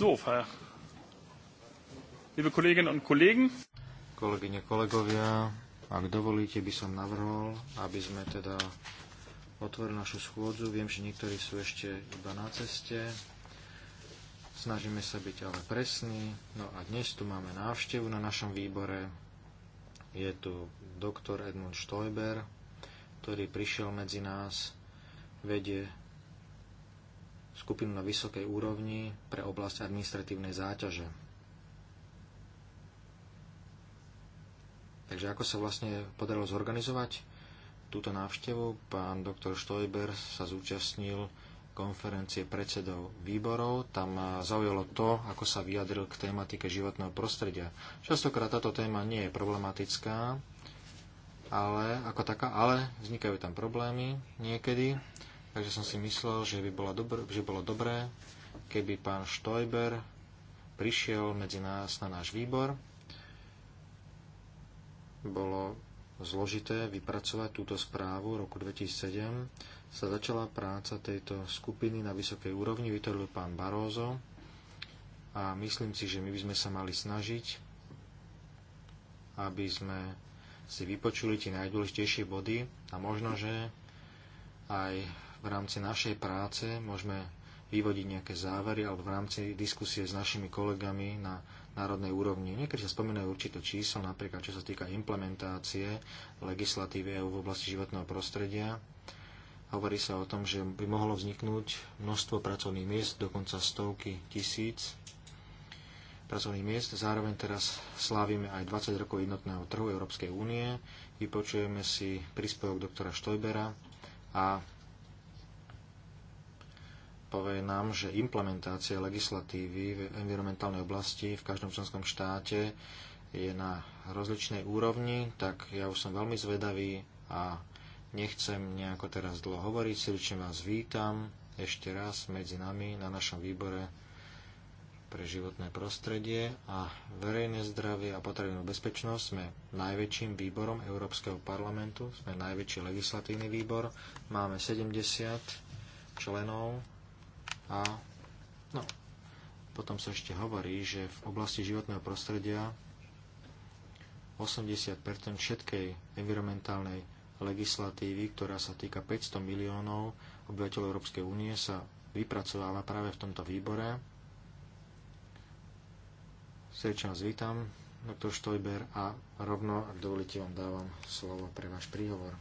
So, liebe Kolleginnen und Kollegen. Kolegyne, kolegovia, ak dovolíte, by som navrhol, aby sme teda otvorili našu schôdzu. Viem, že niektorí sú ešte iba na ceste. Snažíme sa byť ale presní. No a dnes tu máme návštevu na našom výbore. Je tu doktor Edmund Stoiber, ktorý prišiel medzi nás, vedie skupinu na vysokej úrovni pre oblasť administratívnej záťaže. Takže ako sa vlastne podarilo zorganizovať túto návštevu? Pán doktor Štojber sa zúčastnil konferencie predsedov výborov. Tam zaujalo to, ako sa vyjadril k tematike životného prostredia. Častokrát táto téma nie je problematická, ale ako taká, ale vznikajú tam problémy niekedy Takže som si myslel, že by bola dobr, že bolo dobré, keby pán Štojber prišiel medzi nás na náš výbor. Bolo zložité vypracovať túto správu. V roku 2007 sa začala práca tejto skupiny na vysokej úrovni, vytvoril pán Barózo a myslím si, že my by sme sa mali snažiť, aby sme si vypočuli tie najdôležitejšie body a možno, že aj v rámci našej práce môžeme vyvodiť nejaké závery alebo v rámci diskusie s našimi kolegami na národnej úrovni. Niekedy sa spomínajú určité číslo, napríklad čo sa týka implementácie legislatívy EU v oblasti životného prostredia. Hovorí sa o tom, že by mohlo vzniknúť množstvo pracovných miest, dokonca stovky tisíc pracovných miest. Zároveň teraz slávime aj 20 rokov jednotného trhu Európskej únie. Vypočujeme si príspevok doktora Štojbera a povie nám, že implementácia legislatívy v environmentálnej oblasti v každom členskom štáte je na rozličnej úrovni, tak ja už som veľmi zvedavý a nechcem nejako teraz dlho hovoriť. Srdečne vás vítam ešte raz medzi nami na našom výbore pre životné prostredie a verejné zdravie a potravinovú bezpečnosť sme najväčším výborom Európskeho parlamentu, sme najväčší legislatívny výbor, máme 70 členov a no, potom sa ešte hovorí, že v oblasti životného prostredia 80 všetkej environmentálnej legislatívy, ktorá sa týka 500 miliónov obyvateľov Európskej únie, sa vypracováva práve v tomto výbore. Srdečne vás vítam, doktor Štojber, a rovno, ak dovolíte, vám dávam slovo pre váš príhovor.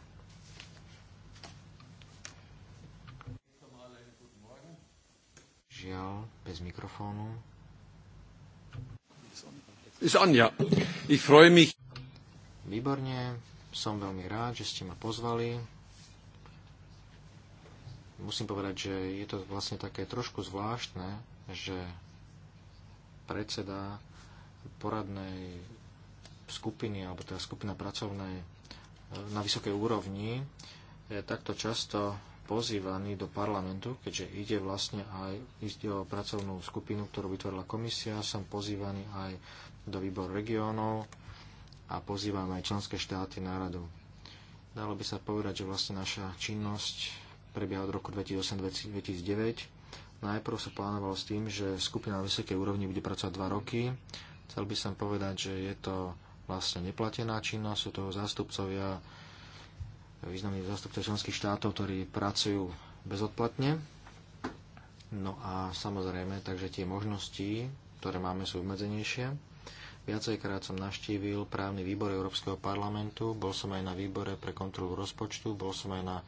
Žiaľ, bez mikrofónu. Výborne, som veľmi rád, že ste ma pozvali. Musím povedať, že je to vlastne také trošku zvláštne, že predseda poradnej skupiny, alebo teda skupina pracovnej na vysokej úrovni takto často pozývaní do parlamentu, keďže ide vlastne aj ísť o pracovnú skupinu, ktorú vytvorila komisia. Som pozývaný aj do výboru regiónov a pozývam aj členské štáty na radu. Dalo by sa povedať, že vlastne naša činnosť prebieha od roku 2008-2009. Najprv sa plánovalo s tým, že skupina na vysokej úrovni bude pracovať 2 roky. Chcel by som povedať, že je to vlastne neplatená činnosť, sú toho zástupcovia významných zástupcov členských štátov, ktorí pracujú bezodplatne. No a samozrejme, takže tie možnosti, ktoré máme, sú obmedzenejšie. Viacejkrát som navštívil právny výbor Európskeho parlamentu, bol som aj na výbore pre kontrolu rozpočtu, bol som aj na eh,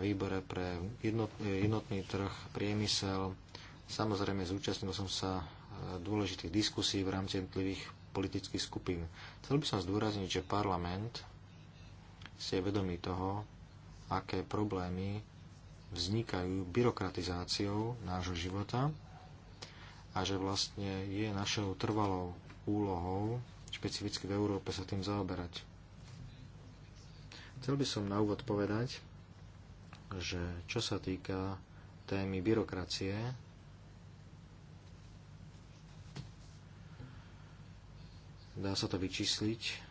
výbore pre jednotný trh, priemysel. Samozrejme, zúčastnil som sa eh, dôležitých diskusí v rámci jednotlivých politických skupín. Chcel by som zdôrazniť, že parlament si je vedomý toho, aké problémy vznikajú byrokratizáciou nášho života a že vlastne je našou trvalou úlohou, špecificky v Európe, sa tým zaoberať. Chcel by som na úvod povedať, že čo sa týka témy byrokracie, dá sa to vyčísliť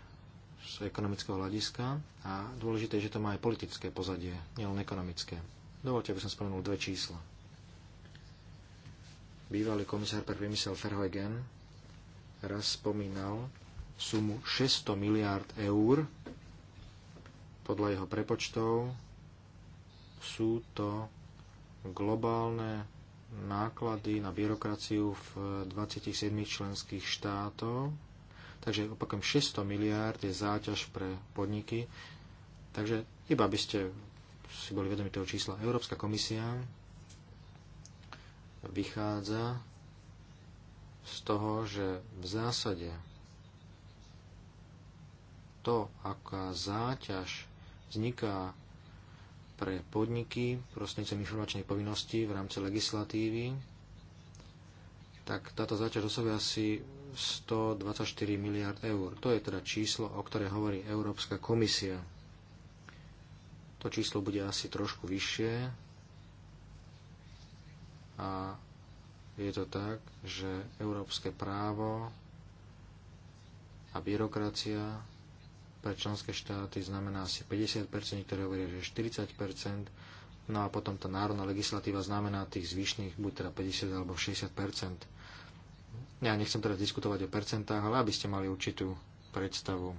z ekonomického hľadiska a dôležité je, že to má aj politické pozadie, nielen ekonomické. Dovolte, aby som spomenul dve čísla. Bývalý komisár pre priemysel Verhoeven raz spomínal sumu 600 miliárd eur. Podľa jeho prepočtov sú to globálne náklady na byrokraciu v 27 členských štátov Takže opakujem, 600 miliárd je záťaž pre podniky. Takže iba by ste si boli vedomi toho čísla. Európska komisia vychádza z toho, že v zásade to, aká záťaž vzniká pre podniky prostredníctvom informačnej povinnosti v rámci legislatívy, tak táto záťaž dosahuje asi 124 miliard eur. To je teda číslo, o ktoré hovorí Európska komisia. To číslo bude asi trošku vyššie a je to tak, že európske právo a byrokracia pre členské štáty znamená asi 50%, ktoré hovoria, že 40%, no a potom tá národná legislatíva znamená tých zvyšných buď teda 50 alebo 60%. Ja nechcem teraz diskutovať o percentách, ale aby ste mali určitú predstavu.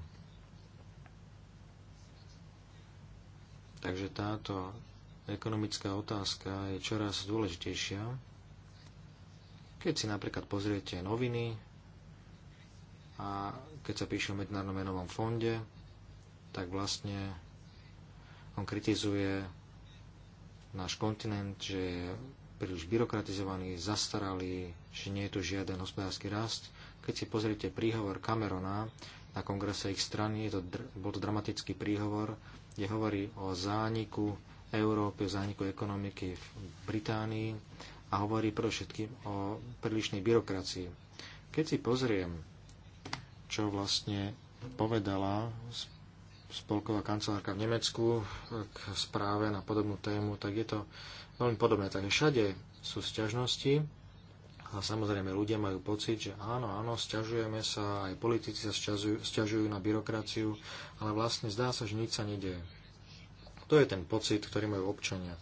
Takže táto ekonomická otázka je čoraz dôležitejšia. Keď si napríklad pozriete noviny a keď sa píše o Medinárnom menovom fonde, tak vlastne on kritizuje náš kontinent, že je príliš byrokratizovaný, zastaralý, že nie je tu žiaden hospodársky rast. Keď si pozriete príhovor Camerona na kongrese ich strany, je to, bol to dramatický príhovor, kde hovorí o zániku Európy, o zániku ekonomiky v Británii a hovorí predovšetkým o prílišnej byrokracii. Keď si pozriem, čo vlastne povedala spolková kancelárka v Nemecku k správe na podobnú tému, tak je to veľmi podobné. Takže všade sú sťažnosti a samozrejme ľudia majú pocit, že áno, áno, sťažujeme sa, aj politici sa sťažujú, sťažujú na byrokraciu, ale vlastne zdá sa, že nič sa nedieje. To je ten pocit, ktorý majú občania.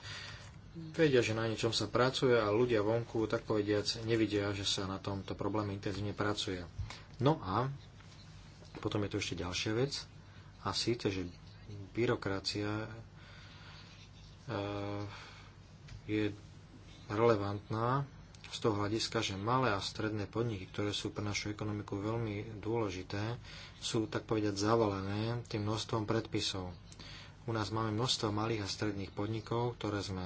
Vedia, že na niečom sa pracuje a ľudia vonku, tak povediac, nevidia, že sa na tomto probléme intenzívne pracuje. No a potom je tu ešte ďalšia vec a síce, že byrokracia e, je relevantná z toho hľadiska, že malé a stredné podniky, ktoré sú pre našu ekonomiku veľmi dôležité, sú tak povedať zavalené tým množstvom predpisov. U nás máme množstvo malých a stredných podnikov, ktoré sme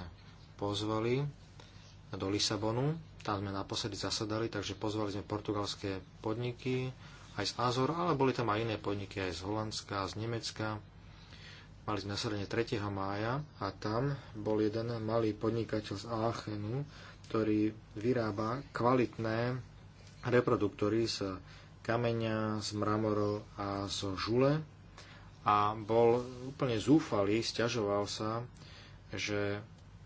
pozvali do Lisabonu. Tam sme naposledy zasadali, takže pozvali sme portugalské podniky aj z Azor, ale boli tam aj iné podniky aj z Holandska, z Nemecka. Mali sme nasadenie 3. mája a tam bol jeden malý podnikateľ z Aachenu, ktorý vyrába kvalitné reproduktory z kameňa, z mramoru a z žule a bol úplne zúfalý, stiažoval sa, že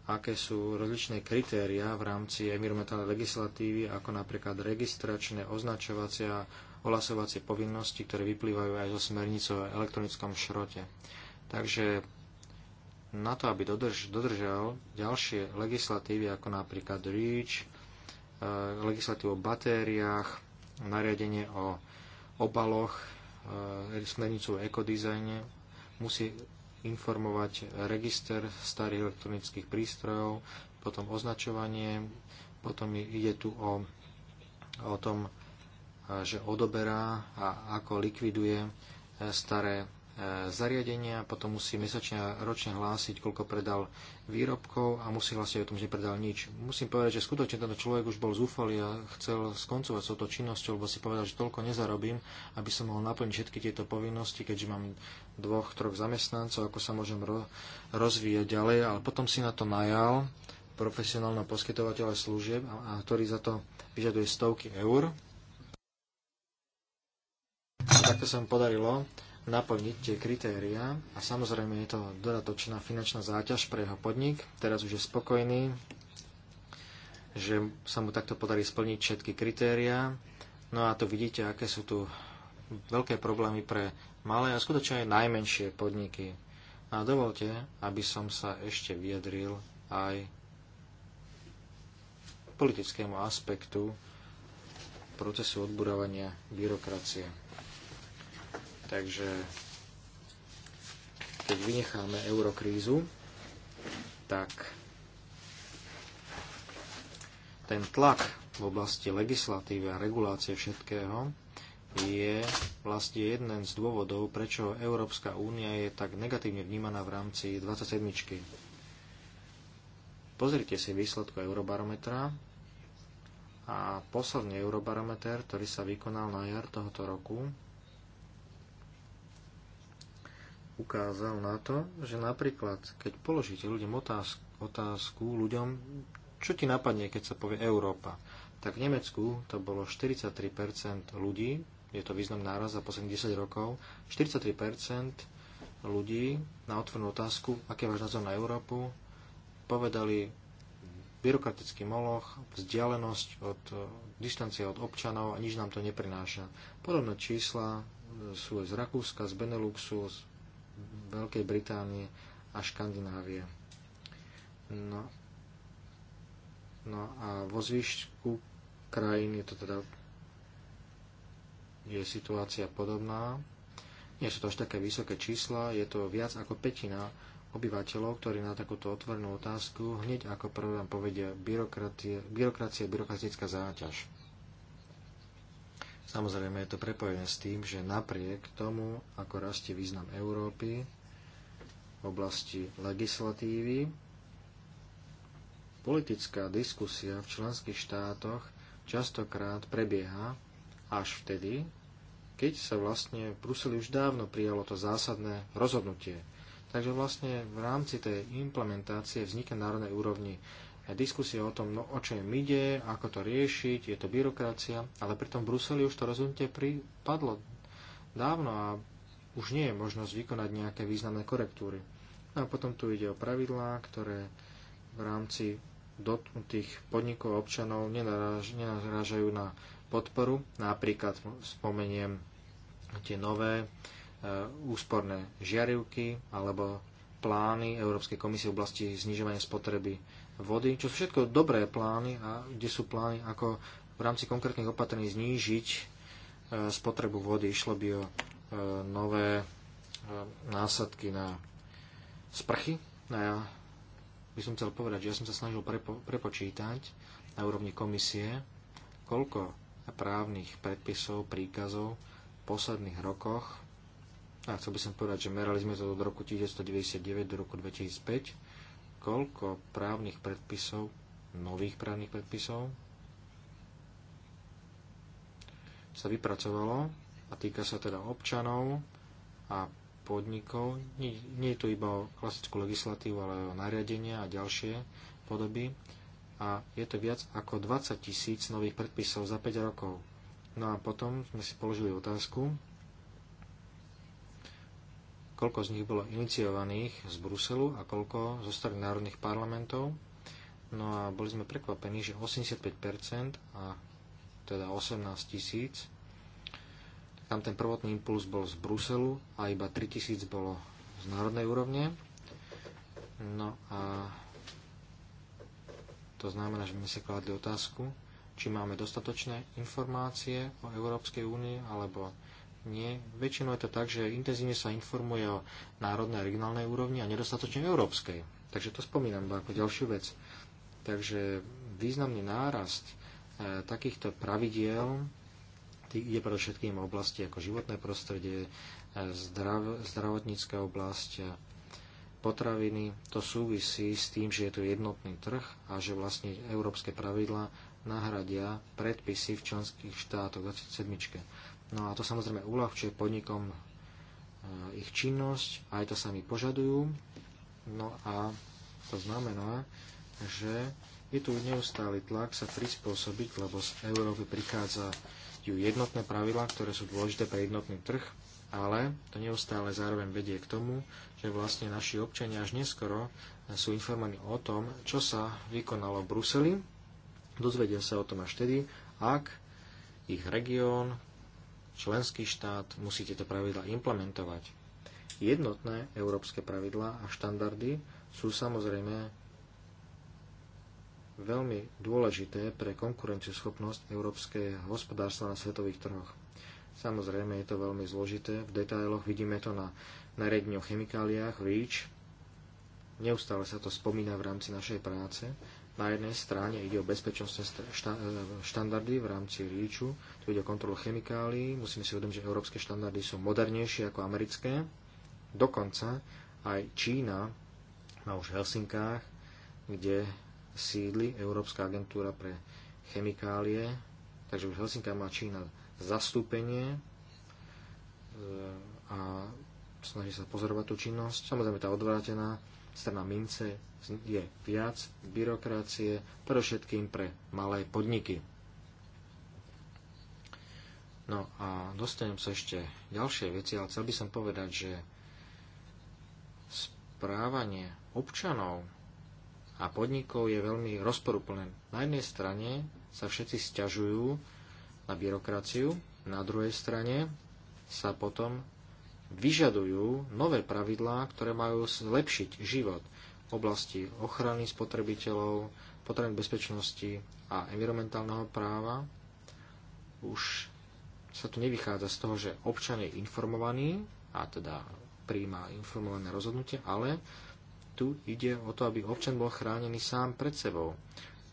aké sú rozličné kritéria v rámci environmentálnej legislatívy, ako napríklad registračné, označovacia, olasovacie povinnosti, ktoré vyplývajú aj zo smernice o elektronickom šrote. Takže na to, aby dodrž, dodržal ďalšie legislatívy, ako napríklad REACH, e, legislatívu o batériách, nariadenie o obaloch, e, smernicu o ekodizajne, musí informovať register starých elektronických prístrojov, potom označovanie, potom ide tu o, o tom, e, že odoberá a ako likviduje staré zariadenia, potom musí mesačne a ročne hlásiť, koľko predal výrobkov a musí hlásiť o tom, že nepredal nič. Musím povedať, že skutočne tento človek už bol zúfalý a chcel skoncovať s touto činnosťou, lebo si povedal, že toľko nezarobím, aby som mohol naplniť všetky tieto povinnosti, keďže mám dvoch, troch zamestnancov, ako sa môžem ro- rozvíjať ďalej, ale potom si na to najal profesionálna poskytovateľa služieb, a, a ktorý za to vyžaduje stovky eur. A takto sa mu podarilo naplniť tie kritériá a samozrejme je to dodatočná finančná záťaž pre jeho podnik. Teraz už je spokojný, že sa mu takto podarí splniť všetky kritériá. No a tu vidíte, aké sú tu veľké problémy pre malé a skutočne aj najmenšie podniky. A dovolte, aby som sa ešte vyjadril aj politickému aspektu procesu odburávania byrokracie. Takže keď vynecháme eurokrízu, tak ten tlak v oblasti legislatívy a regulácie všetkého je vlastne jeden z dôvodov, prečo Európska únia je tak negatívne vnímaná v rámci 27. -čky. Pozrite si výsledku Eurobarometra a posledný Eurobarometer, ktorý sa vykonal na jar tohoto roku, ukázal na to, že napríklad, keď položíte ľuďom otázku, otázku ľuďom, čo ti napadne, keď sa povie Európa, tak v Nemecku to bolo 43% ľudí, je to význam náraz za posledných 10 rokov, 43% ľudí na otvornú otázku, aký je váš názor na Európu, povedali byrokratický moloch, vzdialenosť od distancie od občanov a nič nám to neprináša. Podobné čísla sú aj z Rakúska, z Beneluxu, z Veľkej Británie a Škandinávie. No, no a vo zvyšku krajín je to teda je situácia podobná. Nie sú to až také vysoké čísla, je to viac ako petina obyvateľov, ktorí na takúto otvorenú otázku hneď ako problém povedia byrokracie, byrokracia, byrokratická záťaž. Samozrejme je to prepojené s tým, že napriek tomu, ako rastie význam Európy v oblasti legislatívy, politická diskusia v členských štátoch častokrát prebieha až vtedy, keď sa vlastne v Bruseli už dávno prijalo to zásadné rozhodnutie. Takže vlastne v rámci tej implementácie vznikne národnej úrovni diskusie o tom, no, o čo im ide, ako to riešiť, je to byrokracia, ale pritom v Bruseli už to rozhodnutie pripadlo dávno a už nie je možnosť vykonať nejaké významné korektúry. No a potom tu ide o pravidlá, ktoré v rámci dotknutých podnikov a občanov nenarážajú na podporu. Napríklad spomeniem tie nové e, úsporné žiarivky alebo plány Európskej komisie v oblasti znižovania spotreby vody, čo sú všetko dobré plány a kde sú plány, ako v rámci konkrétnych opatrení znížiť e, spotrebu vody. Išlo by o e, nové e, násadky na sprchy. No ja by som chcel povedať, že ja som sa snažil prepo- prepočítať na úrovni komisie, koľko právnych predpisov, príkazov v posledných rokoch, a chcel by som povedať, že merali sme to od roku 1999 do roku 2005, koľko právnych predpisov, nových právnych predpisov sa vypracovalo a týka sa teda občanov a podnikov. Nie, nie je tu iba o klasickú legislatívu, ale o nariadenia a ďalšie podoby. A je to viac ako 20 tisíc nových predpisov za 5 rokov. No a potom sme si položili otázku, koľko z nich bolo iniciovaných z Bruselu a koľko zo starých národných parlamentov. No a boli sme prekvapení, že 85% a teda 18 tisíc, tam ten prvotný impuls bol z Bruselu a iba 3000 bolo z národnej úrovne. No a to znamená, že sme si kladli otázku, či máme dostatočné informácie o Európskej únii alebo nie. Väčšinou je to tak, že intenzívne sa informuje o národnej a regionálnej úrovni a nedostatočne európskej. Takže to spomínam ako ďalšiu vec. Takže významný nárast e, takýchto pravidiel ide predovšetkým oblasti ako životné prostredie, e, zdrav, zdravotnícká oblasť, e, potraviny. To súvisí s tým, že je tu jednotný trh a že vlastne európske pravidlá nahradia predpisy v členských štátoch 27. No a to samozrejme uľahčuje podnikom e, ich činnosť, aj to sami požadujú. No a to znamená, že je tu neustály tlak sa prispôsobiť, lebo z Európy prichádza ju jednotné pravidlá, ktoré sú dôležité pre jednotný trh, ale to neustále zároveň vedie k tomu, že vlastne naši občania až neskoro sú informovaní o tom, čo sa vykonalo v Bruseli. Dozvedia sa o tom až tedy, ak ich región, členský štát musí tieto pravidla implementovať. Jednotné európske pravidlá a štandardy sú samozrejme veľmi dôležité pre konkurencieschopnosť európskeho hospodárstva na svetových trhoch. Samozrejme je to veľmi zložité, v detailoch vidíme to na nariadení o chemikáliách, REACH, neustále sa to spomína v rámci našej práce, na jednej strane ide o bezpečnostné štandardy v rámci ríču, tu ide o kontrolu chemikálií, musíme si uvedomiť, že európske štandardy sú modernejšie ako americké. Dokonca aj Čína má už v Helsinkách, kde sídli Európska agentúra pre chemikálie, takže už Helsinka má Čína zastúpenie e, a snaží sa pozorovať tú činnosť. Samozrejme tá odvrátená strana mince je viac byrokracie, všetkým pre malé podniky. No a dostanem sa ešte ďalšie veci, ale chcel by som povedať, že správanie občanov a podnikov je veľmi rozporúplné. Na jednej strane sa všetci stiažujú na byrokraciu, na druhej strane sa potom vyžadujú nové pravidlá, ktoré majú zlepšiť život v oblasti ochrany spotrebiteľov, potreby bezpečnosti a environmentálneho práva. Už sa tu nevychádza z toho, že občan je informovaný a teda príjma informované rozhodnutie, ale tu ide o to, aby občan bol chránený sám pred sebou.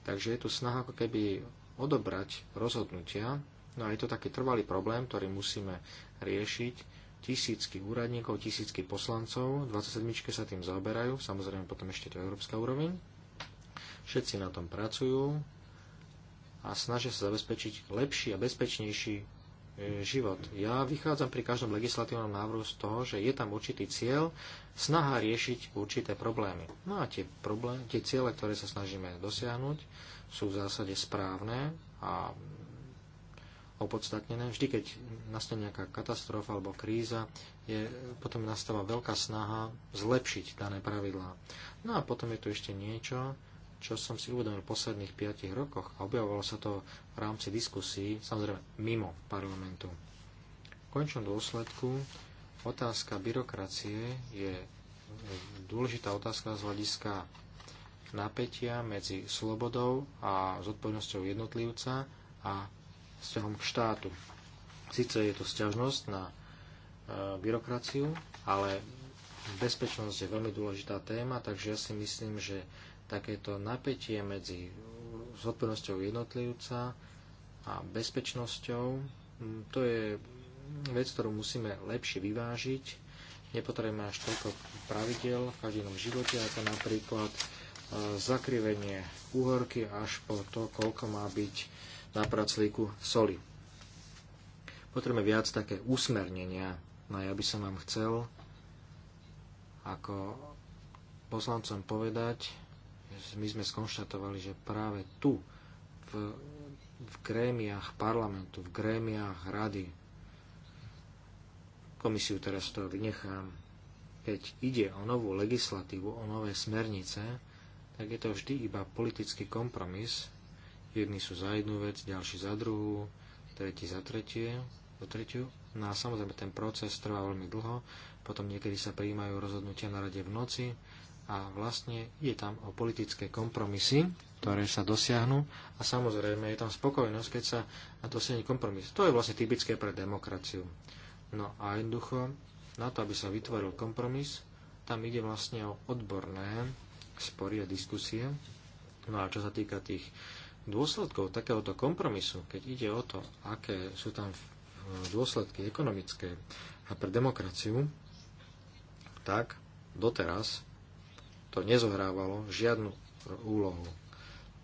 Takže je tu snaha ako keby odobrať rozhodnutia, no a je to taký trvalý problém, ktorý musíme riešiť tisícky úradníkov, tisícky poslancov, 27 sa tým zaoberajú, samozrejme potom ešte to európska úroveň. Všetci na tom pracujú a snažia sa zabezpečiť lepší a bezpečnejší e, život. Ja vychádzam pri každom legislatívnom návrhu z toho, že je tam určitý cieľ, snaha riešiť určité problémy. No a tie, problém, tie ciele, ktoré sa snažíme dosiahnuť, sú v zásade správne a opodstatnené. Vždy, keď nastane nejaká katastrofa alebo kríza, je, potom nastáva veľká snaha zlepšiť dané pravidlá. No a potom je tu ešte niečo, čo som si uvedomil v posledných 5 rokoch a objavovalo sa to v rámci diskusí, samozrejme mimo parlamentu. V končnom dôsledku otázka byrokracie je dôležitá otázka z hľadiska napätia medzi slobodou a zodpovednosťou jednotlivca a vzťahom k štátu. Sice je to sťažnosť na e, byrokraciu, ale bezpečnosť je veľmi dôležitá téma, takže ja si myslím, že takéto napätie medzi zodpovednosťou jednotlivca a bezpečnosťou, to je vec, ktorú musíme lepšie vyvážiť. Nepotrebujeme až toľko pravidel v každom živote, ako napríklad e, zakrivenie úhorky až po to, koľko má byť na praclíku soli. Potrebujeme viac také usmernenia. No ja by som vám chcel ako poslancom povedať, my sme skonštatovali, že práve tu v, v grémiách parlamentu, v grémiách rady, komisiu teraz to vynechám, keď ide o novú legislatívu, o nové smernice, tak je to vždy iba politický kompromis Jedni sú za jednu vec, ďalší za druhú, tretí za tretie, za tretiu. No a samozrejme ten proces trvá veľmi dlho, potom niekedy sa prijímajú rozhodnutia na rade v noci a vlastne ide tam o politické kompromisy, ktoré sa dosiahnu a samozrejme je tam spokojnosť, keď sa dosiahne kompromis. To je vlastne typické pre demokraciu. No a jednoducho, na to, aby sa vytvoril kompromis, tam ide vlastne o odborné spory a diskusie. No a čo sa týka tých dôsledkov takéhoto kompromisu, keď ide o to, aké sú tam e, dôsledky ekonomické a pre demokraciu, tak doteraz to nezohrávalo žiadnu úlohu.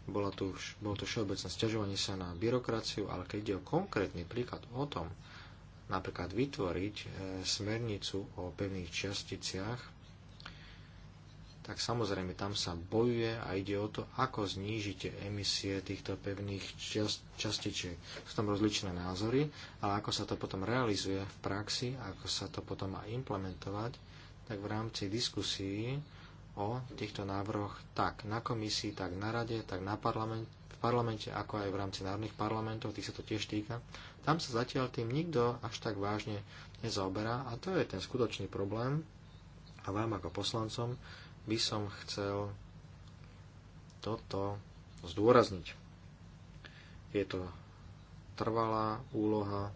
Bola tu, bolo to všeobecné stiažovanie sa na byrokraciu, ale keď ide o konkrétny príklad o tom, napríklad vytvoriť e, smernicu o pevných časticiach tak samozrejme tam sa bojuje a ide o to, ako znížite emisie týchto pevných častičiek. Sú tam rozličné názory, ale ako sa to potom realizuje v praxi, ako sa to potom má implementovať, tak v rámci diskusí o týchto návrhoch tak na komisii, tak na rade, tak na parlament, v parlamente, ako aj v rámci národných parlamentov, tých sa to tiež týka. Tam sa zatiaľ tým nikto až tak vážne nezaoberá a to je ten skutočný problém a vám ako poslancom by som chcel toto zdôrazniť. Je to trvalá úloha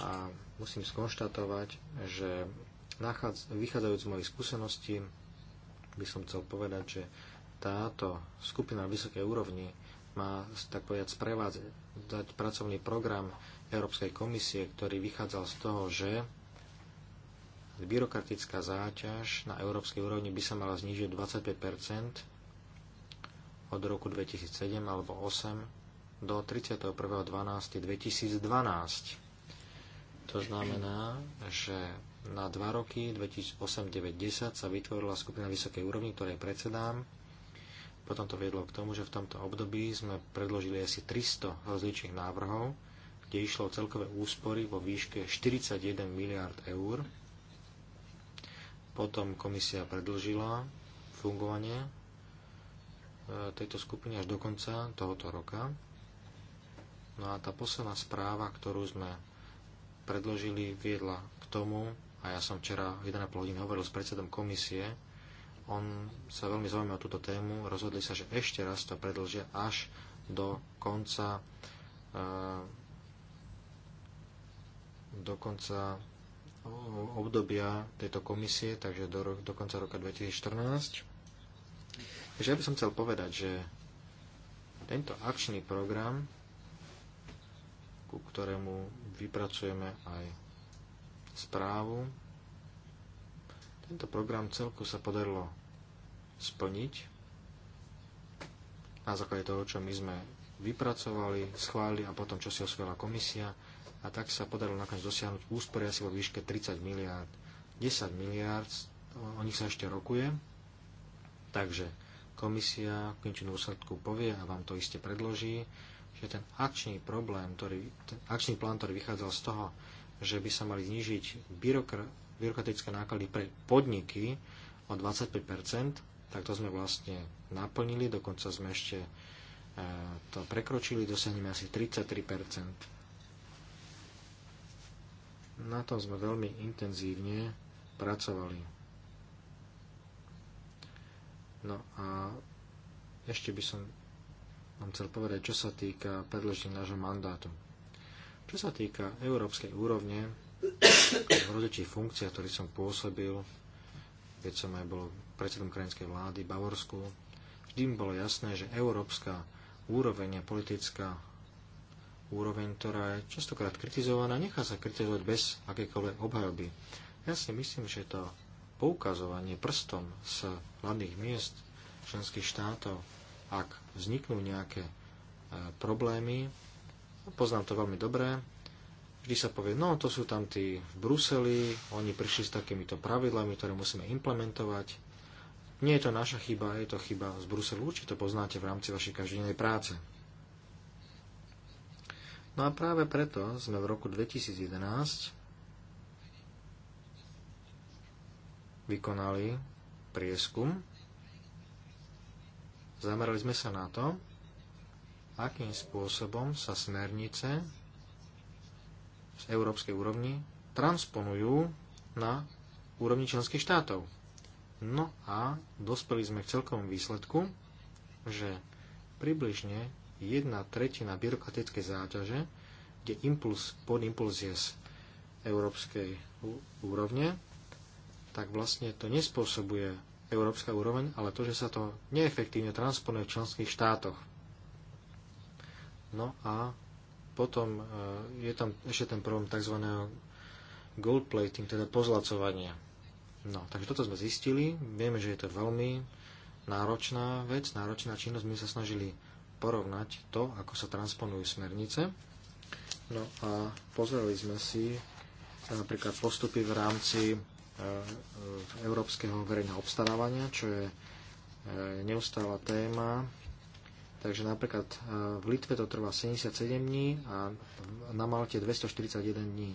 a musím skonštatovať, že vychádzajúc z mojich skúseností by som chcel povedať, že táto skupina na vysokej úrovni má, tak povedať, sprevádzať pracovný program Európskej komisie, ktorý vychádzal z toho, že byrokratická záťaž na európskej úrovni by sa mala znížiť 25 od roku 2007 alebo 8 do 31.12.2012. To znamená, že na dva roky 2008, 9, 10 sa vytvorila skupina vysokej úrovni, ktorej predsedám. Potom to viedlo k tomu, že v tomto období sme predložili asi 300 rozličných návrhov, kde išlo celkové úspory vo výške 41 miliard eur potom komisia predlžila fungovanie e, tejto skupiny až do konca tohoto roka. No a tá posledná správa, ktorú sme predložili, viedla k tomu, a ja som včera 1,5 hodín hovoril s predsedom komisie, on sa veľmi zaujíma o túto tému, rozhodli sa, že ešte raz to predlžia až do konca e, do konca obdobia tejto komisie, takže do, do konca roka 2014. Takže ja by som chcel povedať, že tento akčný program, ku ktorému vypracujeme aj správu, tento program celku sa podarilo splniť na základe toho, čo my sme vypracovali, schválili a potom, čo si osvojila komisia, a tak sa podarilo nakoniec dosiahnuť úspory asi vo výške 30 miliárd. 10 miliárd, o nich sa ešte rokuje, takže komisia v končnom dôsledku povie a vám to iste predloží, že ten akčný problém, ktorý, ten akčný plán, ktorý vychádzal z toho, že by sa mali znižiť byrokr- byrokratické náklady pre podniky o 25%, tak to sme vlastne naplnili, dokonca sme ešte e, to prekročili, dosiahneme asi 33%. Na tom sme veľmi intenzívne pracovali. No a ešte by som vám chcel povedať, čo sa týka predložení nášho mandátu. Čo sa týka európskej úrovne, v rozličných funkciách, ktorý som pôsobil, keď som aj bol predsedom krajinskej vlády v Bavorsku, vždy mi bolo jasné, že európska úroveň a politická úroveň, ktorá je častokrát kritizovaná, nechá sa kritizovať bez akékoľvek obhajoby. Ja si myslím, že to poukazovanie prstom z hlavných miest členských štátov, ak vzniknú nejaké e, problémy, poznám to veľmi dobre, vždy sa povie, no to sú tam tí v Bruseli, oni prišli s takýmito pravidlami, ktoré musíme implementovať. Nie je to naša chyba, je to chyba z Bruselu, či to poznáte v rámci vašej každodennej práce. No a práve preto sme v roku 2011 vykonali prieskum. Zamerali sme sa na to, akým spôsobom sa smernice z európskej úrovni transponujú na úrovni členských štátov. No a dospeli sme k celkovom výsledku, že približne jedna tretina byrokratickej záťaže, kde impuls, pod impuls je z európskej úrovne, tak vlastne to nespôsobuje európska úroveň, ale to, že sa to neefektívne transponuje v členských štátoch. No a potom e, je tam ešte ten problém tzv. gold plating, teda pozlacovania. No, takže toto sme zistili. Vieme, že je to veľmi náročná vec, náročná činnosť. My sa snažili porovnať to, ako sa transponujú smernice. No a pozreli sme si e, napríklad postupy v rámci e, e, európskeho verejného obstarávania, čo je neustála téma. Takže napríklad v Litve to trvá 77 dní a na Malte 241 dní.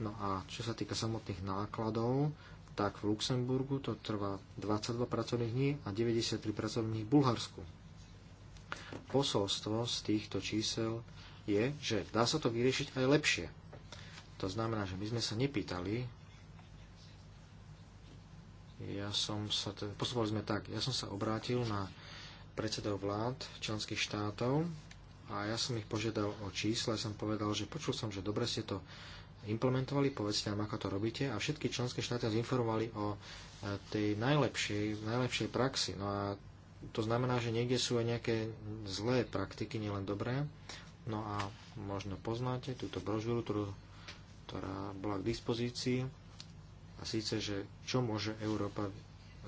No a čo sa týka samotných nákladov, tak v Luxemburgu to trvá 22 pracovných dní a 93 pracovných dní v Bulharsku. Posolstvo z týchto čísel je, že dá sa to vyriešiť aj lepšie. To znamená, že my sme sa nepýtali, ja som sa, posúvali sme tak, ja som sa obrátil na predsedov vlád členských štátov a ja som ich požiadal o čísla, ja som povedal, že počul som, že dobre ste to implementovali, povedzte nám, ako to robíte a všetky členské štáty informovali o e, tej najlepšej, najlepšej praxi. No a to znamená, že niekde sú aj nejaké zlé praktiky, nielen dobré. No a možno poznáte túto brožúru, ktorú, ktorá bola k dispozícii. A síce, že čo môže Európa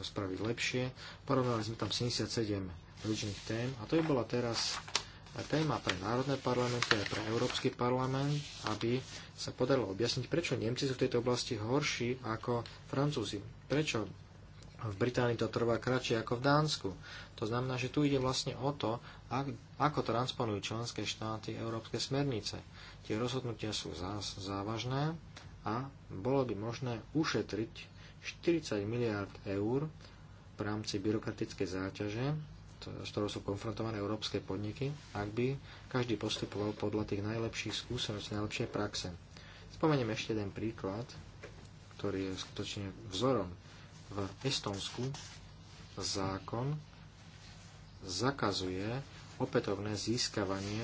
spraviť lepšie. Porovnali sme tam 77 rôznych tém a to je bola teraz téma pre národné parlamenty a pre Európsky parlament, aby sa podarilo objasniť, prečo Nemci sú v tejto oblasti horší ako Francúzi. Prečo v Británii to trvá kratšie ako v Dánsku. To znamená, že tu ide vlastne o to, ako transponujú členské štáty európske smernice. Tie rozhodnutia sú závažné a bolo by možné ušetriť 40 miliard eur v rámci byrokratickej záťaže, s ktorou sú konfrontované európske podniky, ak by každý postupoval podľa tých najlepších skúseností, najlepšej praxe. Spomeniem ešte jeden príklad, ktorý je skutočne vzorom v Estonsku zákon zakazuje opätovné získavanie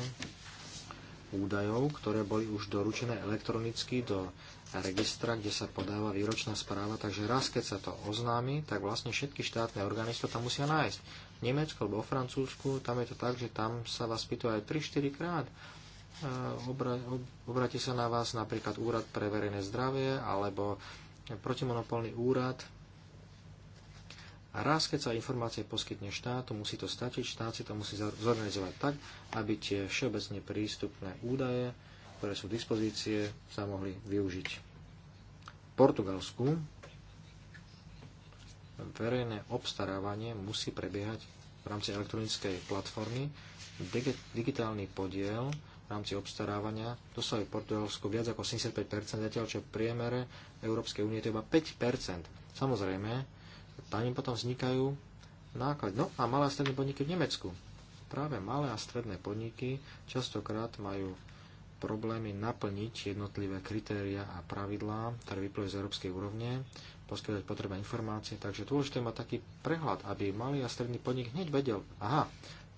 údajov, ktoré boli už doručené elektronicky do registra, kde sa podáva výročná správa. Takže raz, keď sa to oznámi, tak vlastne všetky štátne orgány to tam musia nájsť. V Nemecku alebo v Francúzsku, tam je to tak, že tam sa vás pýtajú aj 3-4 krát. E, obra, obráti sa na vás napríklad úrad pre verejné zdravie alebo protimonopolný úrad a raz, keď sa informácie poskytne štátu, musí to stačiť, štát si to musí zorganizovať tak, aby tie všeobecne prístupné údaje, ktoré sú v dispozície, sa mohli využiť. V Portugalsku verejné obstarávanie musí prebiehať v rámci elektronickej platformy. Digitálny podiel v rámci obstarávania dosahuje Portugalsko viac ako 75%, zatiaľ čo v priemere Európskej únie to iba 5%. Samozrejme, tam im potom vznikajú náklady. No a malé a stredné podniky v Nemecku. Práve malé a stredné podniky častokrát majú problémy naplniť jednotlivé kritéria a pravidlá, ktoré vyplujú z európskej úrovne, poskytovať potrebné informácie. Takže dôležité mať taký prehľad, aby malý a stredný podnik hneď vedel, aha,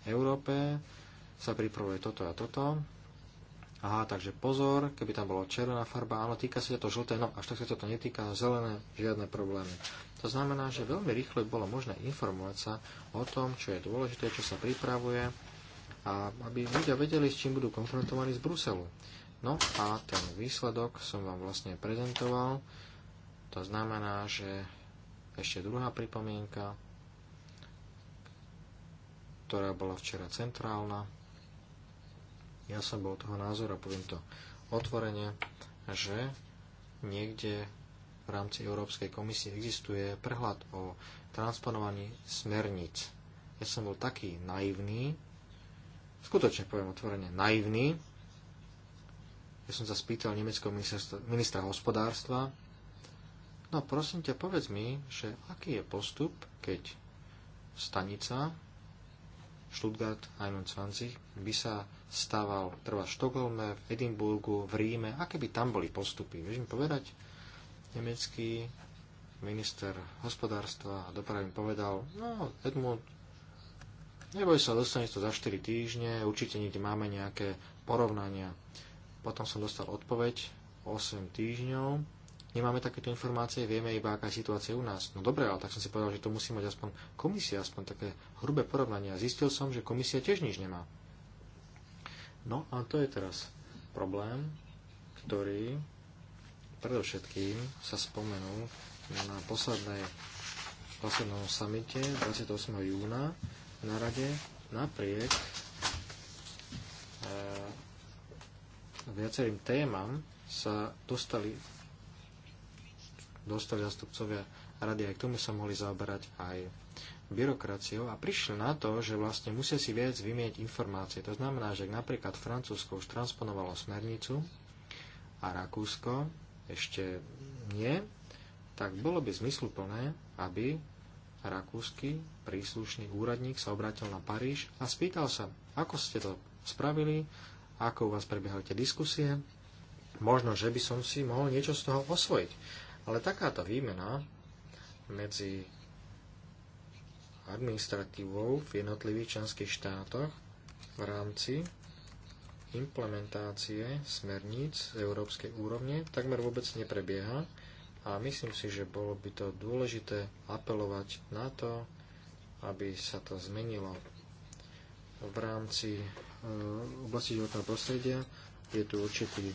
v Európe sa pripravuje toto a toto, Aha, takže pozor, keby tam bola červená farba, áno, týka sa to žlté, no až tak sa to netýka, zelené, žiadne problémy. To znamená, že veľmi rýchlo bolo možné informovať sa o tom, čo je dôležité, čo sa pripravuje a aby ľudia vedeli, s čím budú konfrontovaní z Bruselu. No a ten výsledok som vám vlastne prezentoval. To znamená, že ešte druhá pripomienka, ktorá bola včera centrálna, ja som bol toho názoru, poviem to otvorene, že niekde v rámci Európskej komisie existuje prehľad o transponovaní smerníc. Ja som bol taký naivný, skutočne poviem otvorene naivný, ja som sa spýtal nemeckého ministra, ministra hospodárstva, no prosím ťa, povedz mi, že aký je postup, keď stanica Stuttgart 21 by sa stával trvá v Štokholme, v Edinburgu, v Ríme. Aké by tam boli postupy? Vieš mi povedať? Nemecký minister hospodárstva a dopravy mi povedal, no Edmund, neboj sa, dostane to za 4 týždne, určite niekde máme nejaké porovnania. Potom som dostal odpoveď 8 týždňov nemáme takéto informácie, vieme iba, aká je situácia u nás. No dobre, ale tak som si povedal, že to musí mať aspoň komisia, aspoň také hrubé porovnanie. A zistil som, že komisia tiež nič nemá. No a to je teraz problém, ktorý predovšetkým sa spomenul na poslednej, poslednom samite 28. júna na rade napriek e, viacerým témam sa dostali dostali zastupcovia rady, aj k tomu sa mohli zaoberať aj byrokraciou a prišli na to, že vlastne musia si viac vymieť informácie. To znamená, že napríklad Francúzsko už transponovalo smernicu a Rakúsko ešte nie, tak bolo by zmysluplné, aby rakúsky príslušný úradník sa obrátil na Paríž a spýtal sa, ako ste to spravili, ako u vás prebiehali tie diskusie, možno, že by som si mohol niečo z toho osvojiť. Ale takáto výmena medzi administratívou v jednotlivých členských štátoch v rámci implementácie smerníc z európskej úrovne takmer vôbec neprebieha a myslím si, že bolo by to dôležité apelovať na to, aby sa to zmenilo v rámci eh, oblasti životného prostredia. Je tu určitý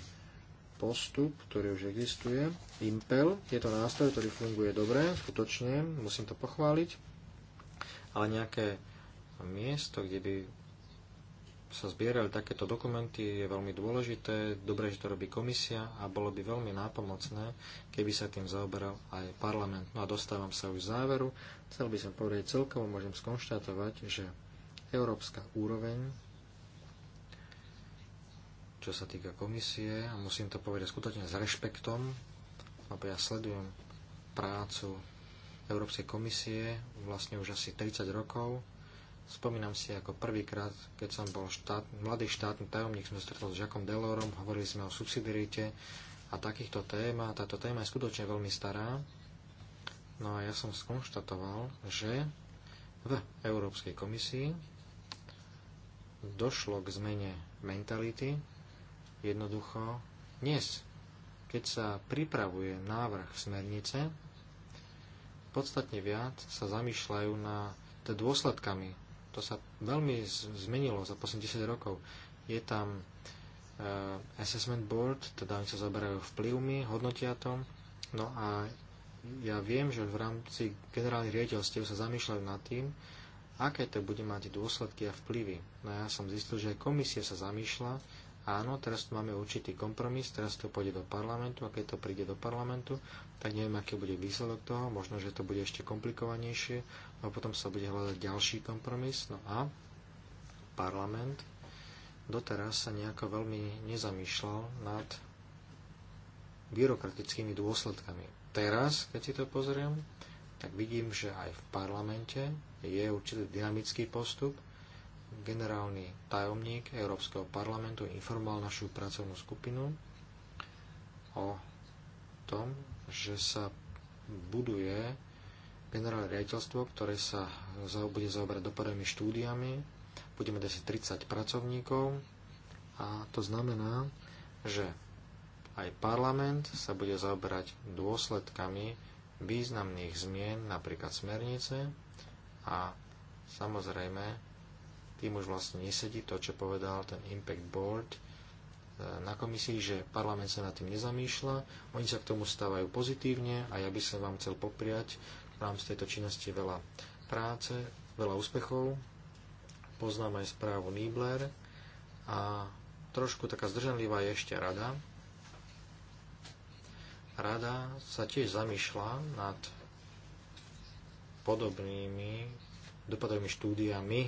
postup, ktorý už existuje. Impel je to nástroj, ktorý funguje dobre, skutočne, musím to pochváliť. Ale nejaké miesto, kde by sa zbierali takéto dokumenty, je veľmi dôležité, dobre, že to robí komisia a bolo by veľmi nápomocné, keby sa tým zaoberal aj parlament. No a dostávam sa už záveru. Chcel by som povedať celkovo, môžem skonštatovať, že európska úroveň čo sa týka komisie a musím to povedať skutočne s rešpektom, lebo ja sledujem prácu Európskej komisie vlastne už asi 30 rokov. Spomínam si ako prvýkrát, keď som bol štát, mladý štátny tajomník, sme stretol s Žakom Delorom, hovorili sme o subsidiarite a takýchto téma. Táto téma je skutočne veľmi stará. No a ja som skonštatoval, že v Európskej komisii došlo k zmene mentality Jednoducho, dnes, keď sa pripravuje návrh smernice, podstatne viac sa zamýšľajú na dôsledkami. To sa veľmi zmenilo za posledných 10 rokov. Je tam eh, assessment board, teda oni sa zaberajú vplyvmi, hodnotia to. No a ja viem, že v rámci generálnych riaditeľstiev sa zamýšľajú nad tým, aké to bude mať dôsledky a vplyvy. No ja som zistil, že aj komisia sa zamýšľa áno, teraz tu máme určitý kompromis, teraz to pôjde do parlamentu a keď to príde do parlamentu, tak neviem, aký bude výsledok toho, možno, že to bude ešte komplikovanejšie no a potom sa bude hľadať ďalší kompromis. No a parlament doteraz sa nejako veľmi nezamýšľal nad byrokratickými dôsledkami. Teraz, keď si to pozriem, tak vidím, že aj v parlamente je určitý dynamický postup, generálny tajomník Európskeho parlamentu informoval našu pracovnú skupinu o tom, že sa buduje generálne riaditeľstvo, ktoré sa bude zaoberať dopadovými štúdiami. Budeme mať asi 30 pracovníkov a to znamená, že aj parlament sa bude zaoberať dôsledkami významných zmien, napríklad smernice a samozrejme tým už vlastne nesedí to, čo povedal ten Impact Board e, na komisii, že parlament sa nad tým nezamýšľa, oni sa k tomu stávajú pozitívne a ja by som vám chcel popriať v rámci tejto činnosti veľa práce, veľa úspechov. Poznám aj správu Niebler a trošku taká zdržanlivá je ešte rada. Rada sa tiež zamýšľa nad podobnými dopadovými štúdiami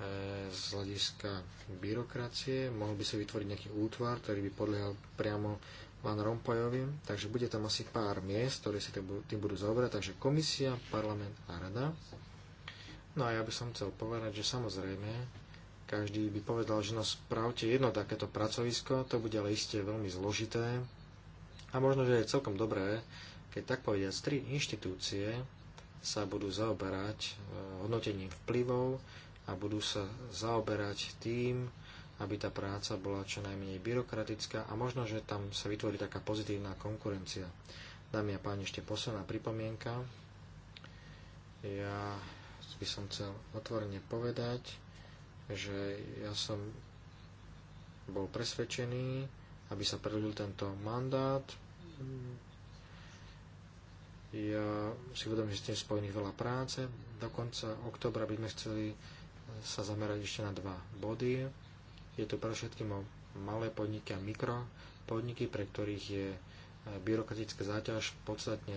E, z hľadiska byrokracie. Mohol by sa vytvoriť nejaký útvar, ktorý by podliehal priamo Van Rompuyovi, takže bude tam asi pár miest, ktoré si tým budú zaoberať, takže komisia, parlament a rada. No a ja by som chcel povedať, že samozrejme, každý by povedal, že no spravte jedno takéto pracovisko, to bude ale iste veľmi zložité a možno, že je celkom dobré, keď tak povediať, tri inštitúcie sa budú zaoberať e, hodnotením vplyvov, a budú sa zaoberať tým, aby tá práca bola čo najmenej byrokratická a možno, že tam sa vytvorí taká pozitívna konkurencia. Dámy a páni, ešte posledná pripomienka. Ja by som chcel otvorene povedať, že ja som bol presvedčený, aby sa predlil tento mandát. Ja si uvedomím, že s tým spojených veľa práce. Do konca oktobra by sme chceli sa zamerať ešte na dva body. Je to pre všetky malé podniky a mikropodniky, pre ktorých je e, byrokratická záťaž podstatne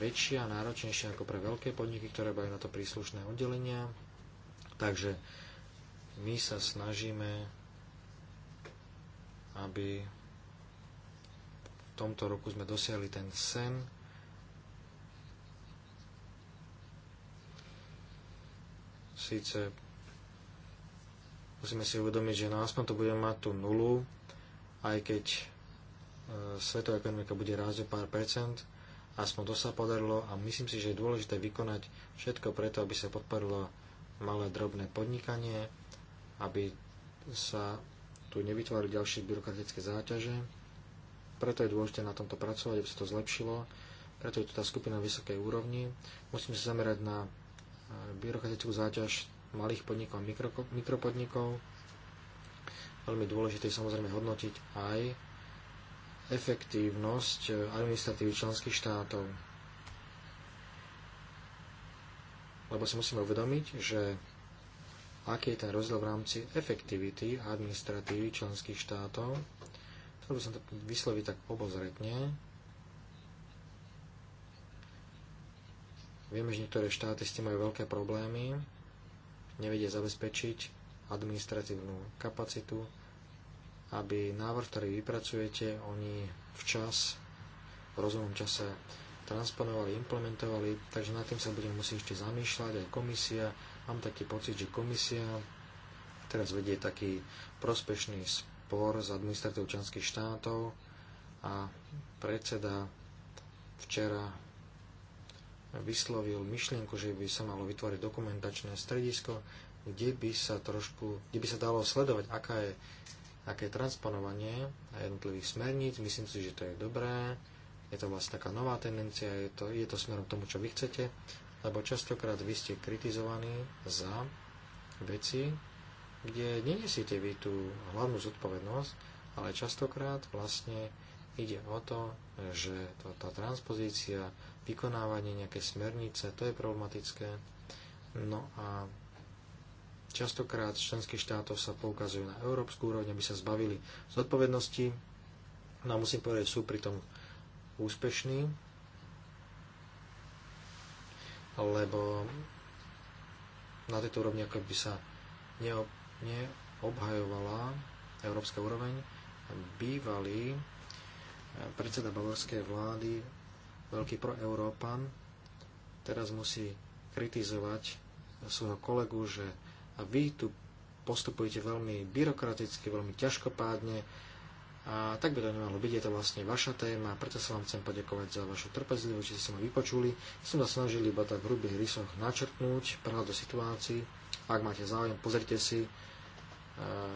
väčšia a náročnejšia ako pre veľké podniky, ktoré majú na to príslušné oddelenia. Takže my sa snažíme, aby v tomto roku sme dosiahli ten sen, síce Musíme si uvedomiť, že no aspoň to budeme mať tú nulu, aj keď e, svetová ekonomika bude rásť o pár percent, aspoň to sa podarilo a myslím si, že je dôležité vykonať všetko preto, aby sa podporilo malé drobné podnikanie, aby sa tu nevytvárali ďalšie byrokratické záťaže. Preto je dôležité na tomto pracovať, aby sa to zlepšilo. Preto je tu tá skupina vysokej úrovni. Musíme sa zamerať na e, byrokratickú záťaž malých podnikov a mikro, mikropodnikov. Veľmi dôležité je samozrejme hodnotiť aj efektívnosť e, administratívy členských štátov. Lebo si musíme uvedomiť, že aký je ten rozdiel v rámci efektivity a administratívy členských štátov. Chcel by som to vysloviť tak obozretne. Vieme, že niektoré štáty s tým majú veľké problémy, nevedia zabezpečiť administratívnu kapacitu, aby návrh, ktorý vypracujete, oni včas, v rozumnom čase transponovali, implementovali, takže nad tým sa budeme musieť ešte zamýšľať, aj komisia. Mám taký pocit, že komisia teraz vedie taký prospešný spor s administratívou členských štátov a predseda včera vyslovil myšlienku, že by sa malo vytvoriť dokumentačné stredisko, kde by sa trošku, kde by sa dalo sledovať, aká je, aké je transponovanie a jednotlivých smerníc. Myslím si, že to je dobré. Je to vlastne taká nová tendencia, je to, je to smerom tomu, čo vy chcete, lebo častokrát vy ste kritizovaní za veci, kde nenesiete vy tú hlavnú zodpovednosť, ale častokrát vlastne ide o to, že to, tá transpozícia vykonávanie nejaké smernice, to je problematické. No a častokrát členských štátov sa poukazujú na európsku úroveň, aby sa zbavili zodpovednosti. No a musím povedať, sú pritom úspešní, lebo na tejto úrovni ako by sa neob, neobhajovala európska úroveň. Bývalý eh, predseda bavorskej vlády veľký proeurópan, teraz musí kritizovať svojho kolegu, že a vy tu postupujete veľmi byrokraticky, veľmi ťažkopádne a tak by to nemalo byť, je to vlastne vaša téma, preto sa vám chcem poďakovať za vašu trpezlivosť, že ste ma vypočuli. Som sa snažil iba tak v hrubých rysoch načrtnúť prehľad do situácií. Ak máte záujem, pozrite si e,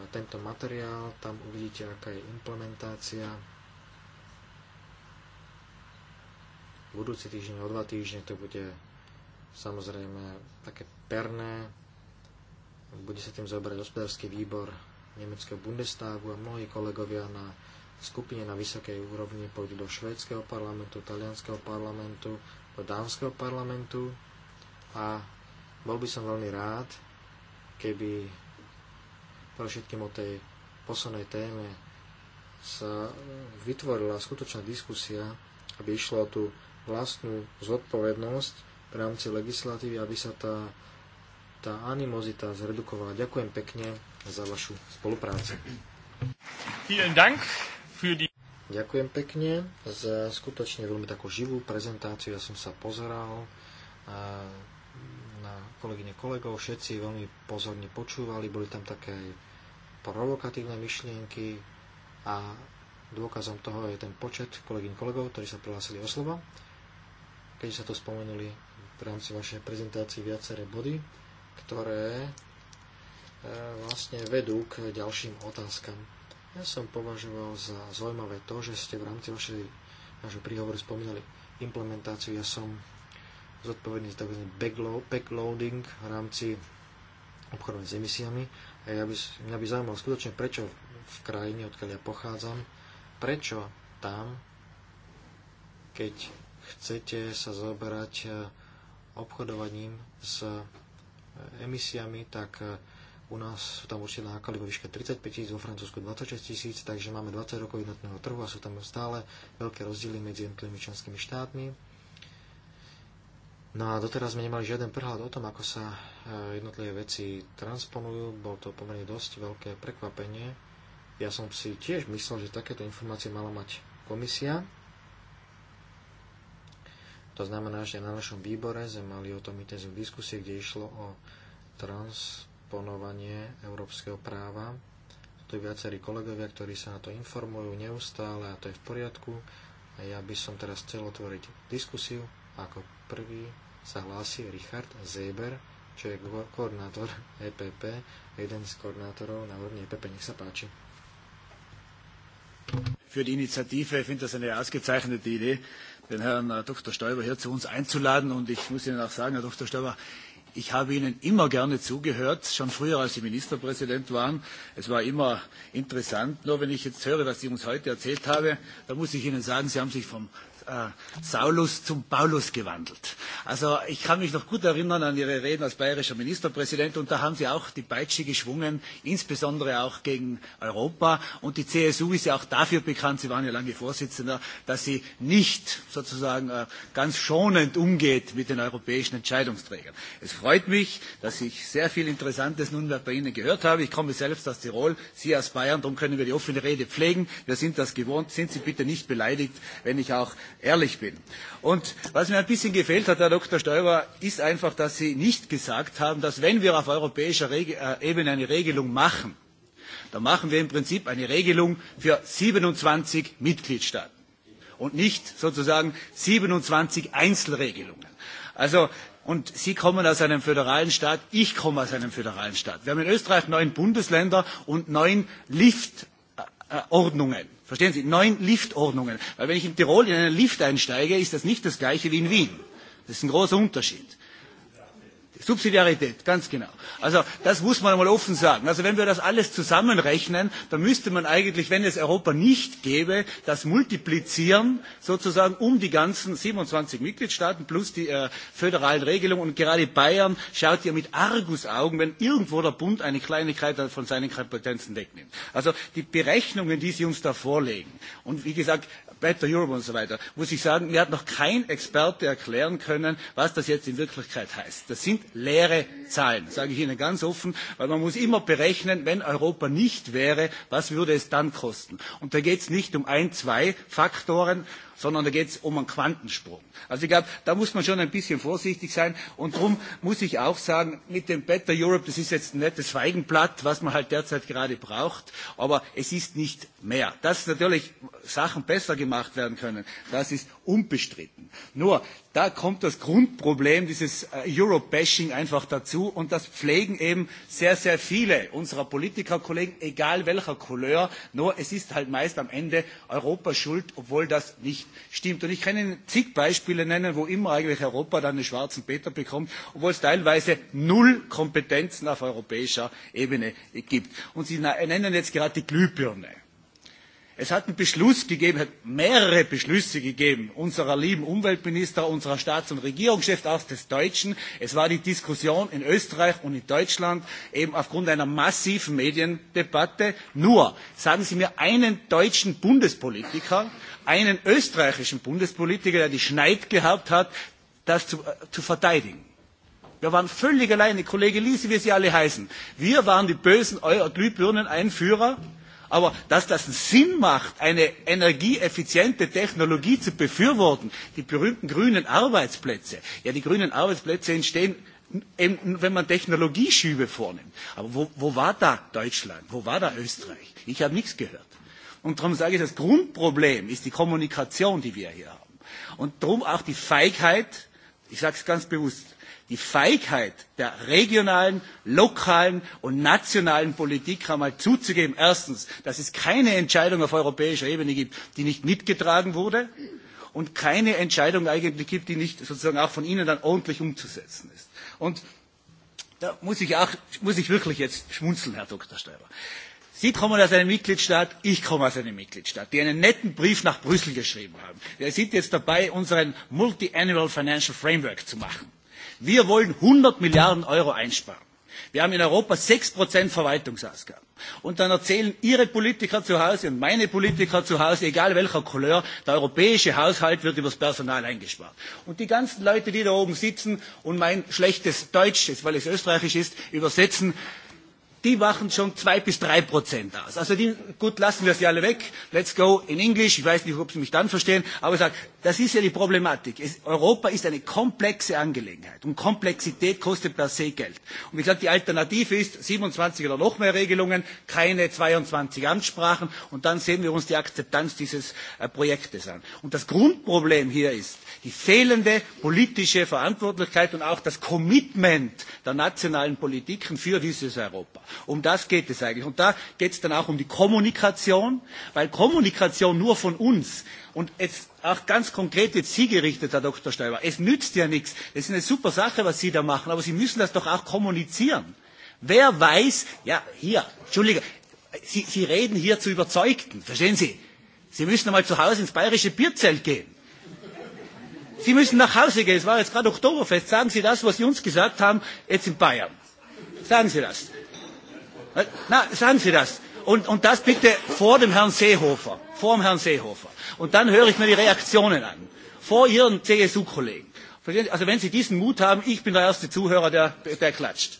tento materiál, tam uvidíte, aká je implementácia budúci týždeň, o dva týždne to bude samozrejme také perné. Bude sa tým zobrať hospodársky výbor nemeckého Bundestagu a mnohí kolegovia na skupine na vysokej úrovni pôjdu do švédskeho parlamentu, talianského parlamentu, do dánskeho parlamentu a bol by som veľmi rád, keby pre všetkým o tej poslednej téme sa vytvorila skutočná diskusia, aby išlo o tú vlastnú zodpovednosť v rámci legislatívy, aby sa tá, tá animozita zredukovala. Ďakujem pekne za vašu spoluprácu. Ďakujem pekne za skutočne veľmi takú živú prezentáciu. Ja som sa pozeral na kolegyne kolegov, všetci veľmi pozorne počúvali, boli tam také provokatívne myšlienky a dôkazom toho je ten počet kolegyň kolegov, ktorí sa prihlásili o slovo keď sa to spomenuli v rámci vašej prezentácie viaceré body, ktoré e, vlastne vedú k ďalším otázkam. Ja som považoval za zaujímavé to, že ste v rámci vašej, vašho príhovoru spomínali implementáciu. Ja som zodpovedný za tzv. backloading v rámci obchodovania s emisiami. A ja by, mňa by zaujímalo skutočne, prečo v krajine, odkiaľ ja pochádzam, prečo tam, keď chcete sa zaoberať e, obchodovaním s e, emisiami, tak e, u nás sú tam určite náklady vo výške 35 tisíc, vo Francúzsku 26 tisíc, takže máme 20 rokov jednotného trhu a sú tam stále veľké rozdiely medzi jednotlivými členskými štátmi. No a doteraz sme nemali žiaden prehľad o tom, ako sa jednotlivé veci transponujú. Bol to pomerne dosť veľké prekvapenie. Ja som si tiež myslel, že takéto informácie mala mať komisia, to znamená, že na našom výbore sme mali o tom intenzívnu diskusie, kde išlo o transponovanie európskeho práva. Sú tu viacerí kolegovia, ktorí sa na to informujú neustále a to je v poriadku. A ja by som teraz chcel otvoriť diskusiu. Ako prvý sa hlási Richard Zeber, čo je koordinátor EPP, jeden z koordinátorov na úrovni EPP. Nech sa páči für die Initiative. Ich das eine ausgezeichnete Idee den Herrn äh, Dr. Stoiber hier zu uns einzuladen. Und ich muss Ihnen auch sagen, Herr Dr. Stoiber, ich habe Ihnen immer gerne zugehört, schon früher, als Sie Ministerpräsident waren. Es war immer interessant. Nur wenn ich jetzt höre, was Sie uns heute erzählt haben, dann muss ich Ihnen sagen, Sie haben sich vom Äh, Saulus zum Paulus gewandelt. Also ich kann mich noch gut erinnern an Ihre Reden als bayerischer Ministerpräsident und da haben Sie auch die Peitsche geschwungen, insbesondere auch gegen Europa. Und die CSU ist ja auch dafür bekannt, Sie waren ja lange Vorsitzender, dass sie nicht sozusagen äh, ganz schonend umgeht mit den europäischen Entscheidungsträgern. Es freut mich, dass ich sehr viel Interessantes nunmehr bei Ihnen gehört habe. Ich komme selbst aus Tirol, Sie aus Bayern, darum können wir die offene Rede pflegen. Wir sind das gewohnt. Sind Sie bitte nicht beleidigt, wenn ich auch ehrlich bin. Und was mir ein bisschen gefehlt hat, Herr Dr. Stoiber, ist einfach, dass Sie nicht gesagt haben, dass wenn wir auf europäischer äh, Ebene eine Regelung machen, dann machen wir im Prinzip eine Regelung für 27 Mitgliedstaaten und nicht sozusagen 27 Einzelregelungen. Also Und Sie kommen aus einem föderalen Staat, ich komme aus einem föderalen Staat. Wir haben in Österreich neun Bundesländer und neun Lift Äh, Ordnungen. Verstehen Sie? Neun Liftordnungen. Weil wenn ich in Tirol in einen Lift einsteige, ist das nicht das gleiche wie in Wien. Das ist ein großer Unterschied. Subsidiarität, ganz genau. Also das muss man mal offen sagen. Also wenn wir das alles zusammenrechnen, dann müsste man eigentlich, wenn es Europa nicht gäbe, das multiplizieren sozusagen um die ganzen 27 Mitgliedstaaten plus die äh, föderalen Regelungen. Und gerade Bayern schaut ja mit Argusaugen, wenn irgendwo der Bund eine Kleinigkeit von seinen Kompetenzen wegnimmt. Also die Berechnungen, die Sie uns da vorlegen. Und wie gesagt, weiter Europe und so weiter, muss ich sagen, mir hat noch kein Experte erklären können, was das jetzt in Wirklichkeit heißt. Das sind leere Zahlen, sage ich Ihnen ganz offen, weil man muss immer berechnen, wenn Europa nicht wäre, was würde es dann kosten? Und da geht es nicht um ein, zwei Faktoren, sondern da geht es um einen Quantensprung. Also ich glaube, da muss man schon ein bisschen vorsichtig sein und darum muss ich auch sagen, mit dem Better Europe, das ist jetzt ein nettes Feigenblatt, was man halt derzeit gerade braucht, aber es ist nicht mehr. Dass natürlich Sachen besser gemacht werden können, das ist unbestritten. Nur, da kommt das Grundproblem dieses äh, Euro-Bashing einfach dazu und das pflegen eben sehr, sehr viele unserer Politikerkollegen, egal welcher Couleur. Nur, es ist halt meist am Ende Europa schuld, obwohl das nicht stimmt. Und ich kann Ihnen zig Beispiele nennen, wo immer eigentlich Europa dann den schwarzen Peter bekommt, obwohl es teilweise null Kompetenzen auf europäischer Ebene gibt. Und Sie nennen jetzt gerade die Glühbirne. Es hat einen Beschluss gegeben, hat mehrere Beschlüsse gegeben, unserer lieben Umweltminister, unserer Staats- und Regierungschefs, auch des Deutschen. Es war die Diskussion in Österreich und in Deutschland eben aufgrund einer massiven Mediendebatte. Nur, sagen Sie mir einen deutschen Bundespolitiker, einen österreichischen Bundespolitiker, der die Schneid gehabt hat, das zu, äh, zu verteidigen. Wir waren völlig alleine, Kollege Liese, wie Sie alle heißen. Wir waren die bösen Glühbirnen-Einführer Aber dass das Sinn macht, eine energieeffiziente Technologie zu befürworten, die berühmten grünen Arbeitsplätze, ja, die grünen Arbeitsplätze entstehen eben, wenn man Technologieschübe vornimmt. Aber wo, wo war da Deutschland? Wo war da Österreich? Ich habe nichts gehört. Und darum sage ich, das Grundproblem ist die Kommunikation, die wir hier haben. Und darum auch die Feigheit, ich sage es ganz bewusst, die Feigheit der regionalen, lokalen und nationalen Politik einmal zuzugeben, erstens, dass es keine Entscheidung auf europäischer Ebene gibt, die nicht mitgetragen wurde und keine Entscheidung eigentlich gibt, die nicht sozusagen auch von Ihnen dann ordentlich umzusetzen ist. Und da muss ich, auch, muss ich wirklich jetzt schmunzeln, Herr Dr. Stoiber. Sie kommen aus einem Mitgliedstaat, ich komme aus einem Mitgliedstaat, die einen netten Brief nach Brüssel geschrieben haben. Wir sind jetzt dabei, unseren Multi-Annual Financial Framework zu machen. Wir wollen 100 Milliarden Euro einsparen. Wir haben in Europa 6% Verwaltungsausgaben. Und dann erzählen Ihre Politiker zu Hause und meine Politiker zu Hause, egal welcher Couleur, der europäische Haushalt wird über das Personal eingespart. Und die ganzen Leute, die da oben sitzen und mein schlechtes Deutsch, weil es österreichisch ist, übersetzen, die machen schon zwei bis drei Prozent aus. Also die, gut, lassen wir sie alle weg. Let's go in English. Ich weiß nicht, ob Sie mich dann verstehen, aber ich sage, das ist ja die Problematik. Es, Europa ist eine komplexe Angelegenheit und Komplexität kostet per se Geld. Und ich sage, die Alternative ist 27 oder noch mehr Regelungen, keine 22 Ansprachen und dann sehen wir uns die Akzeptanz dieses äh, Projektes an. Und das Grundproblem hier ist, die fehlende politische Verantwortlichkeit und auch das Commitment der nationalen Politiken für dieses Europa. Um das geht es eigentlich. Und da geht es dann auch um die Kommunikation, weil Kommunikation nur von uns und jetzt auch ganz konkret jetzt Sie gerichtet, Herr Dr. Stoiber, es nützt ja nichts. Es ist eine super Sache, was Sie da machen, aber Sie müssen das doch auch kommunizieren. Wer weiß, ja, hier, Entschuldigung, Sie, Sie reden hier zu Überzeugten, verstehen Sie? Sie müssen einmal zu Hause ins bayerische Bierzelt gehen. Sie müssen nach Hause gehen. Es war jetzt gerade Oktoberfest. Sagen Sie das, was Sie uns gesagt haben, jetzt in Bayern. Sagen Sie das. Äh, na, sagen Sie das. Und, und das bitte vor dem Herrn Seehofer. Vor dem Herrn Seehofer. Und dann höre ich mir die Reaktionen an. Vor Ihren CSU-Kollegen. Also wenn Sie diesen Mut haben, ich bin der erste Zuhörer, der, der klatscht.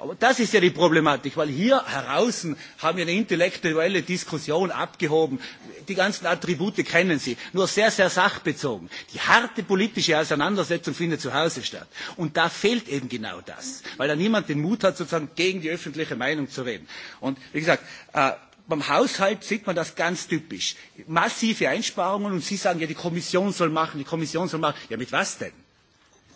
Aber das ist ja die Problematik, weil hier heraus haben wir eine intellektuelle Diskussion abgehoben. Die ganzen Attribute kennen Sie, nur sehr, sehr sachbezogen. Die harte politische Auseinandersetzung findet zu Hause statt. Und da fehlt eben genau das, weil da niemand den Mut hat, sozusagen gegen die öffentliche Meinung zu reden. Und wie gesagt, äh, beim Haushalt sieht man das ganz typisch. Massive Einsparungen und Sie sagen, ja, die Kommission soll machen, die Kommission soll machen. Ja, mit was denn?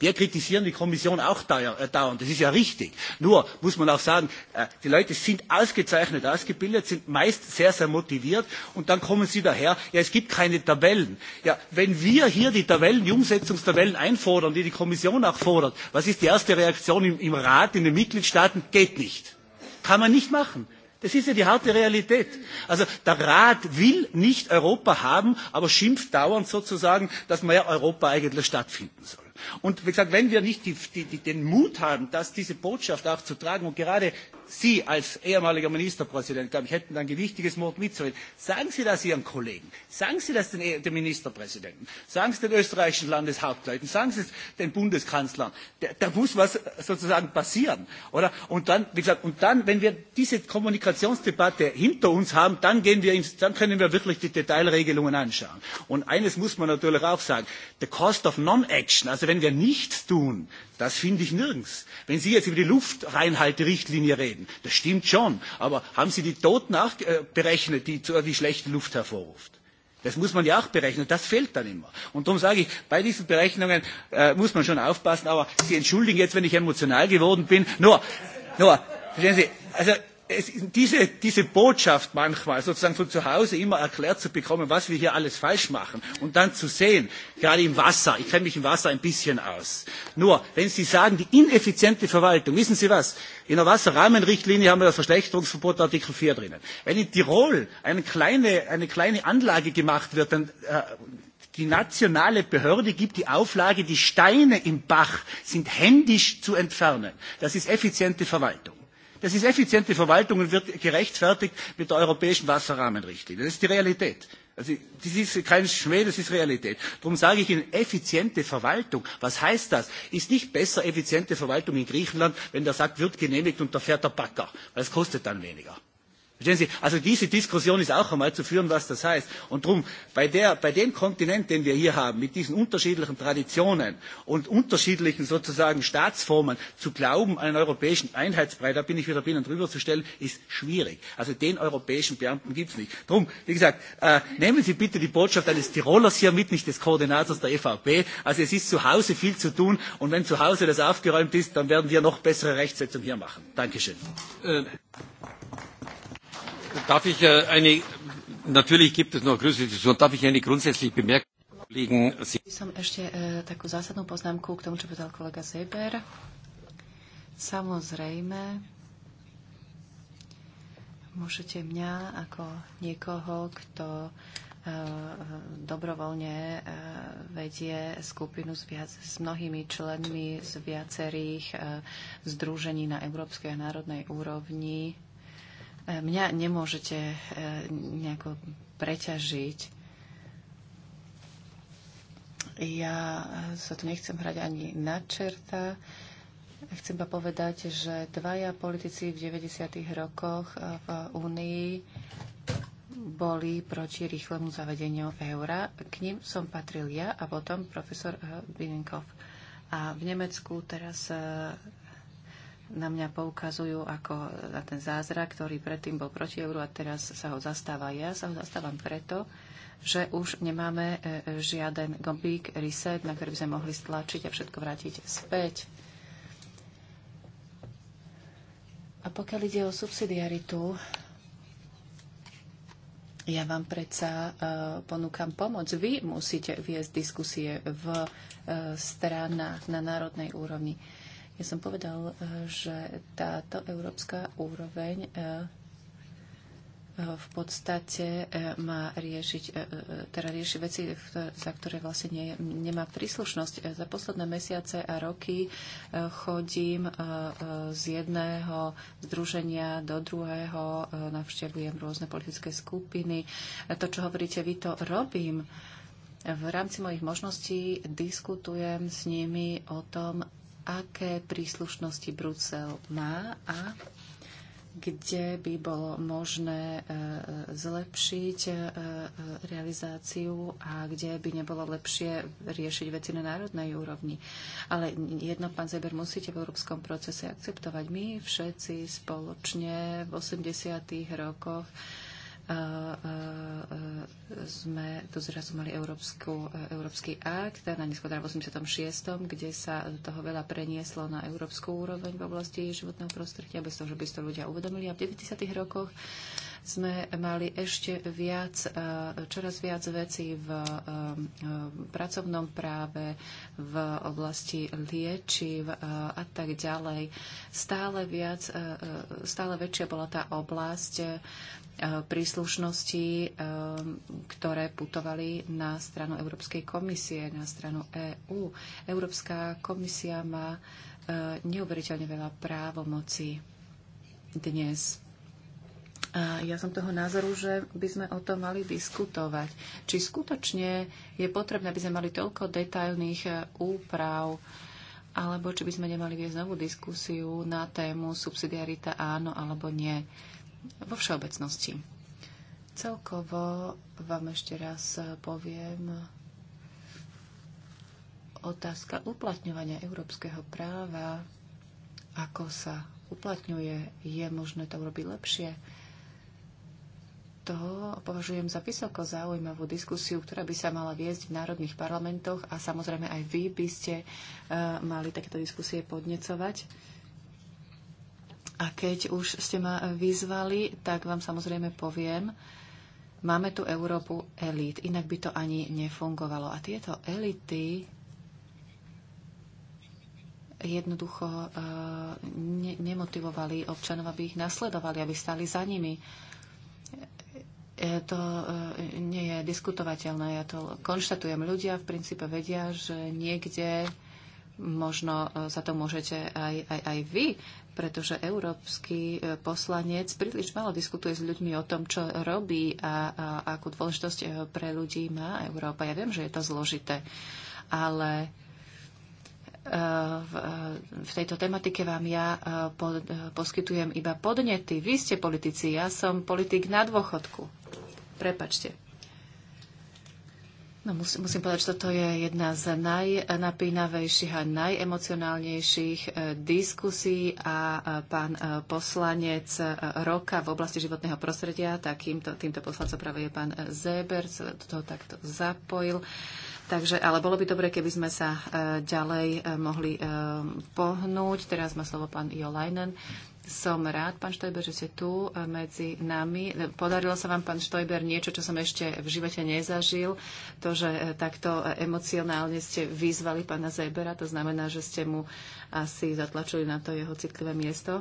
wir kritisieren die Kommission auch äh, dauernd. Das ist ja richtig. Nur muss man auch sagen, äh, die Leute sind ausgezeichnet ausgebildet, sind meist sehr, sehr motiviert und dann kommen sie daher, ja, es gibt keine Tabellen. Ja, wenn wir hier die Tabellen, die Umsetzungstabellen einfordern, die die Kommission auch fordert, was ist die erste Reaktion im, im Rat, in den Mitgliedstaaten? Geht nicht. Kann man nicht machen. Das ist ja die harte Realität. Also der Rat will nicht Europa haben, aber schimpft dauernd sozusagen, dass mehr Europa eigentlich stattfinden soll. Und wie gesagt, wenn wir nicht die, die, die, den Mut haben, das, diese Botschaft auch zu tragen und gerade Sie als ehemaliger Ministerpräsident, glaube ich, hätten ein gewichtiges Wort mitzureden. Sagen Sie das Ihren Kollegen. Sagen Sie das den, e-, dem Ministerpräsidenten. Sagen Sie den österreichischen Landeshauptleuten. Sagen Sie es den Bundeskanzlern. Da, da muss was sozusagen passieren. Oder? Und, dann, wie gesagt, und dann, wenn wir diese Kommunikationsdebatte hinter uns haben, dann, gehen wir ins, dann können wir wirklich die Detailregelungen anschauen. Und eines muss man natürlich auch sagen. The cost of non-action, also wenn wir nichts tun, das finde ich nirgends. Wenn Sie jetzt über die Luftreinhalterichtlinie reden, reden. Das stimmt schon. Aber haben Sie die Toten auch berechnet, die äh, die schlechte Luft hervorruft? Das muss man ja auch berechnen. Das fehlt dann immer. Und darum sage ich, bei diesen Berechnungen äh, muss man schon aufpassen. Aber Sie entschuldigen jetzt, wenn ich emotional geworden bin. Nur, nur, verstehen Sie, also es, diese, diese Botschaft manchmal sozusagen von zu Hause immer erklärt zu bekommen, was wir hier alles falsch machen und dann zu sehen, gerade im Wasser, ich kenne mich im Wasser ein bisschen aus. Nur, wenn Sie sagen, die ineffiziente Verwaltung, wissen Sie was? In der Wasserrahmenrichtlinie haben wir das Verschlechterungsverbot Artikel 4 drinnen. Wenn in Tirol eine kleine, eine kleine Anlage gemacht wird, dann äh, Die nationale Behörde gibt die Auflage, die Steine im Bach sind händisch zu entfernen. Das ist effiziente Verwaltung. Das ist effiziente Verwaltung und wird gerechtfertigt mit der europäischen Wasserrahmenrichtlinie. Das ist die Realität. Also, das ist kein Schmäh, das ist Realität. Darum sage ich Ihnen, effiziente Verwaltung, was heißt das? Ist nicht besser effiziente Verwaltung in Griechenland, wenn der sagt, wird genehmigt und da fährt der Bagger, weil es kostet dann weniger. Verstehen Sie? Also diese Diskussion ist auch einmal zu führen, was das heißt. Und darum, bei, der, bei dem Kontinent, den wir hier haben, mit diesen unterschiedlichen Traditionen und unterschiedlichen sozusagen Staatsformen, zu glauben, einen europäischen Einheitsbrei, da bin ich wieder binnen drüber zu stellen, ist schwierig. Also den europäischen Beamten gibt es nicht. Darum, wie gesagt, äh, nehmen Sie bitte die Botschaft eines Tirolers hier mit, nicht des Koordinators der EVP. Also es ist zu Hause viel zu tun und wenn zu Hause das aufgeräumt ist, dann werden wir noch bessere Rechtsetzung hier machen. Dankeschön. Äh. Darf ich äh, eine, natürlich gibt es noch größere Diskussion, darf ich eine grundsätzliche Bemerkung Som ešte e, takú zásadnú poznámku k tomu, čo povedal kolega Seber. Samozrejme, môžete mňa ako niekoho, kto e, e, dobrovoľne e, vedie skupinu s, viac, s mnohými členmi z viacerých združení na európskej a národnej úrovni. E, mňa nemôžete e, nejako preťažiť. Ja sa tu nechcem hrať ani na čerta. Chcem iba povedať, že dvaja politici v 90. rokoch e, v Únii boli proti rýchlemu zavedeniu eura. K ním som patril ja a potom profesor Binenkov. A v Nemecku teraz na mňa poukazujú ako na ten zázrak, ktorý predtým bol proti euru a teraz sa ho zastáva. Ja sa ho zastávam preto, že už nemáme e, e, žiaden gombík, reset, na ktorý by sme mohli stlačiť a všetko vrátiť späť. A pokiaľ ide o subsidiaritu, ja vám predsa uh, ponúkam pomoc. Vy musíte viesť diskusie v uh, stranách na národnej úrovni. Uh, ja som povedal, eh, že táto európska úroveň eh, eh, v podstate má riešiť, teda rieši veci, za ktoré vlastne nie, nemá príslušnosť. Za posledné mesiace a roky chodím z jedného združenia do druhého, navštevujem rôzne politické skupiny. To, čo hovoríte vy, to robím. V rámci mojich možností diskutujem s nimi o tom, aké príslušnosti Brusel má a kde by bolo možné e, e, zlepšiť e, realizáciu a kde by nebolo lepšie riešiť veci na národnej úrovni. Ale jedno, pán Zeber, musíte v európskom procese akceptovať. My všetci spoločne v 80. rokoch sme tu zrazu mali Európsku, e, Európsky akt na neskôr v 86., kde sa toho veľa prenieslo na európsku úroveň v oblasti životného prostredia, bez toho, že by si to ľudia uvedomili. A v 90. rokoch sme mali ešte viac, e, čoraz viac vecí v e, e, pracovnom práve, v oblasti liečiv a tak ďalej. Stále, viac, stále väčšia bola tá oblasť príslušnosti, ktoré putovali na stranu Európskej komisie, na stranu EÚ. Európska komisia má neuveriteľne veľa právomocí dnes a ja som toho názoru, že by sme o tom mali diskutovať. Či skutočne je potrebné, aby sme mali toľko detailných e, úprav, alebo či by sme nemali viesť novú diskusiu na tému subsidiarita áno alebo nie vo všeobecnosti. Celkovo vám ešte raz e, poviem otázka uplatňovania európskeho práva, ako sa uplatňuje, je možné to urobiť lepšie to považujem za vysoko zaujímavú diskusiu, ktorá by sa mala viesť v národných parlamentoch a samozrejme aj vy by ste uh, mali takéto diskusie podnecovať. A keď už ste ma vyzvali, tak vám samozrejme poviem, máme tu Európu elít, inak by to ani nefungovalo. A tieto elity jednoducho uh, ne- nemotivovali občanov, aby ich nasledovali, aby stali za nimi. Uh, E, to e, nie je diskutovateľné. Ja to konštatujem. Ľudia v princípe vedia, že niekde možno za e, to môžete aj, aj, aj vy, pretože európsky poslanec príliš malo diskutuje s ľuďmi o tom, čo robí a, a akú dôležitosť pre ľudí má Európa. Ja viem, že je to zložité, ale v tejto tematike vám ja e, e, poskytujem iba podnety. Vy ste politici, ja som politik na dôchodku. Prepačte. No, musím, musím povedať, že toto je jedna z najnapínavejších a najemocionálnejších e, diskusí a pán poslanec roka v oblasti životného prostredia, takýmto, týmto poslancom práve je pán Zéber, toho takto zapojil. Uh, Takže, ale bolo by dobre, keby sme sa e, ďalej e, mohli e, pohnúť. Teraz má slovo pán Jo Leinen. Som rád, pán Štojber, že ste tu medzi nami. Podarilo sa vám, pán Štojber, niečo, čo som ešte v živote nezažil. To, že takto emocionálne ste vyzvali pána Zebera, to znamená, že ste mu asi zatlačili na to jeho citlivé miesto.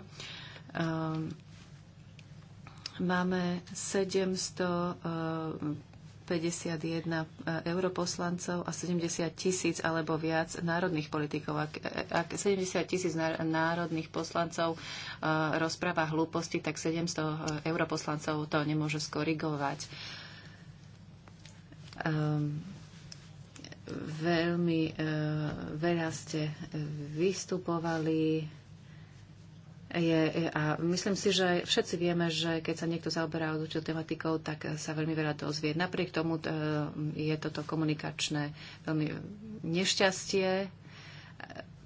Ehm, máme 700 51 eh, europoslancov a 70 tisíc alebo viac národných politikov. Ak, eh, ak 70 tisíc národných poslancov eh, rozpráva hlúposti, tak 700 europoslancov to nemôže skorigovať. Um, veľmi uh, veľa ste vystupovali je, a myslím si, že všetci vieme, že keď sa niekto zaoberá určitou tematikou, tak sa veľmi veľa toho zvie. Napriek tomu e, je toto komunikačné veľmi nešťastie.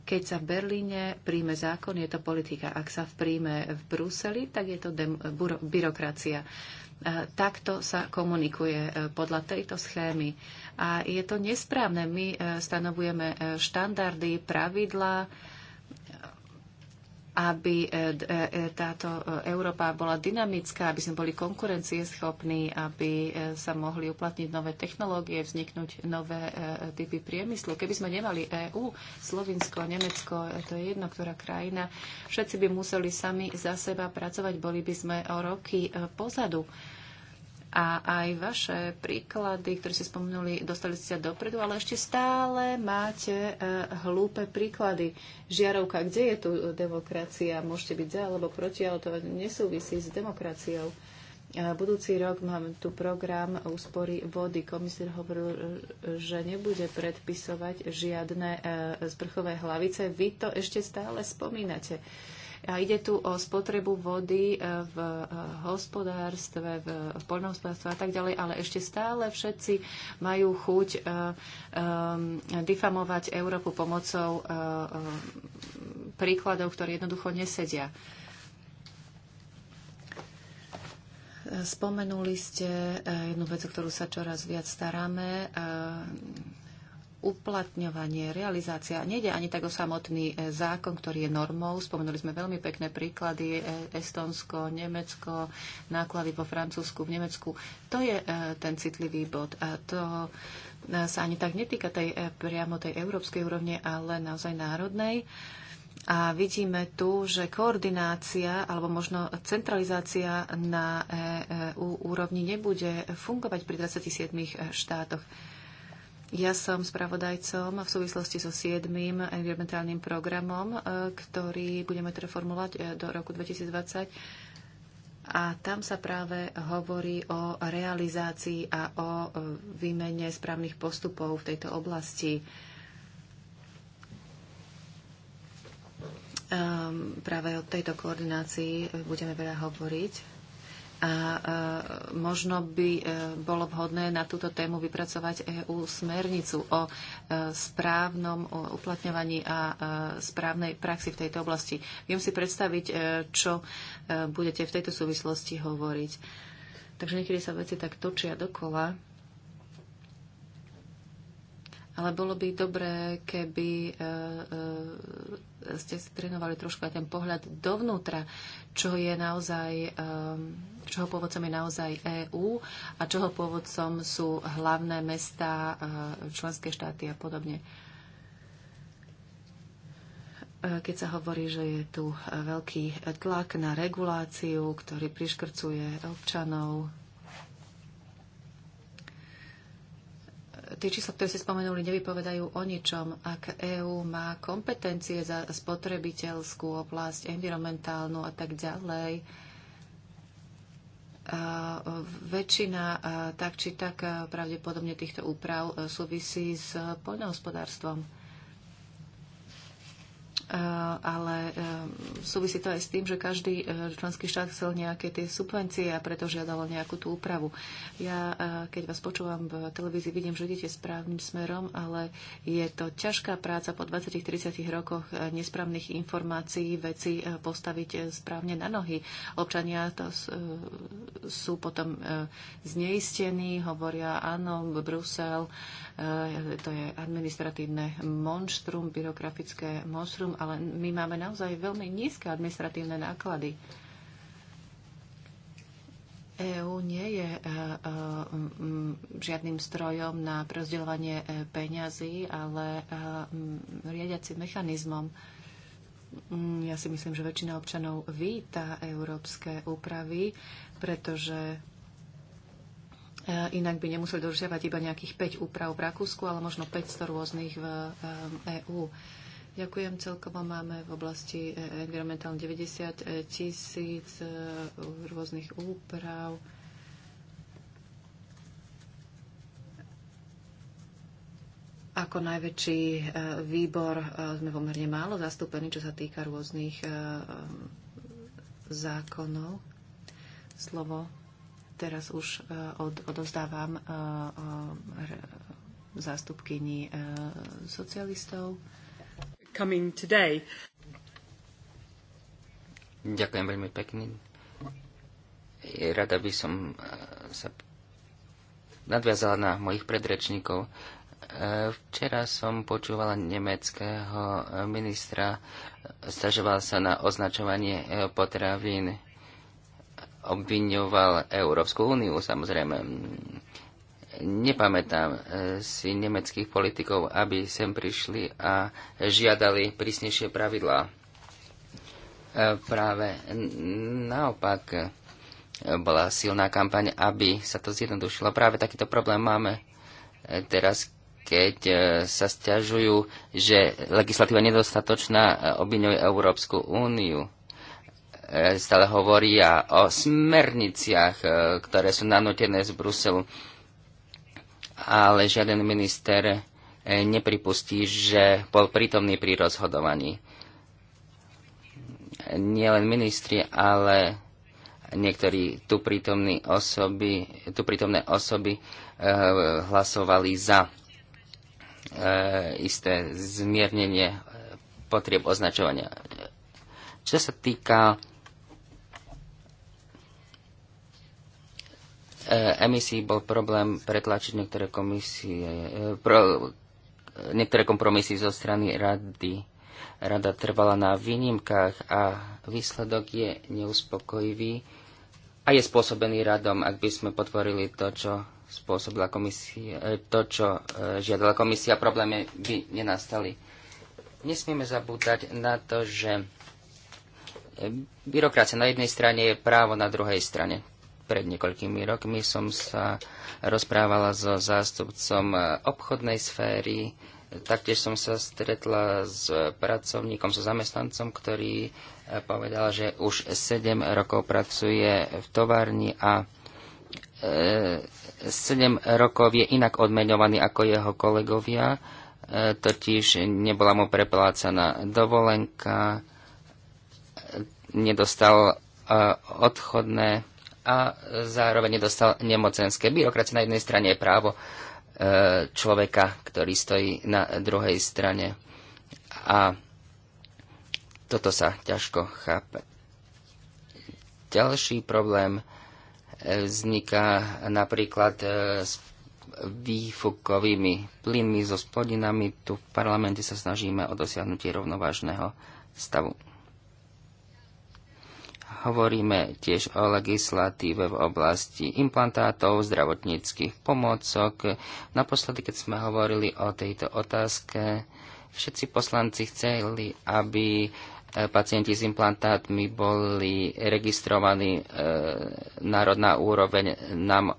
Keď sa v Berlíne príjme zákon, je to politika. Ak sa príjme v Bruseli, tak je to byrokracia. E, takto sa komunikuje e, podľa tejto schémy. A je to nesprávne. My stanovujeme štandardy, pravidlá, aby e, e, e, táto Európa bola dynamická, aby sme boli konkurencieschopní, aby sa mohli uplatniť nové technológie, vzniknúť nové typy priemyslu. Keby sme nemali EÚ, Slovinsko, Nemecko, to je jedno, ktorá krajina, všetci by museli sami za seba pracovať, boli by sme o roky pozadu. A aj vaše príklady, ktoré ste spomenuli, dostali ste sa dopredu, ale ešte stále máte e, hlúpe príklady. Žiarovka, kde je tu demokracia? Môžete byť za alebo proti, ale to nesúvisí s demokraciou. E, budúci rok mám tu program úspory vody. Komisár hovoril, že nebude predpisovať žiadne zbrchové e, hlavice. Vy to ešte stále spomínate. A ide tu o spotrebu vody e, v e, hospodárstve, v poľnohospodárstve a tak ďalej, ale ešte stále všetci majú chuť e, difamovať Európu pomocou príkladov, ktoré jednoducho nesedia. Spomenuli ste jednu vec, o ktorú sa čoraz viac staráme uplatňovanie, realizácia. Nejde ani tak o samotný e, zákon, ktorý je normou. Spomenuli sme veľmi pekné príklady. E, Estonsko, Nemecko, náklady po Francúzsku, v Nemecku. To je e, ten citlivý bod. A to sa ani tak netýka tej, priamo tej európskej úrovne, ale naozaj národnej. A vidíme tu, že koordinácia alebo možno centralizácia na EU úrovni nebude fungovať pri 27 štátoch. Ja som spravodajcom v súvislosti so 7. environmentálnym programom, e, ktorý budeme teda formulovať e, do roku 2020. A tam sa práve hovorí o realizácii a o e, výmene správnych postupov v tejto oblasti. Ehm, práve o tejto koordinácii budeme veľa hovoriť. A e, možno by e, bolo vhodné na túto tému vypracovať EU smernicu o e, správnom uplatňovaní a správnej praxi v tejto oblasti. Viem si predstaviť, čo budete v tejto súvislosti hovoriť. Takže niekedy sa veci tak točia dokola ale bolo by dobré, keby eh, eh, ste si trénovali trošku aj ten pohľad dovnútra, čo je naozaj, eh, čoho pôvodcom je naozaj EÚ a čoho pôvodcom sú hlavné mesta, členské štáty a podobne. Keď sa hovorí, že je tu veľký tlak na reguláciu, ktorý priškrcuje občanov, tie čísla, ktoré ste spomenuli, nevypovedajú o ničom. Ak EÚ má kompetencie za spotrebiteľskú oblasť, environmentálnu a tak ďalej, väčšina tak či tak pravdepodobne týchto úprav e, súvisí s poľnohospodárstvom ale e, súvisí to aj s tým, že každý e, členský štát chcel nejaké tie subvencie a preto žiadalo nejakú tú úpravu. Ja, e, keď vás počúvam v televízii, vidím, že idete správnym smerom, ale je to ťažká práca po 20-30 rokoch nesprávnych informácií veci postaviť správne na nohy. Občania to sú potom zneistení, hovoria áno, Brusel, Eh, to je administratívne monštrum, byrokratické monštrum, ale my máme naozaj veľmi nízke administratívne náklady. EÚ nie je eh, eh, žiadnym strojom na prerozdeľovanie peňazí, ale riadiacim mechanizmom. Mm, ja si myslím, že väčšina občanov víta európske úpravy, pretože Eh, inak by nemuseli dodržiavať iba nejakých 5 úprav v Rakúsku, ale možno 500 rôznych v EÚ. Eh, e Ďakujem. Celkovo máme v oblasti eh, environmentálne 90 tisíc rôznych úprav. Ako najväčší výbor sme pomerne málo zastúpení, čo sa týka rôznych zákonov. Slovo Teraz už e, od, odovzdávam e, e, zástupkyni socialistov. Coming today. Ďakujem veľmi pekne. Rada by som sa nadviazala na mojich predrečníkov. Včera som počúvala nemeckého ministra, stažoval sa na označovanie potravín obviňoval Európsku úniu, samozrejme. Nepamätám eh, si nemeckých politikov, aby sem prišli a žiadali prísnejšie pravidlá. Eh, práve naopak eh, bola silná kampaň, aby sa to zjednodušilo. Práve takýto problém máme teraz, keď sa stiažujú, že legislatíva nedostatočná obviňuje Európsku úniu stále hovoria o smerniciach, e, ktoré sú nanotené z Bruselu. Ale žiaden minister e, nepripustí, že bol prítomný pri rozhodovaní. Nielen ministri, ale niektorí tu, osoby, tu prítomné osoby e, hlasovali za isté zmiernenie potrieb označovania. Čo sa týka Eh, emisí bol problém pretlačiť niektoré komisie, eh, pro, niektoré kompromisy zo strany rady. Rada trvala na výnimkách a výsledok je neuspokojivý a je spôsobený radom, ak by sme potvorili to, čo spôsobila komisia, eh, to, čo žiadala komisia, problémy by nenastali. Nesmieme zabúdať na to, že byrokracia na jednej strane je právo na druhej strane pred niekoľkými rokmi som sa rozprávala so zástupcom e, obchodnej sféry, taktiež som sa stretla s pracovníkom, so zamestnancom, ktorý e, povedal, že už 7 rokov pracuje v továrni a 7 e, rokov je inak odmeňovaný ako jeho kolegovia, totiž nebola mu preplácaná dovolenka, nedostal odchodné a zároveň nedostal nemocenské. Byrokracia na jednej strane je právo e, človeka, ktorý stojí na druhej strane. A toto sa ťažko chápe. Ďalší problém e, vzniká napríklad e, s výfukovými plynmi so spodinami. Tu v parlamente sa snažíme o dosiahnutie rovnovážneho stavu. Hovoríme tiež o legislatíve v oblasti implantátov, zdravotníckých pomôcok. Naposledy, keď sme hovorili o tejto otázke, všetci poslanci chceli, aby e, pacienti s implantátmi boli registrovaní e, národná úroveň nám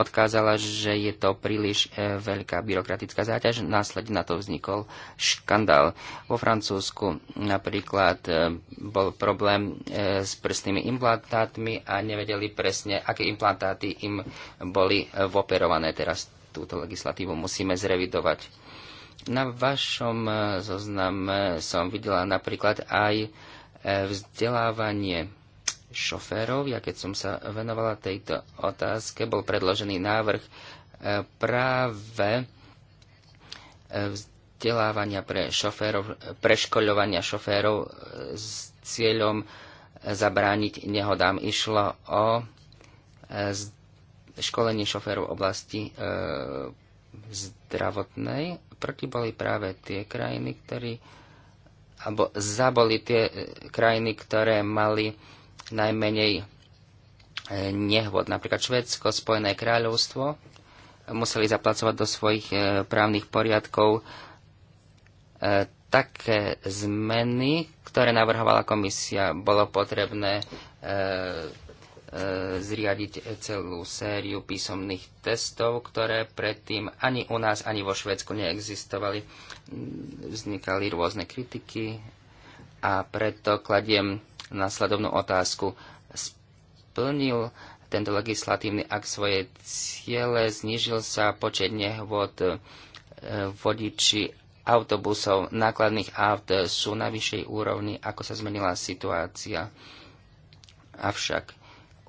odkázala, že je to príliš e, veľká byrokratická záťaž. Následne na to vznikol škandál. Vo Francúzsku napríklad e, bol problém e, s prstnými implantátmi a nevedeli presne, aké implantáty im boli voperované. Teraz túto legislatívu musíme zrevidovať. Na vašom zozname som videla napríklad aj vzdelávanie šoférov. Ja keď som sa venovala tejto otázke, bol predložený návrh e, práve e, vzdelávania pre šoférov, preškoľovania šoférov e, s cieľom zabrániť nehodám. Išlo o školenie šoférov oblasti zdravotnej. Proti boli práve tie krajiny, ktorí alebo zaboli tie krajiny, ktoré mali najmenej e, nehôd. Napríklad Švedsko, Spojené kráľovstvo museli zaplacovať do svojich e, právnych poriadkov e, také zmeny, ktoré navrhovala komisia. Bolo potrebné zriadiť celú sériu písomných testov, ktoré predtým ani u nás, ani vo Švedsku neexistovali. Vznikali rôzne kritiky a preto kladiem následovnú otázku. Splnil tento legislatívny akt svoje ciele, znížil sa počet nehôd e, vodiči autobusov, nákladných aut sú na vyššej úrovni, ako sa zmenila situácia. Avšak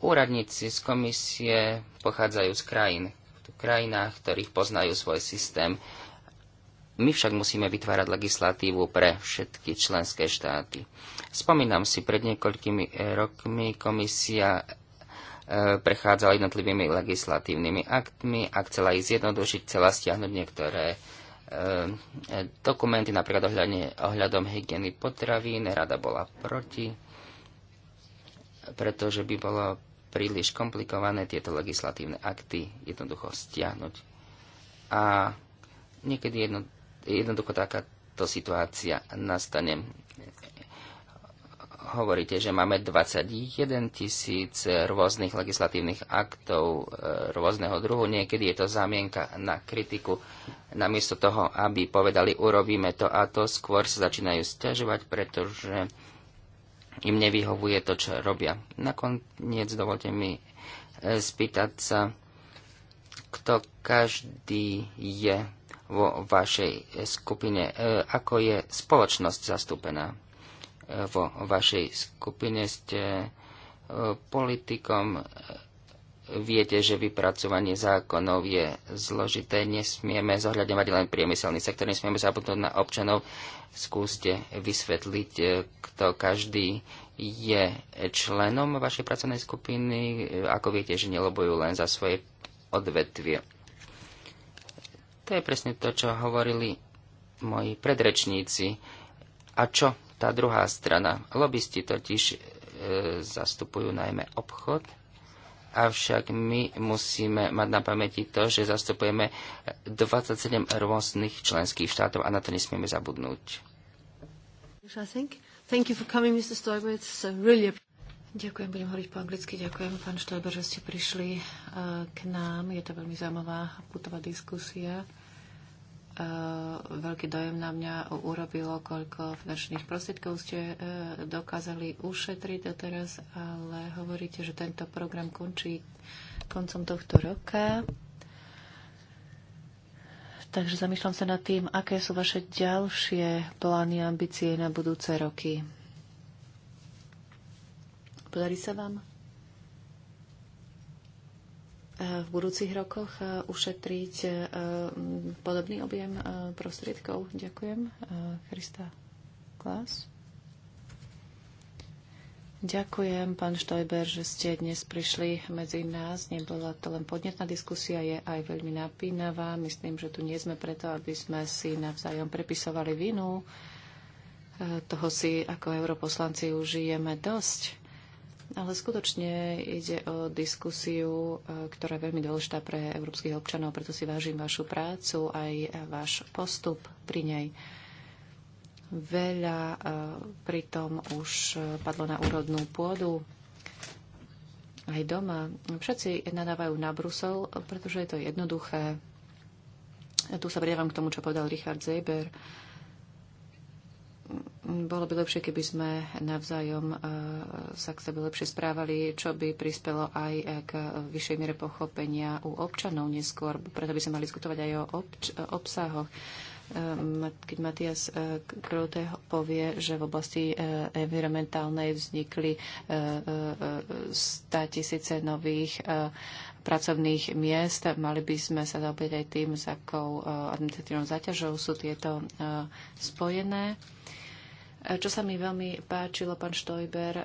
úradníci z komisie pochádzajú z krajín, v krajinách, ktorých poznajú svoj systém. My však musíme vytvárať legislatívu pre všetky členské štáty. Spomínam si, pred niekoľkými eh, rokmi komisia eh, prechádzala jednotlivými legislatívnymi aktmi a chcela ich zjednodušiť, chcela stiahnuť niektoré eh, dokumenty, napríklad ohľadne, ohľadom hygieny potravín, rada bola proti, pretože by bolo príliš komplikované tieto legislatívne akty jednoducho stiahnuť. A niekedy jedno, jednoducho takáto situácia nastane hovoríte, že máme 21 tisíc rôznych legislatívnych aktov e, rôzneho druhu. Niekedy je to zámienka na kritiku. Namiesto toho, aby povedali, urobíme to a to, skôr sa začínajú stiažovať, pretože im nevyhovuje to, čo robia. Nakoniec dovolte mi e, spýtať sa, kto každý je vo vašej skupine, e, ako je spoločnosť zastúpená vo vašej skupine ste e, politikom, e, viete, že vypracovanie zákonov je zložité, nesmieme zohľadňovať len priemyselný sektor, nesmieme zabudnúť na občanov. Skúste vysvetliť, e, kto každý je členom vašej pracovnej skupiny, ako viete, že nelobujú len za svoje odvetvie. To je presne to, čo hovorili moji predrečníci. A čo tá druhá strana. Lobisti totiž e, zastupujú najmä obchod, avšak my musíme mať na pamäti to, že zastupujeme 27 rôznych členských štátov a na to nesmieme zabudnúť. Coming, uh, really... Ďakujem, budem hovoriť po anglicky. Ďakujem, pán Štojber, že ste prišli uh, k nám. Je to veľmi zaujímavá putová diskusia. E, veľký dojem na mňa urobilo, koľko finančných prostriedkov ste e, dokázali ušetriť doteraz, ale hovoríte, že tento program končí koncom tohto roka. Takže zamýšľam sa nad tým, aké sú vaše ďalšie plány a ambície na budúce roky. Podarí sa vám? E, v budúcich rokoch e, ušetriť e, podobný objem prostriedkov. Ďakujem. Christa Klas. Ďakujem, pán Štojber, že ste dnes prišli medzi nás. Nebola to len podnetná diskusia, je aj veľmi napínavá. Myslím, že tu nie sme preto, aby sme si navzájom prepisovali vinu. Toho si ako europoslanci užijeme dosť ale skutočne ide o diskusiu, e, ktorá je veľmi dôležitá pre európskych občanov, preto si vážim vašu prácu aj váš postup pri nej. Veľa e, pritom už e, padlo na úrodnú pôdu aj doma. Všetci nadávajú na Brusel, pretože je to jednoduché. Tu sa pridávam k tomu, čo povedal Richard Zeber. Uh, bolo by lepšie, keby sme navzájom e, sa k sebe lepšie správali, čo by prispelo aj e, k vyššej miere pochopenia u občanov neskôr. Preto by sme mali diskutovať aj o e, obsahoch. Keď Matias Krote povie, že v oblasti environmentálnej vznikli 100 tisíce nových pracovných miest. Mali by sme sa zaoberať aj tým, s akou administratívnou záťažou sú tieto spojené. E, čo sa mi veľmi páčilo, pán Štojber, e, e,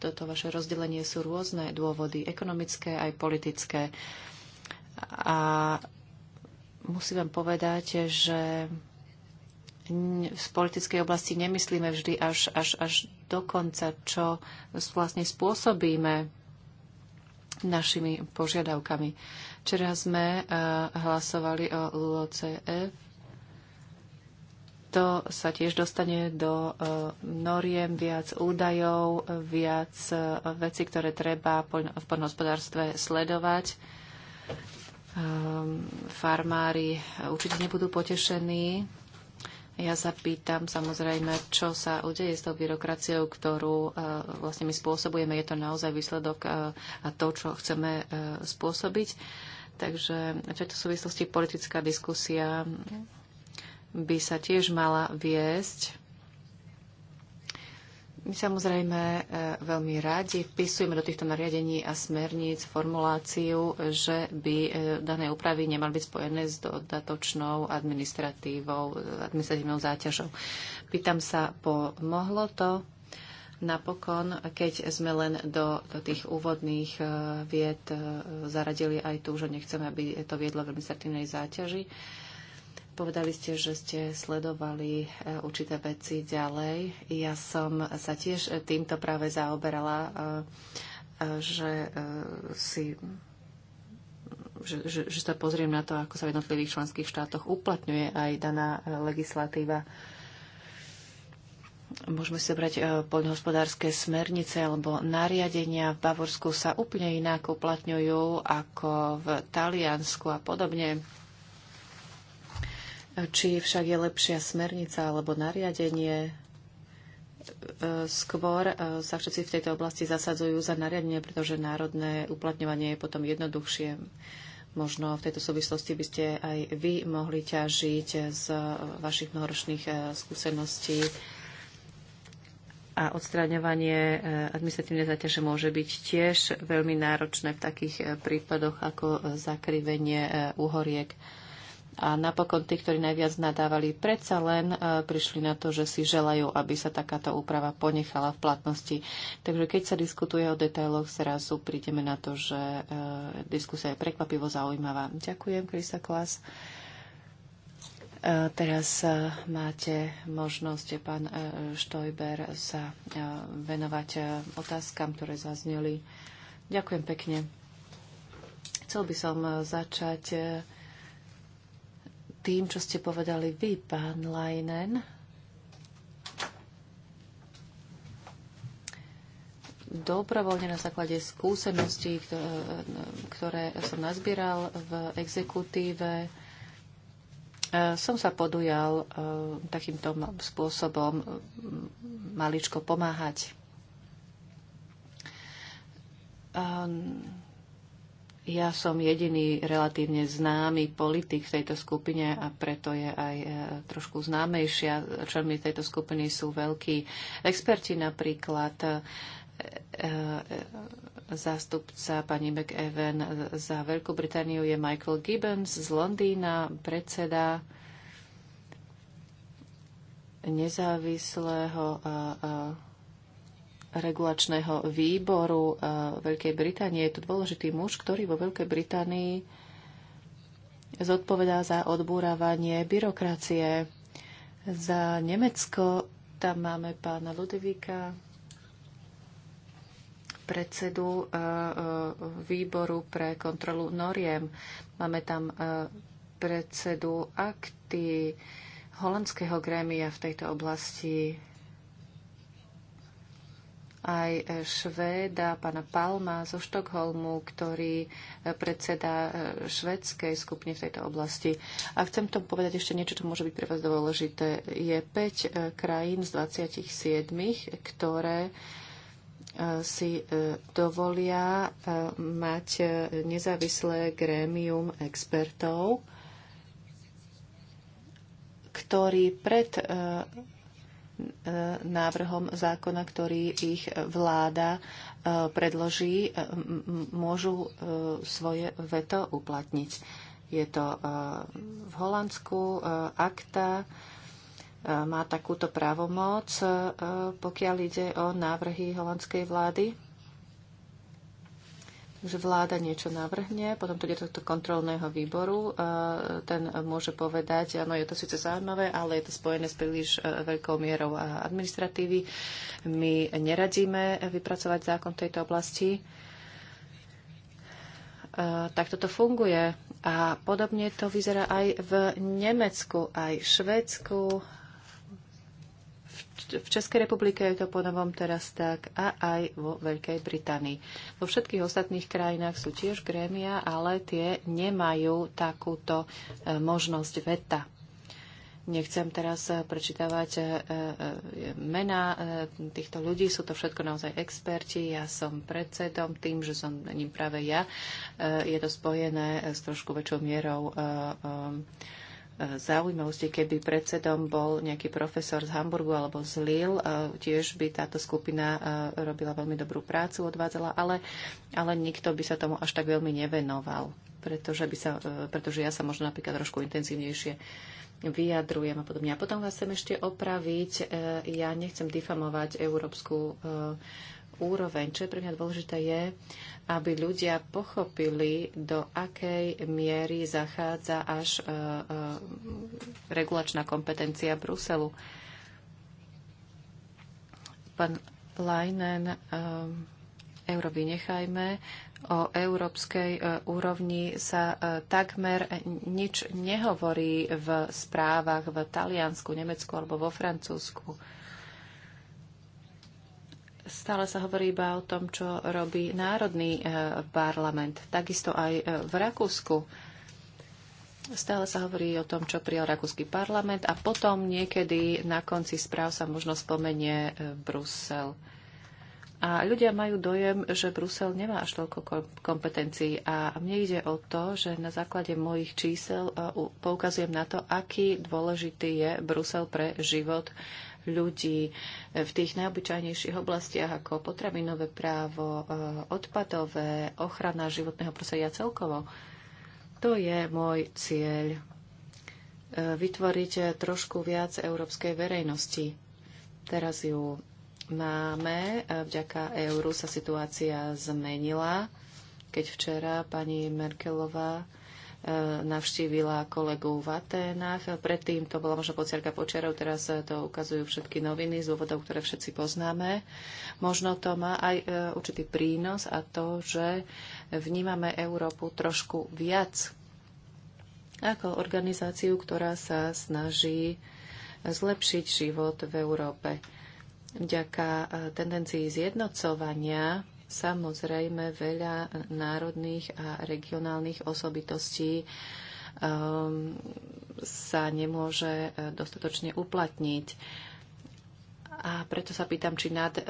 toto vaše rozdelenie sú rôzne dôvody, ekonomické aj politické. A musím vám povedať, že v politickej oblasti nemyslíme vždy až, až, až do konca, čo vlastne spôsobíme našimi požiadavkami. Včera sme hlasovali o LOCF to sa tiež dostane do e, noriem viac údajov, viac e, vecí, ktoré treba v poľnohospodárstve sledovať. Ehm, farmári určite nebudú potešení. Ja sa pýtam samozrejme, čo sa udeje s tou byrokraciou, ktorú e, vlastne my spôsobujeme. Je to naozaj výsledok a to, čo chceme spôsobiť. Takže v tejto súvislosti politická diskusia by sa tiež mala viesť. My samozrejme e, veľmi rádi vpisujeme do týchto nariadení a smerníc formuláciu, že by e, dané úpravy nemali byť spojené s dodatočnou administratívou, administratívnou záťažou. Pýtam sa, pomohlo to napokon, keď sme len do, do tých úvodných e, vied zaradili aj tu, že nechceme, aby to viedlo k administratívnej záťaži. Povedali ste, že ste sledovali e, určité veci ďalej. Ja som sa tiež e, týmto práve zaoberala, e, že si že, že, že sa pozriem na to, ako sa v jednotlivých členských štátoch uplatňuje aj daná legislatíva. Môžeme si brať poľnohospodárske smernice alebo nariadenia. V Bavorsku sa úplne inak uplatňujú ako v Taliansku a podobne či však je lepšia smernica alebo nariadenie, e, skôr e, sa všetci v tejto oblasti zasadzujú za nariadenie, pretože národné uplatňovanie je potom jednoduchšie. Možno v tejto súvislosti by ste aj vy mohli ťažiť z vašich mnohoročných e, skúseností a odstraňovanie administratívnej záťaže môže byť tiež veľmi náročné v takých prípadoch ako zakrivenie uhoriek. A napokon tí, ktorí najviac nadávali, predsa len e, prišli na to, že si želajú, aby sa takáto úprava ponechala v platnosti. Takže keď sa diskutuje o detailoch, zrazu prídeme na to, že e, diskusia je prekvapivo zaujímavá. Ďakujem, Krista Klas. E, teraz máte možnosť, pán Štojber, sa venovať otázkam, ktoré zazneli. Ďakujem pekne. Chcel by som začať tým, čo ste povedali vy, pán Lajnen. Dobrovoľne na základe skúseností, ktoré som nazbieral v exekutíve, e, som sa podujal e, takýmto spôsobom maličko pomáhať ehm, ja som jediný relatívne známy politik v tejto skupine a preto je aj e, trošku známejšia. Členmi tejto skupiny sú veľkí experti, napríklad e, e, zástupca pani McEwen za Veľkú Britániu je Michael Gibbons z Londýna, predseda nezávislého regulačného výboru eh, Veľkej Británie. Je to dôležitý muž, ktorý vo Veľkej Británii zodpovedá za odbúravanie byrokracie. Za Nemecko tam máme pána Ludvíka, predsedu eh, eh, výboru pre kontrolu noriem. Máme tam predsedu akty holandského grémia v tejto oblasti aj e, Švéda, pána Palma zo Štokholmu, ktorý e, predseda e, švedskej skupiny v tejto oblasti. A chcem tomu povedať ešte niečo, čo môže byť pre vás dôležité. Je 5 krajín z 27, ktoré si dovolia mať nezávislé grémium expertov, ktorí pred návrhom zákona, ktorý ich vláda e, predloží, e, môžu e, svoje veto uplatniť. Je to v Holandsku akta, má takúto právomoc, pokiaľ ide o návrhy holandskej vlády že vláda niečo navrhne, potom to ide do tohto kontrolného výboru, e, ten môže povedať, áno, je to síce zaujímavé, ale je to spojené s príliš e, veľkou mierou administratívy. My neradíme vypracovať zákon v tejto oblasti. E, tak toto funguje. A podobne to vyzerá aj v Nemecku, aj v Švedsku, v Českej republike je to ponovom teraz tak a aj vo Veľkej Británii. Vo všetkých ostatných krajinách sú tiež grémia, ale tie nemajú takúto e, možnosť veta. Nechcem teraz e, prečítavať e, mená týchto ľudí, sú to všetko naozaj experti. Ja som predsedom, tým, že som ním práve ja, je to spojené s trošku väčšou mierou zaujímavosti, keby predsedom bol nejaký profesor z Hamburgu alebo z Lille, eh, tiež by táto skupina eh, robila veľmi dobrú prácu, odvádzala, ale, ale nikto by sa tomu až tak veľmi nevenoval, pretože, by sa, eh, pretože ja sa možno napríklad trošku intenzívnejšie vyjadrujem a podobne. A potom vás chcem ešte opraviť. Ja nechcem difamovať Európsku úroveň. Čo je pre mňa dôležité je, aby ľudia pochopili, do akej miery zachádza až uh, uh, regulačná kompetencia Bruselu. Pán Leinen, um, euro vynechajme. O európskej e, úrovni sa e, takmer nič nehovorí v správach v Taliansku, Nemecku alebo vo Francúzsku. E, stále sa hovorí iba o tom, čo robí národný e, parlament. Takisto aj e, v Rakúsku. Stále sa hovorí o tom, čo prijal Rakúsky parlament a potom niekedy na konci správ sa možno spomenie e, Brusel. A ľudia majú dojem, že Brusel nemá až toľko kompetencií. A mne ide o to, že na základe mojich čísel poukazujem na to, aký dôležitý je Brusel pre život ľudí e, v tých najobyčajnejších oblastiach ako potravinové právo, e, odpadové, ochrana životného prostredia celkovo. To je môj cieľ. E, vytvoriť trošku viac európskej verejnosti. Teraz ju máme. Vďaka euru sa situácia zmenila, keď včera pani Merkelová Eh, navštívila kolegu v Aténach. Predtým to bola možno pociarka počiarov, teraz eh, to ukazujú všetky noviny z dôvodov, ktoré všetci poznáme. Možno to má aj eh, určitý prínos a to, že vnímame Európu trošku viac ako organizáciu, ktorá sa snaží zlepšiť život v Európe vďaka tendencii zjednocovania Samozrejme, veľa národných a regionálnych osobitostí um, sa nemôže e, dostatočne uplatniť. A preto sa pýtam, či nad, uh,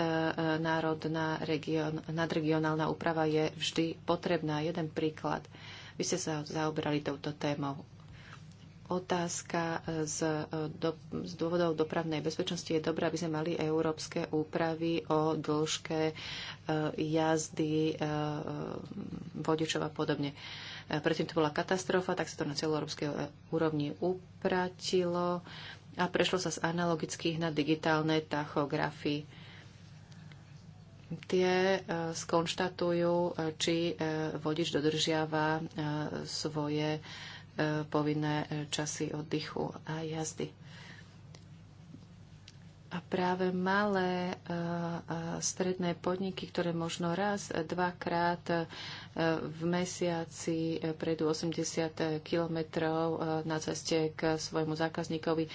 národná region, nadregionálna úprava je vždy potrebná. Jeden príklad. Vy ste sa zaoberali touto témou. Otázka e, z, e, do, z dôvodov dopravnej bezpečnosti je dobrá, aby sme mali európske úpravy o dĺžke e, jazdy vodičov a podobne. Predtým to bola katastrofa, tak sa to na celoeurópskej úrovni upratilo a prešlo sa z analogických na digitálne tachografy. Tie skonštatujú, či vodič dodržiava svoje povinné časy oddychu a jazdy. A práve malé a e, e, stredné podniky, ktoré možno raz, dvakrát e, v mesiaci predu 80 kilometrov na ceste k svojmu zákazníkovi,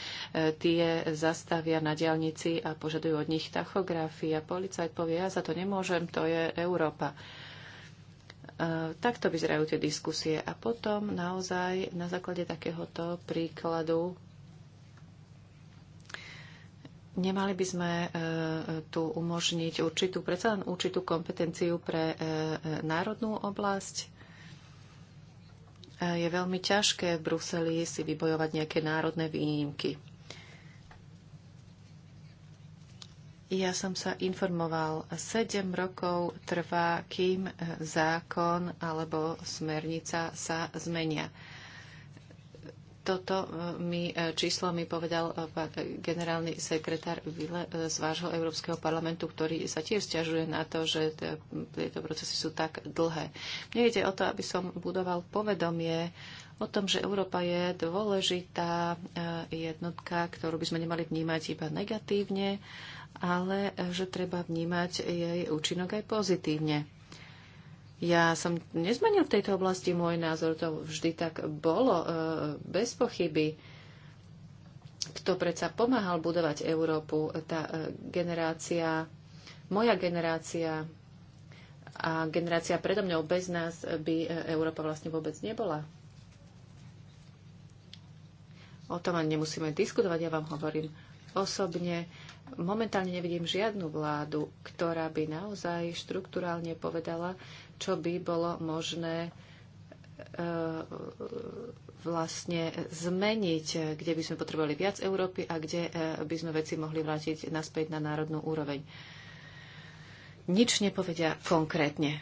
tie zastavia na diálnici a požadujú od nich tachografii a policajt povie, ja za to nemôžem, to je Európa. E, takto vyzerajú tie diskusie. A potom naozaj na základe takéhoto príkladu nemali by sme e, tu umožniť určitú, predsa len určitú kompetenciu pre e, národnú oblasť. Je veľmi ťažké v Bruseli si vybojovať nejaké národné výnimky. Ja som sa informoval, 7 rokov trvá, kým zákon alebo smernica sa zmenia. Toto e, mi, e, číslo mi povedal e, generálny sekretár Vile z vášho Európskeho parlamentu, ktorý sa tiež stiažuje na to, že tieto procesy sú tak dlhé. Mne ide o to, aby som budoval povedomie o tom, že Európa je dôležitá jednotka, ktorú by sme nemali vnímať iba negatívne, ale e, že treba vnímať jej účinok aj pozitívne. Ja som nezmenil v tejto oblasti môj názor, to vždy tak bolo, e, bez pochyby. Kto predsa pomáhal budovať Európu, tá e, generácia, moja generácia a generácia predo mňou bez nás by Európa vlastne vôbec nebola. O tom ani nemusíme diskutovať, ja vám hovorím osobne momentálne nevidím žiadnu vládu, ktorá by naozaj štruktúrálne povedala, čo by bolo možné e, vlastne zmeniť, kde by sme potrebovali viac Európy a kde e, by sme veci mohli vrátiť naspäť na národnú úroveň. Nič nepovedia konkrétne.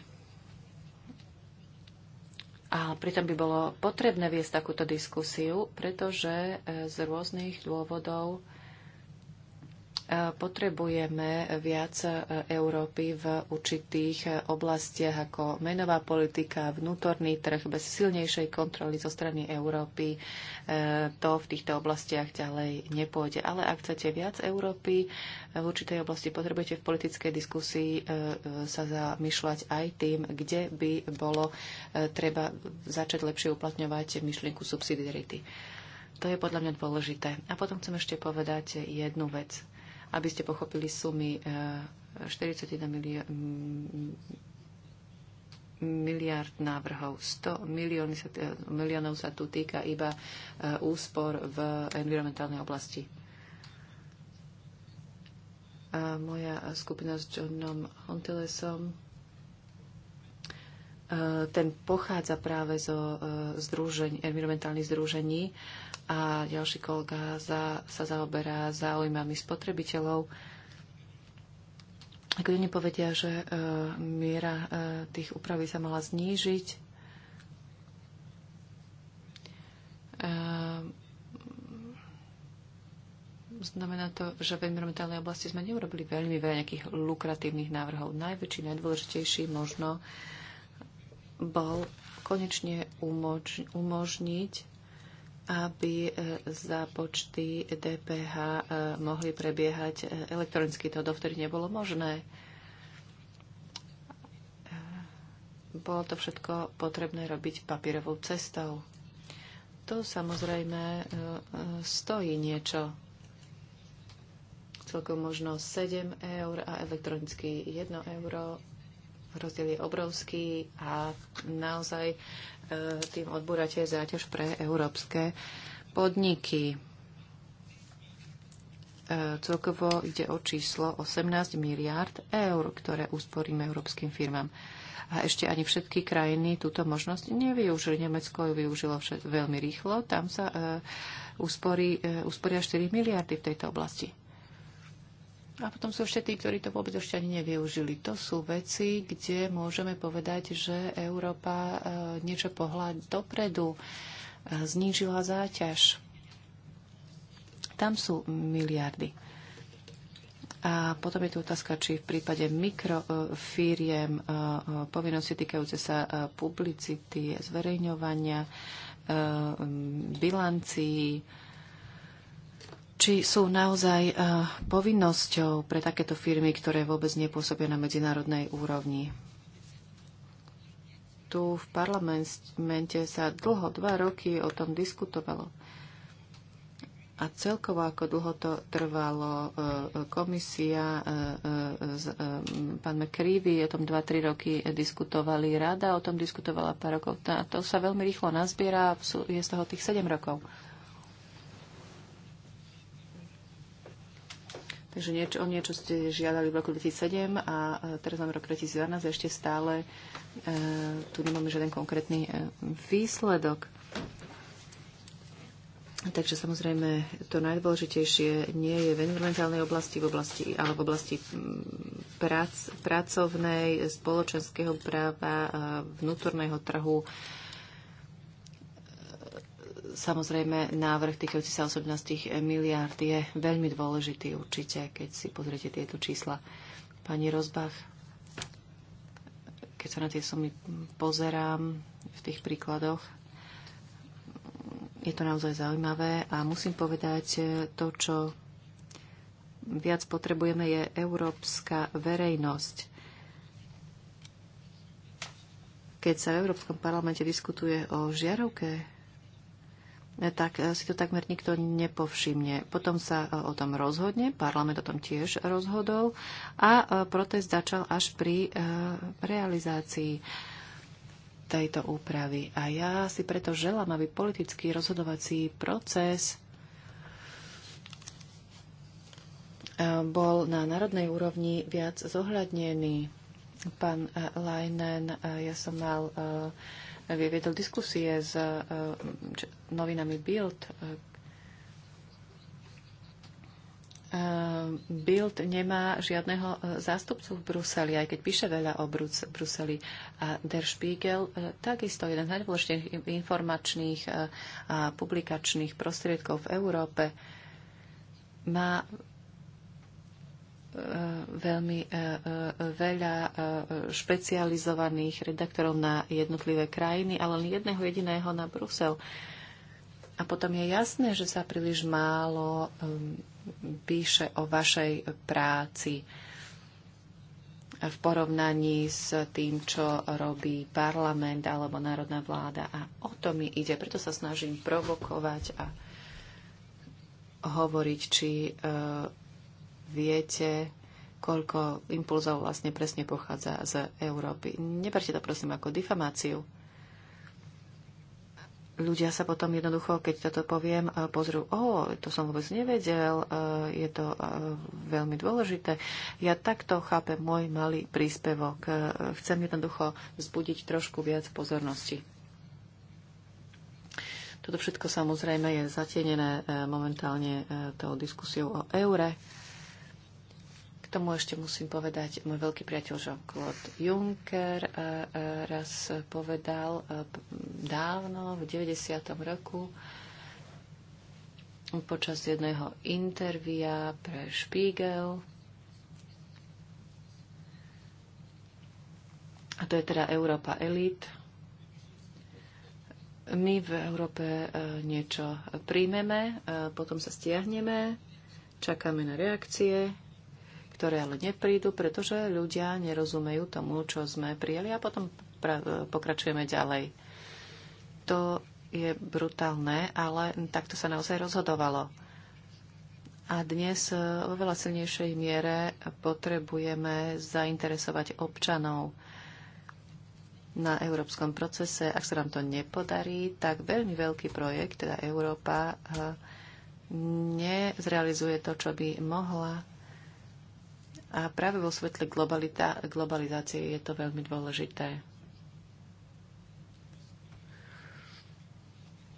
A pritom by bolo potrebné viesť takúto diskusiu, pretože e, z rôznych dôvodov potrebujeme viac Európy v určitých oblastiach ako menová politika, vnútorný trh bez silnejšej kontroly zo strany Európy. E, to v týchto oblastiach ďalej nepôjde. Ale ak chcete viac Európy e, v určitej oblasti, potrebujete v politickej diskusii e, sa zamýšľať aj tým, kde by bolo treba začať lepšie uplatňovať myšlienku subsidiarity. To je podľa mňa dôležité. A potom chcem ešte povedať jednu vec aby ste pochopili sumy 41 eh, miliard, miliard návrhov. 100 milióny sa, eh, miliónov sa tu týka iba eh, úspor v environmentálnej oblasti. A moja skupina s Johnom Hontelesom ten pochádza práve zo združení, environmentálnych združení a ďalší kolega za, sa zaoberá záujmami spotrebiteľov. Ak oni povedia, že e, miera e, tých úpravy sa mala znížiť, e, znamená to, že v environmentálnej oblasti sme neurobili veľmi veľa nejakých lukratívnych návrhov. Najväčší, najdôležitejší možno bol konečne umož- umožniť aby e, za počty DPH e, mohli prebiehať e, elektronicky. To dovtedy nebolo možné. Bolo to všetko potrebné robiť papierovou cestou. To samozrejme stojí niečo celkom možno 7 eur a elektronicky 1 euro rozdiel je obrovský a naozaj e, tým odbúrate záťaž pre európske podniky. E, celkovo ide o číslo 18 miliard eur, ktoré úsporíme európskym firmám. A ešte ani všetky krajiny túto možnosť nevyužili. Nemecko ju využilo všet, veľmi rýchlo. Tam sa e, úspory, e, 4 miliardy v tejto oblasti. A potom sú ešte tí, ktorí to vôbec ešte ani nevyužili. To sú veci, kde môžeme povedať, že Európa e, niečo pohľad dopredu, e, znížila záťaž. Tam sú miliardy. A potom je tu otázka, či v prípade mikrofíriem e, povinnosti týkajúce sa publicity, zverejňovania, bilancií, či sú naozaj eh, povinnosťou pre takéto firmy, ktoré vôbec nepôsobia na medzinárodnej úrovni. Tu v parlamente sa dlho, dva roky o tom diskutovalo. A celkovo, ako dlho to trvalo, eh, komisia, eh, pán McCreevy o tom 2-3 roky diskutovali, rada o tom diskutovala pár rokov. A to sa veľmi rýchlo nazbiera, je z toho tých 7 rokov. Takže niečo, o niečo ste žiadali v roku 2007 a e, teraz máme rok 2012 a ešte stále e, tu nemáme žiaden konkrétny e, výsledok. Takže samozrejme to najdôležitejšie nie je v environmentálnej oblasti, v oblasti ale v oblasti mm, prac, pracovnej, spoločenského práva, e, vnútorného trhu, Samozrejme, návrh týkajúci sa 18 miliárd je veľmi dôležitý určite, keď si pozriete tieto čísla. Pani Rozbach, keď sa na tie sumy pozerám v tých príkladoch, je to naozaj zaujímavé a musím povedať e, to, čo viac potrebujeme, je európska verejnosť. Keď sa v Európskom parlamente diskutuje o žiarovke, tak e, si to takmer nikto nepovšimne. Potom sa e, o tom rozhodne, parlament o tom tiež rozhodol a e, protest začal až pri realizácii tejto úpravy. A ja si preto želám, aby politický rozhodovací proces bol na národnej úrovni viac zohľadnený. Pán Leinen, ja som mal uh, vyviedol diskusie s e, novinami Bild. E, Bild nemá žiadneho e, zástupcu v Bruseli, aj keď píše veľa o Bruseli. A Der Spiegel takisto jeden z najdôležitejších informačných a publikačných prostriedkov v Európe má E, veľmi e, e, veľa špecializovaných redaktorov na jednotlivé krajiny, ale len jedného jediného na Brusel. A potom je jasné, že sa príliš málo píše o vašej práci v porovnaní s tým, čo robí parlament alebo národná vláda. A o to mi ide. Preto sa snažím provokovať a hovoriť, či viete, koľko impulzov vlastne presne pochádza z Európy. Neberte to prosím ako difamáciu. Ľudia sa potom jednoducho, keď toto poviem, eh, pozrú, o, to som vôbec nevedel, eh, je to eh, veľmi dôležité. Ja takto chápem môj malý príspevok. Chcem jednoducho vzbudiť trošku viac pozornosti. Toto všetko samozrejme je zatienené momentálne tou diskusiou o eure tomu ešte musím povedať, môj veľký priateľ Jean-Claude Juncker e, e, raz povedal e, dávno, v 90. roku, počas jedného intervia pre Spiegel. A to je teda Európa elit. My v Európe niečo príjmeme, potom sa stiahneme, čakáme na reakcie, ktoré ale neprídu, pretože ľudia nerozumejú tomu, čo sme prijali a potom pokračujeme ďalej. To je brutálne, ale takto sa naozaj rozhodovalo. A dnes e, vo veľa silnejšej miere potrebujeme zainteresovať občanov na európskom procese. Ak sa nám to nepodarí, tak veľmi veľký projekt, teda Európa, e, nezrealizuje to, čo by mohla a práve vo svetle globalizácie je to veľmi dôležité.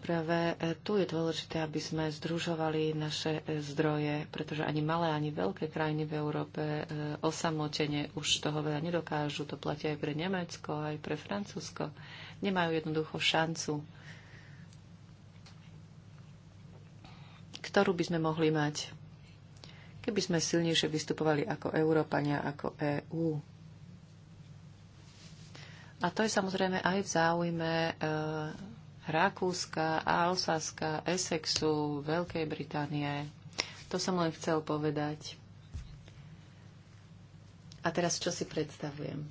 Práve e, tu je dôležité, aby sme združovali naše e, zdroje, pretože ani malé, ani veľké krajiny v Európe e, osamotene už toho veľa nedokážu. To platia aj pre Nemecko, aj pre Francúzsko. Nemajú jednoducho šancu, ktorú by sme mohli mať keby sme silnejšie vystupovali ako Európania, ako EÚ. A to je samozrejme aj v záujme e, Rakúska, Alsaska, Essexu, Veľkej Británie. To som len chcel povedať. A teraz čo si predstavujem?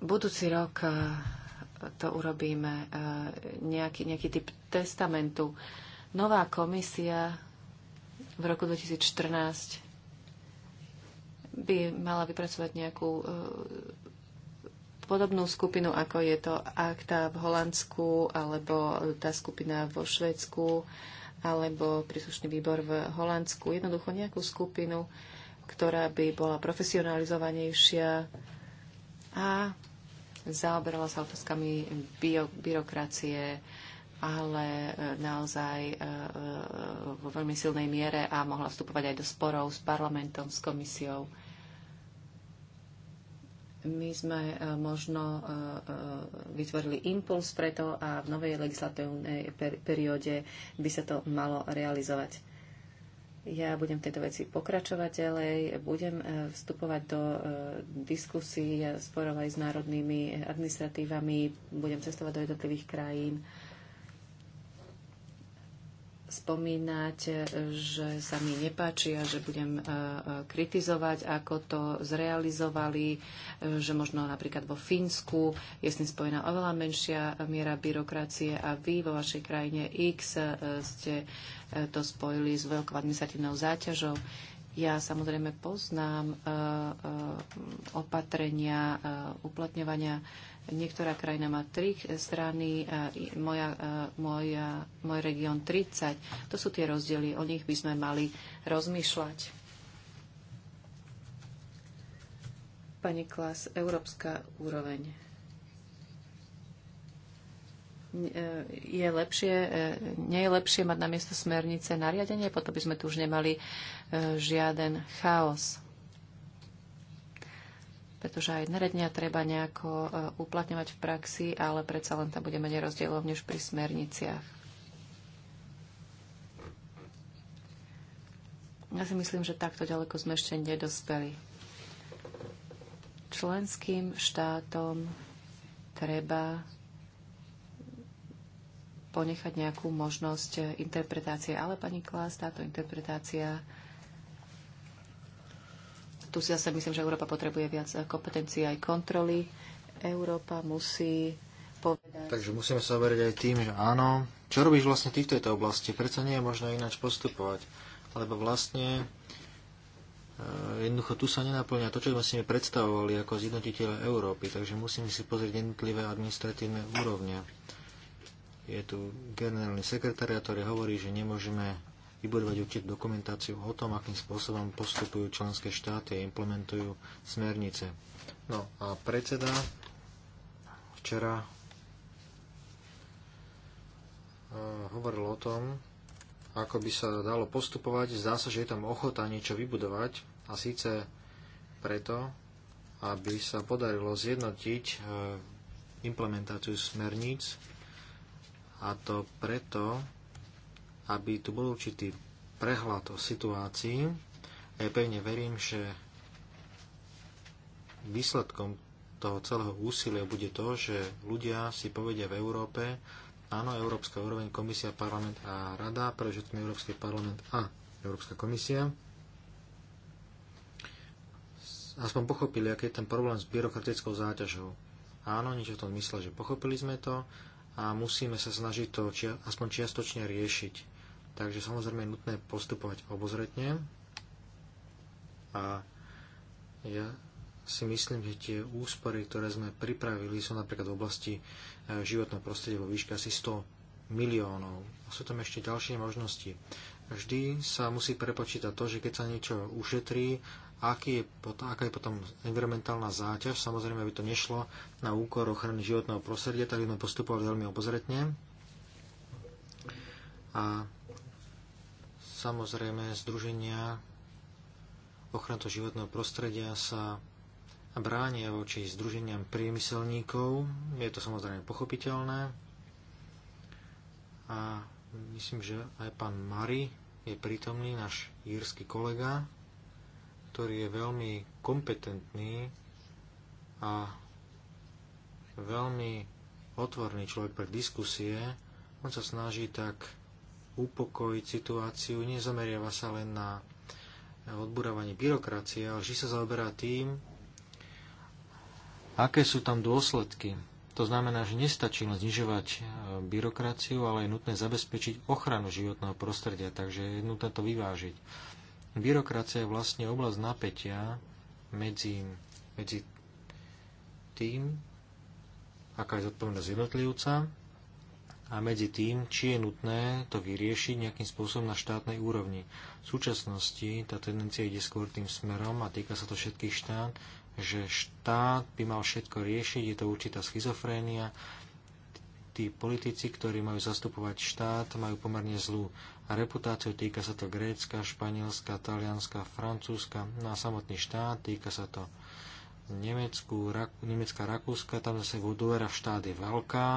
Budúci rok eh, to urobíme, e, nejaký, nejaký typ testamentu. Nová komisia v roku 2014 by mala vypracovať nejakú e, podobnú skupinu, ako je to akta v Holandsku, alebo tá skupina vo Švedsku, alebo príslušný výbor v Holandsku. Jednoducho nejakú skupinu, ktorá by bola profesionalizovanejšia a zaoberala sa otázkami bio, byrokracie, ale e, naozaj e, e, vo veľmi silnej miere a mohla vstupovať aj do sporov s parlamentom, s komisiou. My sme možno vytvorili impuls preto a v novej legislatívnej perióde by sa to malo realizovať. Ja budem v tejto veci pokračovať ďalej, budem e, vstupovať do e, diskusí, sporovať s národnými administratívami, budem cestovať do jednotlivých krajín spomínať, e, že sa mi nepáči a že budem e, e, kritizovať, ako to zrealizovali, že možno napríklad vo Fínsku je s tým spojená oveľa menšia miera byrokracie a vy vo vašej krajine X ste to spojili s veľkou administratívnou záťažou. Ja samozrejme poznám opatrenia uplatňovania Niektorá krajina má tri strany, moja, moja, môj región 30. To sú tie rozdiely, o nich by sme mali rozmýšľať. Pani Klas, európska úroveň. E, je lepšie, e, nie je lepšie mať na miesto smernice nariadenie, potom by sme tu už nemali e, žiaden chaos pretože aj neredňa treba nejako e, uplatňovať v praxi, ale predsa len tam bude menej než pri smerniciach. Ja si myslím, že takto ďaleko sme ešte nedospeli. Členským štátom treba ponechať nejakú možnosť interpretácie, ale pani Klás, táto interpretácia tu si zase myslím, že Európa potrebuje viac kompetencií aj kontroly. Európa musí povedať... Takže musíme sa overiť aj tým, že áno. Čo robíš vlastne ty v tejto oblasti? Prečo nie je možné ináč postupovať? Lebo vlastne e, jednoducho tu sa nenaplňa to, čo sme si predstavovali ako zjednotiteľe Európy, takže musíme si pozrieť jednotlivé administratívne úrovne. Je tu generálny sekretariat, ktorý hovorí, že nemôžeme vybudovať určitú dokumentáciu o tom, akým spôsobom postupujú členské štáty a implementujú smernice. No a predseda včera e, hovoril o tom, ako by sa dalo postupovať. Zdá sa, že je tam ochota niečo vybudovať a síce preto, aby sa podarilo zjednotiť e, implementáciu smerníc a to preto, aby tu bol určitý prehľad o situácii. A ja pevne verím, že výsledkom toho celého úsilia bude to, že ľudia si povedia v Európe, áno, Európska úroveň, komisia, parlament a rada, pre všetkým Európsky parlament a Európska komisia, aspoň pochopili, aký je ten problém s byrokratickou záťažou. Áno, niečo v tom mysle, že pochopili sme to a musíme sa snažiť to či, aspoň čiastočne riešiť. Takže samozrejme je nutné postupovať obozretne a ja si myslím, že tie úspory, ktoré sme pripravili, sú napríklad v oblasti e, životného prostredia vo výške asi 100 miliónov. A sú tam ešte ďalšie možnosti. Vždy sa musí prepočítať to, že keď sa niečo ušetrí, aký je potom, aká je potom environmentálna záťaž. Samozrejme, aby to nešlo na úkor ochrany životného prostredia, tak by sme postupovali veľmi obozretne. A Samozrejme, združenia ochranto životného prostredia sa bránia voči združeniam priemyselníkov. Je to samozrejme pochopiteľné. A myslím, že aj pán Mari je prítomný, náš írsky kolega, ktorý je veľmi kompetentný a veľmi otvorný človek pre diskusie. On sa snaží tak upokojiť situáciu, nezameriava sa len na odburávanie byrokracie, ale že sa zaoberá tým, aké sú tam dôsledky. To znamená, že nestačí len znižovať e, byrokraciu, ale je nutné zabezpečiť ochranu životného prostredia, takže je nutné to vyvážiť. Byrokracia je vlastne oblasť napätia medzi, medzi tým, aká je zodpovednosť jednotlivca a medzi tým, či je nutné to vyriešiť nejakým spôsobom na štátnej úrovni. V súčasnosti tá tendencia ide skôr tým smerom a týka sa to všetkých štát, že štát by mal všetko riešiť, je to určitá schizofrénia. Tí politici, ktorí majú zastupovať štát, majú pomerne zlú reputáciu, týka sa to Grécka, Španielska, Talianska, Francúzska, no a samotný štát, týka sa to Nemecku, Rak- Nemecka, Rakúska, tam zase dôvera v štát je veľká,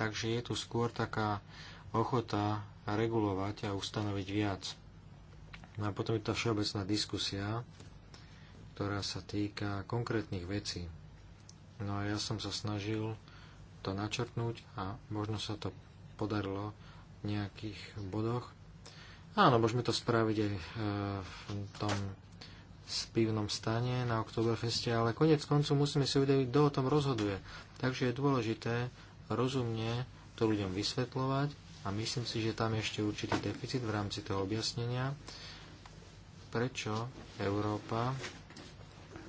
takže je tu skôr taká ochota regulovať a ustanoviť viac. No a potom je tá všeobecná diskusia, ktorá sa týka konkrétnych vecí. No a ja som sa snažil to načrtnúť a možno sa to podarilo v nejakých bodoch. Áno, môžeme to spraviť aj e, v tom spívnom stane na Oktoberfeste, ale konec koncu musíme si uvedomiť, kto o tom rozhoduje. Takže je dôležité rozumne to ľuďom vysvetľovať a myslím si, že tam je ešte určitý deficit v rámci toho objasnenia, prečo Európa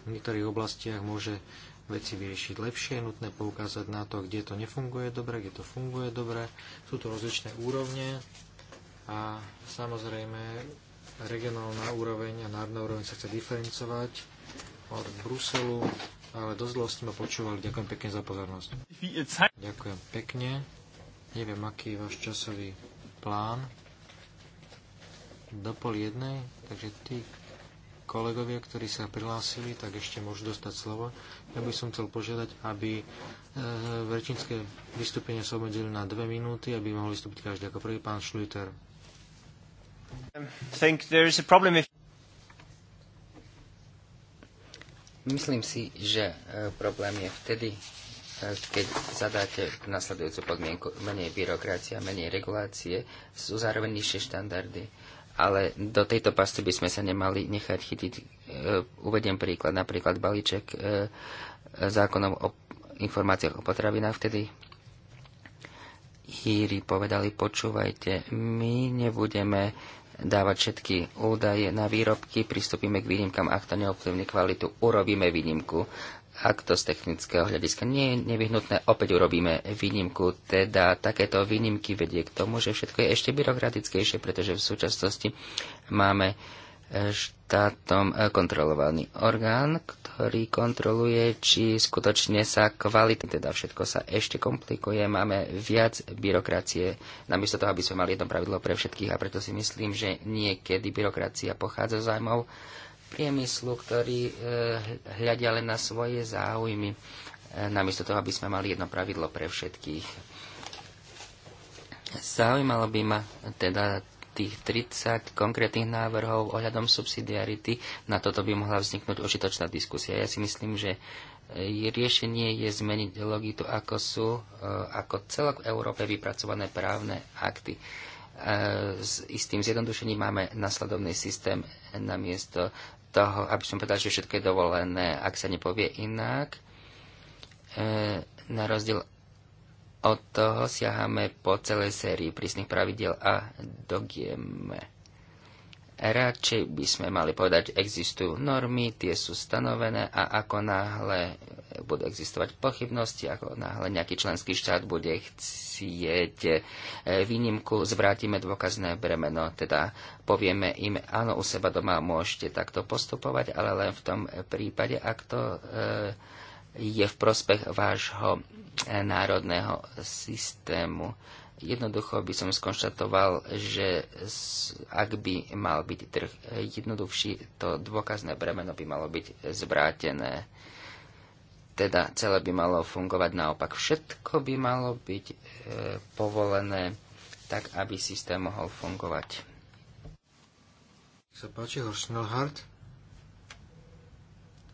v niektorých oblastiach môže veci vyriešiť lepšie, je nutné poukázať na to, kde to nefunguje dobre, kde to funguje dobre. Sú to rozličné úrovne a samozrejme regionálna úroveň a národná úroveň sa chce diferencovať od Bruselu ale dosť dlho ste ma počúvali. Ďakujem pekne za pozornosť. Ďakujem pekne. Neviem, aký je váš časový plán. Do pol jednej, takže tí kolegovia, ktorí sa prihlásili, tak ešte môžu dostať slovo. Ja by som chcel požiadať, aby e, rečnícke vystúpenie sa obmedzili na dve minúty, aby mohol vystúpiť každý. Ako prvý pán Schluter. Um, Myslím si, že e, problém je vtedy, e, keď zadáte nasledujúcu podmienku menej byrokracia, menej regulácie, sú zároveň nižšie štandardy. Ale do tejto pasty by sme sa nemali nechať chytiť. E, uvediem príklad, napríklad balíček zákonom o informáciách o potravinách. Vtedy Híri povedali, počúvajte, my nebudeme dávať všetky údaje na výrobky, pristúpime k výnimkám, ak to neovplyvní kvalitu, urobíme výnimku. Ak to z technického hľadiska nie je nevyhnutné, opäť urobíme výnimku. Teda takéto výnimky vedie k tomu, že všetko je ešte byrokratickejšie, pretože v súčasnosti máme eh, štátom eh, kontrolovaný orgán, ktorý kontroluje, či skutočne sa kvalita, teda všetko sa ešte komplikuje, máme viac byrokracie, namiesto toho, aby sme mali jedno pravidlo pre všetkých a preto si myslím, že niekedy byrokracia pochádza z zájmov priemyslu, ktorý e, hľadia len na svoje záujmy, e, namiesto toho, aby sme mali jedno pravidlo pre všetkých. Zaujímalo by ma teda tých 30 konkrétnych návrhov ohľadom subsidiarity, na toto by mohla vzniknúť užitočná diskusia. Ja si myslím, že e, riešenie je zmeniť logitu, ako sú e, ako celok v Európe vypracované právne akty. E, s istým zjednodušením máme nasledovný systém na miesto toho, aby som povedal, že všetko je dovolené, ak sa nepovie inak. Na rozdiel od toho siahame po celej sérii prísnych pravidel a dogieme. Radšej by sme mali povedať, že existujú normy, tie sú stanovené a ako náhle budú existovať pochybnosti, ako náhle nejaký členský štát bude chcieť e, výnimku, zvrátime dôkazné bremeno, teda povieme im, áno, u seba doma môžete takto postupovať, ale len v tom prípade, ak to e, je v prospech vášho eh, národného systému. Jednoducho by som skonštatoval, že ak by mal byť trh jednoduchší, to dôkazné bremeno by malo byť zvrátené. Teda celé by malo fungovať naopak. Všetko by malo byť e, povolené tak, aby systém mohol fungovať. Sa páči, Horšnelhardt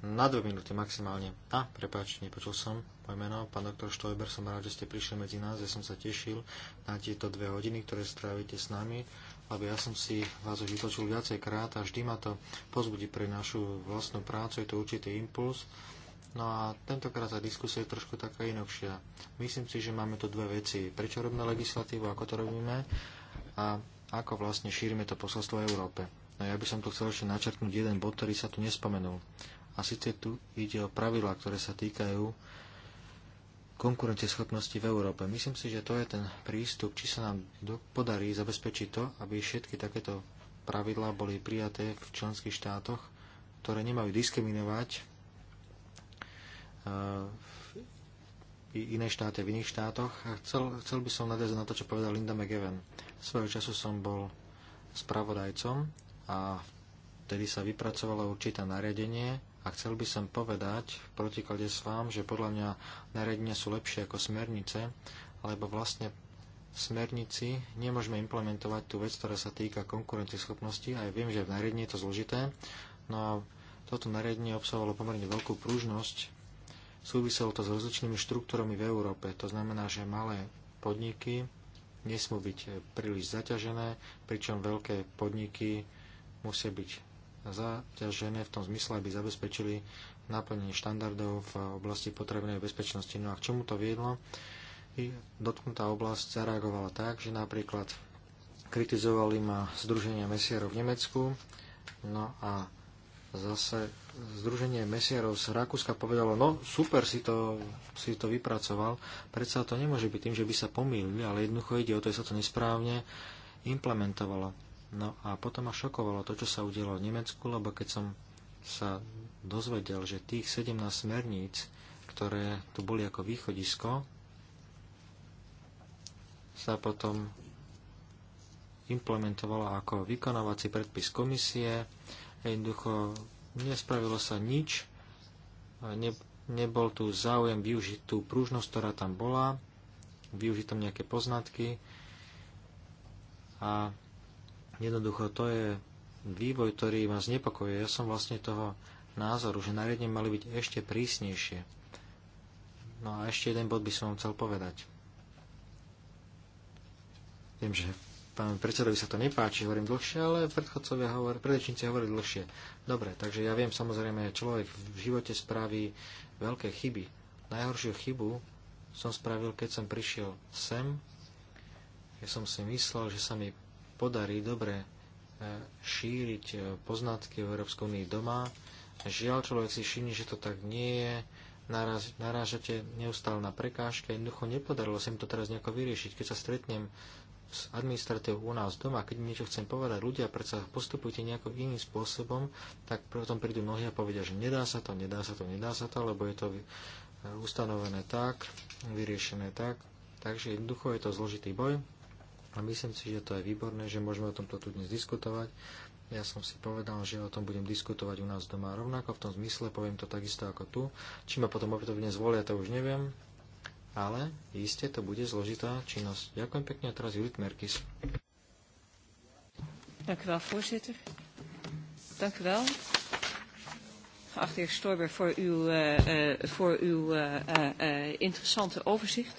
na dve minúty maximálne. A, prepáč, nepočul som moje meno. Pán doktor Štojber, som rád, že ste prišli medzi nás. Ja som sa tešil na tieto dve hodiny, ktoré strávite s nami, lebo ja som si vás už vytočil viacej krát a vždy ma to pozbudí pre našu vlastnú prácu. Je to určitý impuls. No a tentokrát tá diskusia je trošku taká inokšia. Myslím si, že máme tu dve veci. Prečo robíme legislatívu, ako to robíme a ako vlastne šírime to posolstvo Európe. No ja by som tu chcel ešte načrtnúť jeden bod, ktorý sa tu nespomenul. A síce tu ide o pravidlá, ktoré sa týkajú konkurencieschopnosti v Európe. Myslím si, že to je ten prístup, či sa nám podarí zabezpečiť to, aby všetky takéto pravidlá boli prijaté v členských štátoch, ktoré nemajú diskriminovať e, iné štáty v iných štátoch. A chcel, chcel by som nadezať na to, čo povedal Linda McEwen. Svojho času som bol spravodajcom a vtedy sa vypracovalo určité nariadenie, a chcel by som povedať v protiklade s vám, že podľa mňa nariadenia sú lepšie ako smernice, lebo vlastne v smernici nemôžeme implementovať tú vec, ktorá sa týka konkurencieschopnosti. A ja viem, že v nariadení je to zložité. No a toto nariadenie obsahovalo pomerne veľkú pružnosť. Súviselo to s rozličnými štruktúrami v Európe. To znamená, že malé podniky nesmú byť príliš zaťažené, pričom veľké podniky musia byť zaťažené v tom zmysle, aby zabezpečili naplnenie štandardov v oblasti potrebnej bezpečnosti. No a k čomu to viedlo? I dotknutá oblasť zareagovala tak, že napríklad kritizovali ma Združenie mesierov v Nemecku, no a zase Združenie mesierov z Rakúska povedalo, no super si to, si to vypracoval, predsa to nemôže byť tým, že by sa pomýlili, ale jednoducho ide o to, že sa to nesprávne implementovalo. No a potom ma šokovalo to, čo sa udialo v Nemecku, lebo keď som sa dozvedel, že tých 17 smerníc, ktoré tu boli ako východisko, sa potom implementovalo ako vykonávací predpis komisie. Jednoducho nespravilo sa nič, ne, nebol tu záujem využiť tú pružnosť, ktorá tam bola, využiť tam nejaké poznatky a Jednoducho to je vývoj, ktorý ma znepokojuje. Ja som vlastne toho názoru, že nariadne mali byť ešte prísnejšie. No a ešte jeden bod by som vám chcel povedať. Viem, že pán predsedovi sa to nepáči, hovorím dlhšie, ale predchodcovia hovorí, predečníci hovorili dlhšie. Dobre, takže ja viem, samozrejme, človek v živote spraví veľké chyby. Najhoršiu chybu som spravil, keď som prišiel sem, keď som si myslel, že sa mi podarí dobre e, šíriť e, poznatky v Európskej únii doma. Žiaľ, človek si všimne, že to tak nie je. Naraz, narážate neustále na prekážke. Jednoducho nepodarilo sa im to teraz nejako vyriešiť. Keď sa stretnem s administratívou u nás doma, keď niečo chcem povedať, ľudia predsa postupujte nejako iným spôsobom, tak potom prídu mnohí a povedia, že nedá sa to, nedá sa to, nedá sa to, lebo je to e, ustanovené tak, vyriešené tak. Takže jednoducho je to zložitý boj. A myslím si, že to je výborné, že môžeme o tomto tu dnes diskutovať. Ja som si povedal, že o tom budem diskutovať u nás doma rovnako, v tom zmysle poviem to takisto ako tu. Či ma potom opätovne zvolia, to už neviem, ale iste to bude zložitá činnosť. Ďakujem pekne a teraz Judith Merkis. Ďakujem, u wel, voorzitter. Dank u wel, geachte heer Stoiber, voor uw, uh, uh, voor uw uh, uh, interessante overzicht.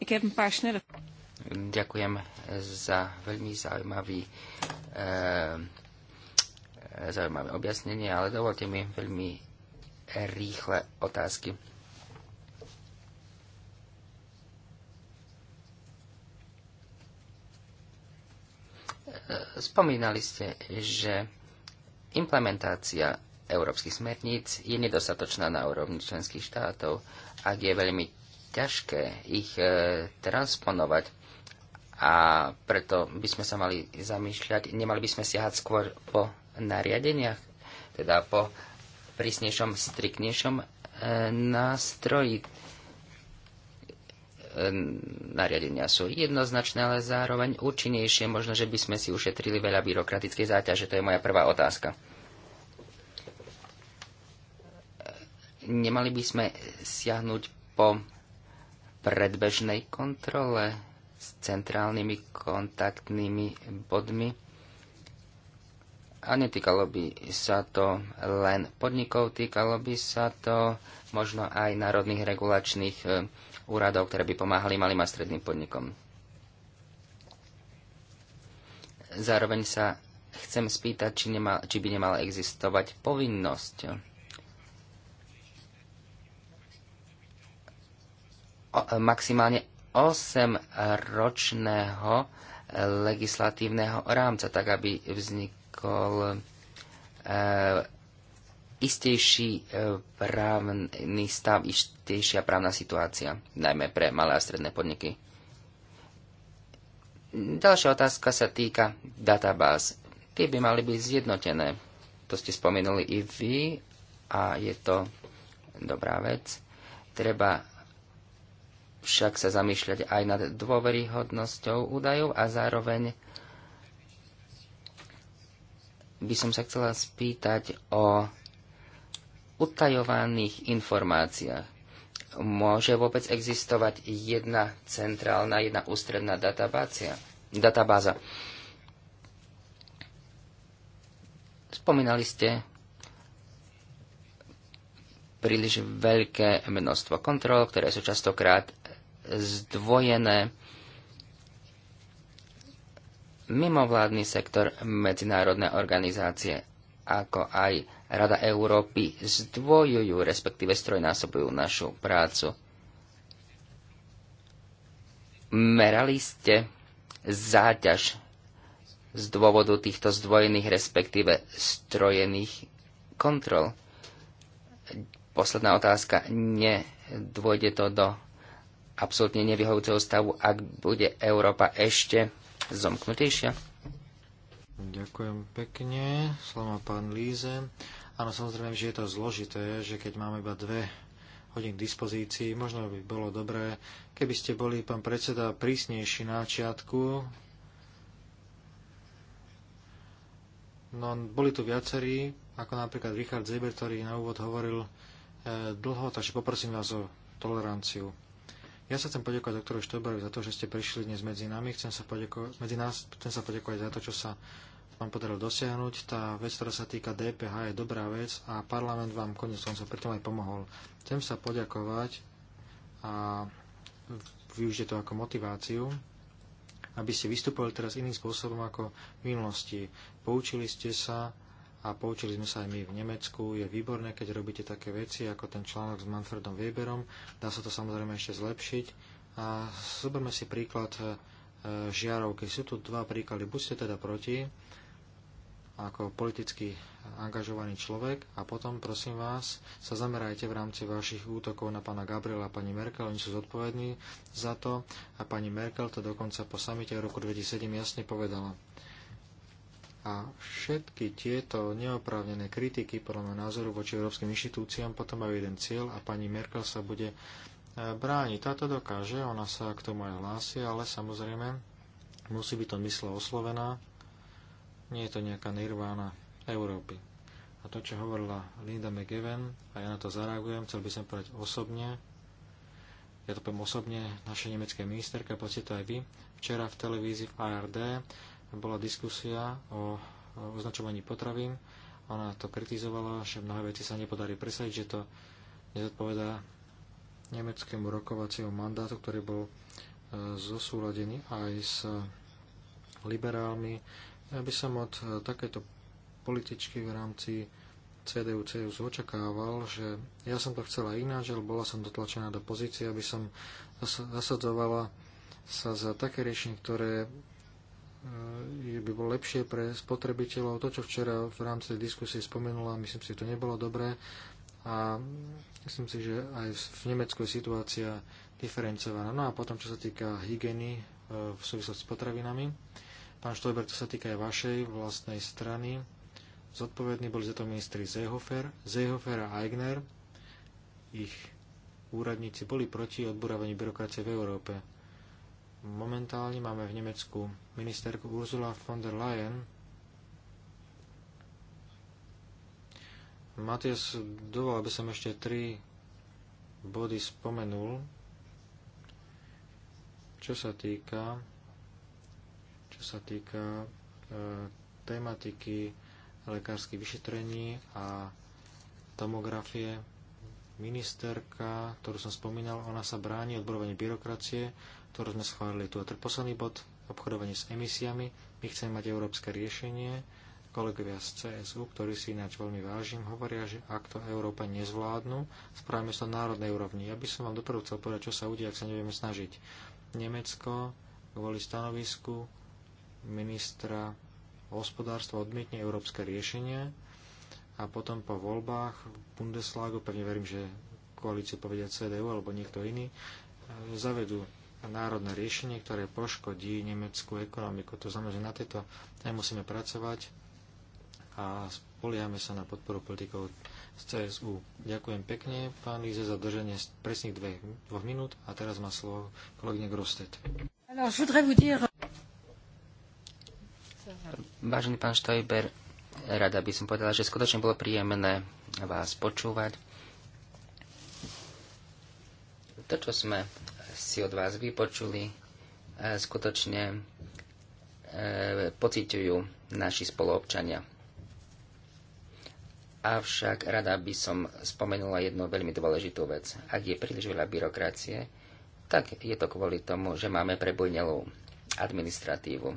Ik heb een paar snelle... Ďakujem za veľmi zaujímavý, e, zaujímavé objasnenie, ale dovolte mi veľmi rýchle otázky. Eh, spomínali ste, že implementácia európskych smerníc je nedostatočná na úrovni členských štátov, ak je veľmi ťažké ich e, transponovať a preto by sme sa mali zamýšľať, nemali by sme siahať skôr po nariadeniach, teda po prísnejšom, striknejšom e, nástroji. E, nariadenia sú jednoznačné, ale zároveň účinnejšie. Možno, že by sme si ušetrili veľa byrokratickej záťaže. To je moja prvá otázka. Nemali by sme siahnuť po predbežnej kontrole s centrálnymi kontaktnými bodmi. A netýkalo by sa to len podnikov, týkalo by sa to možno aj národných regulačných e, úradov, ktoré by pomáhali malým a stredným podnikom. Zároveň sa chcem spýtať, či, nemal, či by nemala existovať povinnosť e, maximálne 8-ročného eh, legislatívneho rámca, tak aby vznikol eh, istejší eh, právny stav, istejšia právna situácia, najmä pre malé a stredné podniky. Ďalšia otázka sa týka databáz. Tie by mali byť zjednotené. To ste spomenuli i vy a je to dobrá vec. Treba však sa zamýšľať aj nad dôveryhodnosťou údajov a zároveň by som sa chcela spýtať o utajovaných informáciách. Môže vôbec existovať jedna centrálna, jedna ústredná databácia, databáza? Spomínali ste príliš veľké množstvo kontrol, ktoré sú častokrát zdvojené mimovládny sektor medzinárodné organizácie, ako aj Rada Európy zdvojujú, respektíve strojnásobujú našu prácu. Merali ste záťaž z dôvodu týchto zdvojených, respektíve strojených kontrol. Posledná otázka. Nedôjde to do absolútne nevyhovujúceho stavu, ak bude Európa ešte zomknutejšia? Ďakujem pekne. Slovo pán Líze. Áno, samozrejme, že je to zložité, že keď máme iba dve hodín k dispozícii, možno by bolo dobré, keby ste boli, pán predseda, prísnejší na čiatku. No, boli tu viacerí, ako napríklad Richard Zeber, ktorý na úvod hovoril e, dlho, takže poprosím vás o toleranciu. Ja sa chcem poďakovať doktoru Štoberovi za to, že ste prišli dnes medzi nami. Chcem sa poďakovať, medzi nás, chcem sa poďakovať za to, čo sa vám podarilo dosiahnuť. Tá vec, ktorá sa týka DPH, je dobrá vec a parlament vám konec koncov tom aj pomohol. Chcem sa poďakovať a využite to ako motiváciu, aby ste vystupovali teraz iným spôsobom ako v minulosti. Poučili ste sa a poučili sme sa aj my v Nemecku. Je výborné, keď robíte také veci ako ten článok s Manfredom Weberom. Dá sa to samozrejme ešte zlepšiť. A zoberme si príklad e, žiarovky. Sú tu dva príklady. Buď ste teda proti, ako politicky angažovaný človek a potom, prosím vás, sa zamerajte v rámci vašich útokov na pána Gabriela a pani Merkel. Oni sú zodpovední za to a pani Merkel to dokonca po samite v roku 2007 jasne povedala. A všetky tieto neoprávnené kritiky, podľa môjho názoru, voči európskym inštitúciám potom majú jeden cieľ a pani Merkel sa bude e, brániť. Táto dokáže, ona sa k tomu aj hlási, ale samozrejme musí byť to mysle oslovená. Nie je to nejaká nirvána Európy. A to, čo hovorila Linda McEwen, a ja na to zareagujem, chcel by som povedať osobne, ja to poviem osobne, naše nemecké ministerka, poďte to aj vy, včera v televízii v ARD bola diskusia o označovaní potravín. Ona to kritizovala, že mnohé veci sa nepodarí presadiť, že to nezodpovedá nemeckému rokovaciemu mandátu, ktorý bol e, zosúladený aj s liberálmi. Ja by som od e, takéto političky v rámci CDU, CSU očakával, že ja som to chcela ináč, ale bola som dotlačená do pozície, aby som zasadzovala sa za také riešenie, ktoré že by bolo lepšie pre spotrebiteľov. To, čo včera v rámci diskusie spomenula, myslím si, že to nebolo dobré. A myslím si, že aj v Nemecku je situácia diferencovaná. No a potom, čo sa týka hygieny e, v súvislosti s potravinami, pán Štojber, to sa týka aj vašej vlastnej strany. Zodpovední boli za to ministri Zehofer, Zehofer a Eigner. Ich úradníci boli proti odburávaní byrokracie v Európe Momentálne máme v Nemecku ministerku Ursula von der Leyen. Matias, dovol, aby som ešte tri body spomenul, čo sa týka, čo sa týka e, tematiky lekárskych vyšetrení a tomografie. Ministerka, ktorú som spomínal, ona sa bráni odborovaniu byrokracie ktorú sme schválili tu. A to teda je posledný bod, obchodovanie s emisiami. My chceme mať európske riešenie. Kolegovia z CSU, ktorí si ináč veľmi vážim, hovoria, že ak to Európa nezvládnu, spravíme sa na národnej úrovni. Ja by som vám dopredu chcel povedať, čo sa udie, ak sa nevieme snažiť. Nemecko kvôli stanovisku ministra hospodárstva odmietne európske riešenie a potom po voľbách v Bundeslágu, pevne verím, že koalíciu povedia CDU alebo niekto iný, zavedú národné riešenie, ktoré poškodí nemeckú ekonomiku. To znamená, že na tejto téme musíme pracovať a spoliame sa na podporu politikov z CSU. Ďakujem pekne, pán Líze, za držanie presných dve, dvoch minút a teraz má slovo kolegyne Grostet. Vážený pán Štojber, rada by som povedala, že skutočne bolo príjemné vás počúvať. To, čo sme si od vás vypočuli, e, skutočne e, pociťujú naši spoluobčania. Avšak rada by som spomenula jednu veľmi dôležitú vec. Ak je príliš veľa byrokracie, tak je to kvôli tomu, že máme prebojnelú administratívu.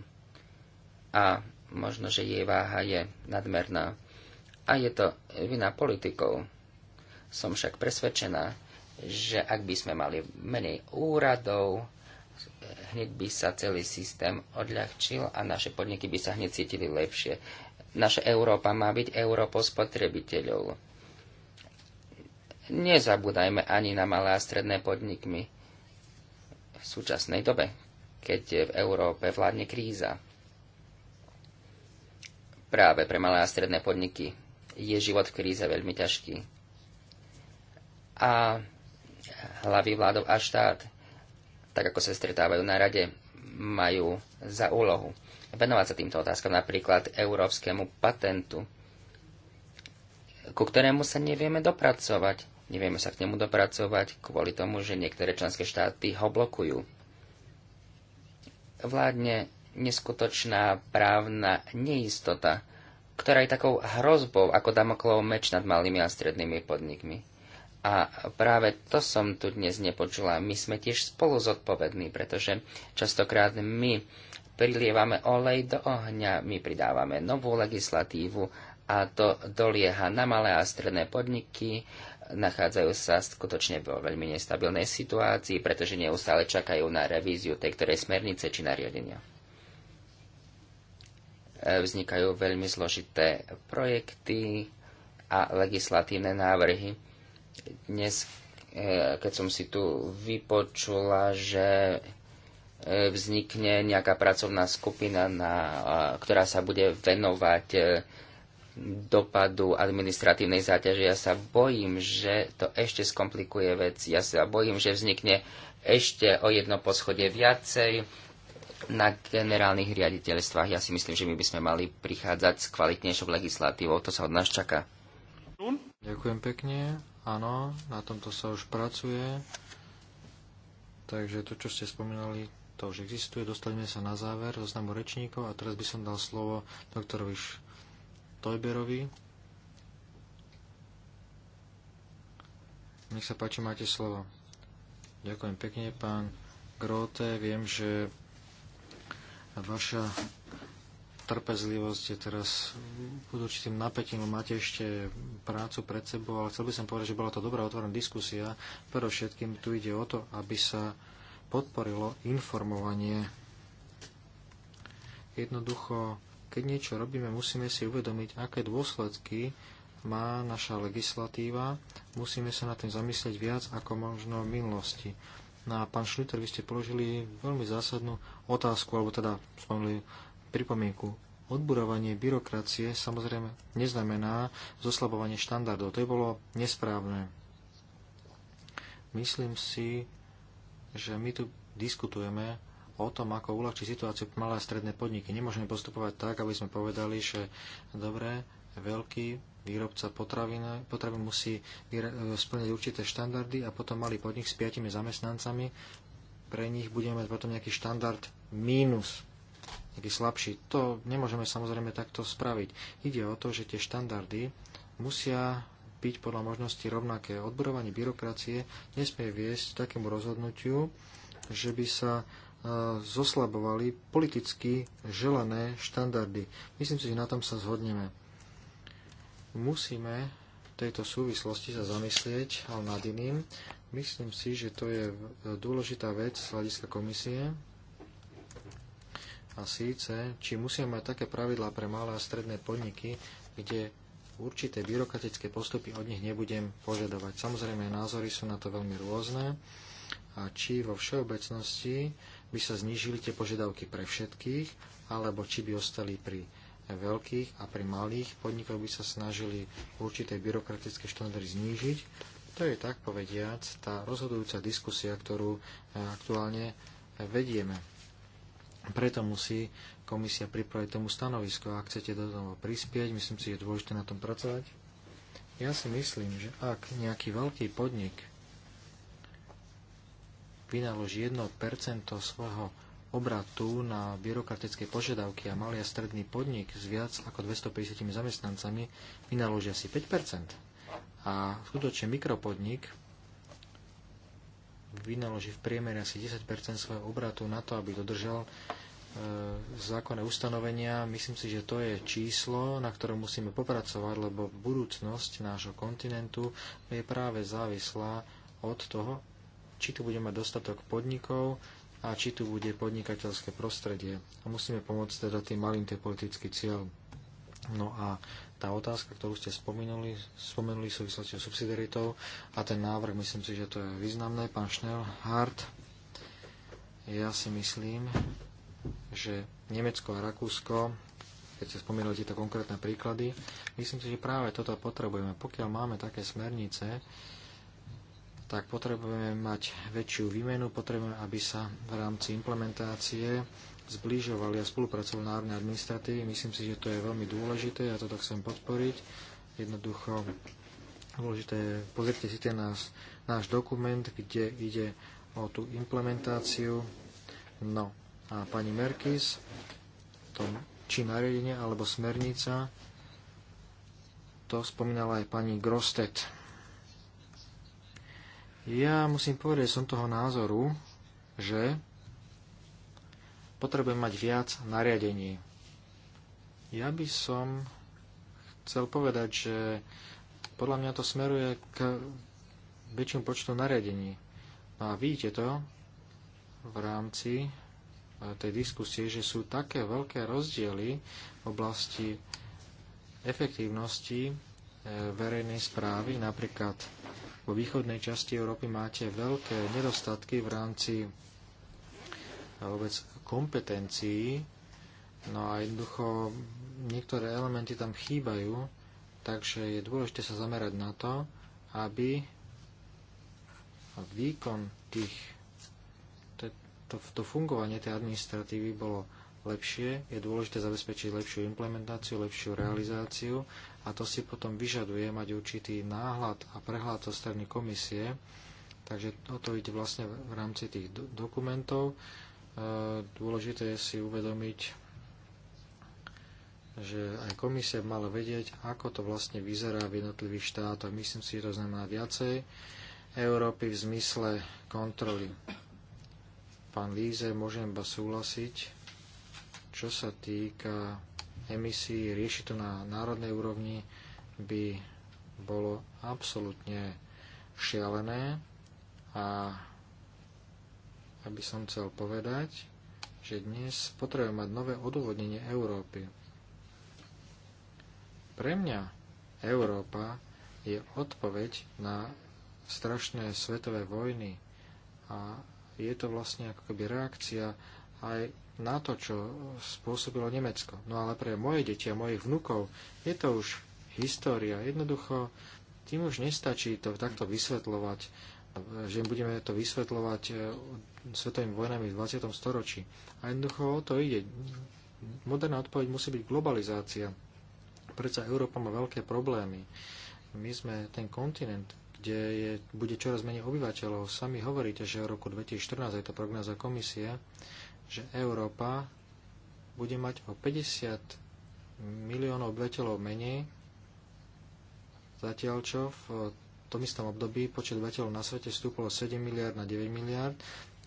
A možno, že jej váha je nadmerná. A je to vina politikov. Som však presvedčená, že ak by sme mali menej úradov, hneď by sa celý systém odľahčil a naše podniky by sa hneď cítili lepšie. Naša Európa má byť Európou spotrebiteľov. Nezabúdajme ani na malé a stredné podnikmi v súčasnej dobe, keď v Európe vládne kríza. Práve pre malé a stredné podniky je život v kríze veľmi ťažký. A hlavy vládov a štát, tak ako sa stretávajú na rade, majú za úlohu venovať sa týmto otázkam, napríklad európskemu patentu, ku ktorému sa nevieme dopracovať. Nevieme sa k nemu dopracovať kvôli tomu, že niektoré členské štáty ho blokujú. Vládne neskutočná právna neistota, ktorá je takou hrozbou ako Damoklov meč nad malými a strednými podnikmi. A práve to som tu dnes nepočula. My sme tiež spolu zodpovední, pretože častokrát my prilievame olej do ohňa, my pridávame novú legislatívu a to dolieha na malé a stredné podniky, nachádzajú sa skutočne vo veľmi nestabilnej situácii, pretože neustále čakajú na revíziu tej ktorej smernice či nariadenia. E, vznikajú veľmi zložité projekty a legislatívne návrhy dnes, e, keď som si tu vypočula, že e, vznikne nejaká pracovná skupina, na, ktorá sa bude venovať e, dopadu administratívnej záťaže. Ja sa bojím, že to ešte skomplikuje vec. Ja sa bojím, že vznikne ešte o jedno poschodie viacej na generálnych riaditeľstvách. Ja si myslím, že my by sme mali prichádzať s kvalitnejšou legislatívou. To sa od nás čaká. Ďakujem pekne. Áno, na tomto sa už pracuje. Takže to, čo ste spomínali, to už existuje. Dostaneme sa na záver zoznamu rečníkov a teraz by som dal slovo doktorovi Tojberovi. Nech sa páči, máte slovo. Ďakujem pekne, pán Grote. Viem, že vaša trpezlivosť je teraz pod určitým napätím, máte ešte prácu pred sebou, ale chcel by som povedať, že bola to dobrá otvorená diskusia. všetkým tu ide o to, aby sa podporilo informovanie. Jednoducho, keď niečo robíme, musíme si uvedomiť, aké dôsledky má naša legislatíva. Musíme sa na tým zamyslieť viac ako možno v minulosti. No a pán Šliter, vy ste položili veľmi zásadnú otázku, alebo teda spomenuli pripomienku. Odburovanie byrokracie samozrejme neznamená zoslabovanie štandardov. To je bolo nesprávne. Myslím si, že my tu diskutujeme o tom, ako uľahčiť situáciu malé a stredné podniky. Nemôžeme postupovať tak, aby sme povedali, že dobre, veľký výrobca potravín, potravín musí e, splniť určité štandardy a potom malý podnik s piatimi zamestnancami, pre nich budeme mať potom nejaký štandard mínus nejaký slabší. To nemôžeme samozrejme takto spraviť. Ide o to, že tie štandardy musia byť podľa možnosti rovnaké. Odborovanie byrokracie nesmie viesť k takému rozhodnutiu, že by sa e, zoslabovali politicky želané štandardy. Myslím si, že na tom sa zhodneme. Musíme v tejto súvislosti sa zamyslieť ale nad iným. Myslím si, že to je dôležitá vec z hľadiska komisie, a síce, či musia mať také pravidlá pre malé a stredné podniky, kde určité byrokratické postupy od nich nebudem požadovať. Samozrejme, názory sú na to veľmi rôzne a či vo všeobecnosti by sa znížili tie požiadavky pre všetkých, alebo či by ostali pri veľkých a pri malých podnikoch by sa snažili určité byrokratické štandardy znížiť. To je tak povediac tá rozhodujúca diskusia, ktorú e, aktuálne vedieme. Preto musí komisia pripraviť tomu stanovisko. Ak chcete do toho prispieť, myslím si, že je dôležité na tom pracovať. Ja si myslím, že ak nejaký veľký podnik vynaloží 1% svojho obratu na byrokratické požiadavky a malý a stredný podnik s viac ako 250 zamestnancami vynaloží asi 5%. A skutočne mikropodnik vynaloží v priemere asi 10 svojho obratu na to, aby dodržal e, zákonné ustanovenia. Myslím si, že to je číslo, na ktorom musíme popracovať, lebo budúcnosť nášho kontinentu je práve závislá od toho, či tu bude mať dostatok podnikov a či tu bude podnikateľské prostredie. A musíme pomôcť teda tým malým, to je politický cieľ. No a tá otázka, ktorú ste spomenuli, spomenuli v súvislosti s subsidiaritou a ten návrh, myslím si, že to je významné. Pán Hart. ja si myslím, že Nemecko a Rakúsko, keď ste spomínali tieto konkrétne príklady, myslím si, že práve toto potrebujeme. Pokiaľ máme také smernice, tak potrebujeme mať väčšiu výmenu, potrebujeme, aby sa v rámci implementácie zbližovali a spolupracovali národné administratívy. Myslím si, že to je veľmi dôležité, ja to tak chcem podporiť. Jednoducho dôležité, pozrite si ten náš, náš dokument, kde ide o tú implementáciu. No a pani Merkis, to či nariadenie alebo smernica, to spomínala aj pani Grostet. Ja musím povedať, som toho názoru, že potrebujeme mať viac nariadení. Ja by som chcel povedať, že podľa mňa to smeruje k väčšiemu počtu nariadení. No a vidíte to v rámci e, tej diskusie, že sú také veľké rozdiely v oblasti efektívnosti e, verejnej správy. Napríklad vo východnej časti Európy máte veľké nedostatky v rámci a vôbec kompetencií. No a jednoducho niektoré elementy tam chýbajú, takže je dôležité sa zamerať na to, aby výkon tých, to, to, to fungovanie tej administratívy bolo lepšie, je dôležité zabezpečiť lepšiu implementáciu, lepšiu realizáciu a to si potom vyžaduje mať určitý náhľad a prehľad zo strany komisie, takže o to ide vlastne v rámci tých dokumentov dôležité je si uvedomiť, že aj komisia mala vedieť, ako to vlastne vyzerá v jednotlivých štátoch. Myslím si, že to znamená viacej Európy v zmysle kontroly. Pán Líze, môžem iba súhlasiť, čo sa týka emisí, rieši to na národnej úrovni, by bolo absolútne šialené a aby som chcel povedať, že dnes potrebujeme mať nové odôvodnenie Európy. Pre mňa Európa je odpoveď na strašné svetové vojny a je to vlastne ako keby reakcia aj na to, čo spôsobilo Nemecko. No ale pre moje deti a mojich vnukov je to už história. Jednoducho, tým už nestačí to takto vysvetľovať že im budeme to vysvetľovať e, svetovými vojnami v 20. storočí. A jednoducho o to ide. Moderná odpoveď musí byť globalizácia. Prečo Európa má veľké problémy. My sme ten kontinent, kde je, bude čoraz menej obyvateľov. Sami hovoríte, že v roku 2014 je to prognoza komisie, že Európa bude mať o 50 miliónov obyvateľov menej, zatiaľ čo v tom istom období počet obyvateľov na svete stúpol 7 miliard na 9 miliard,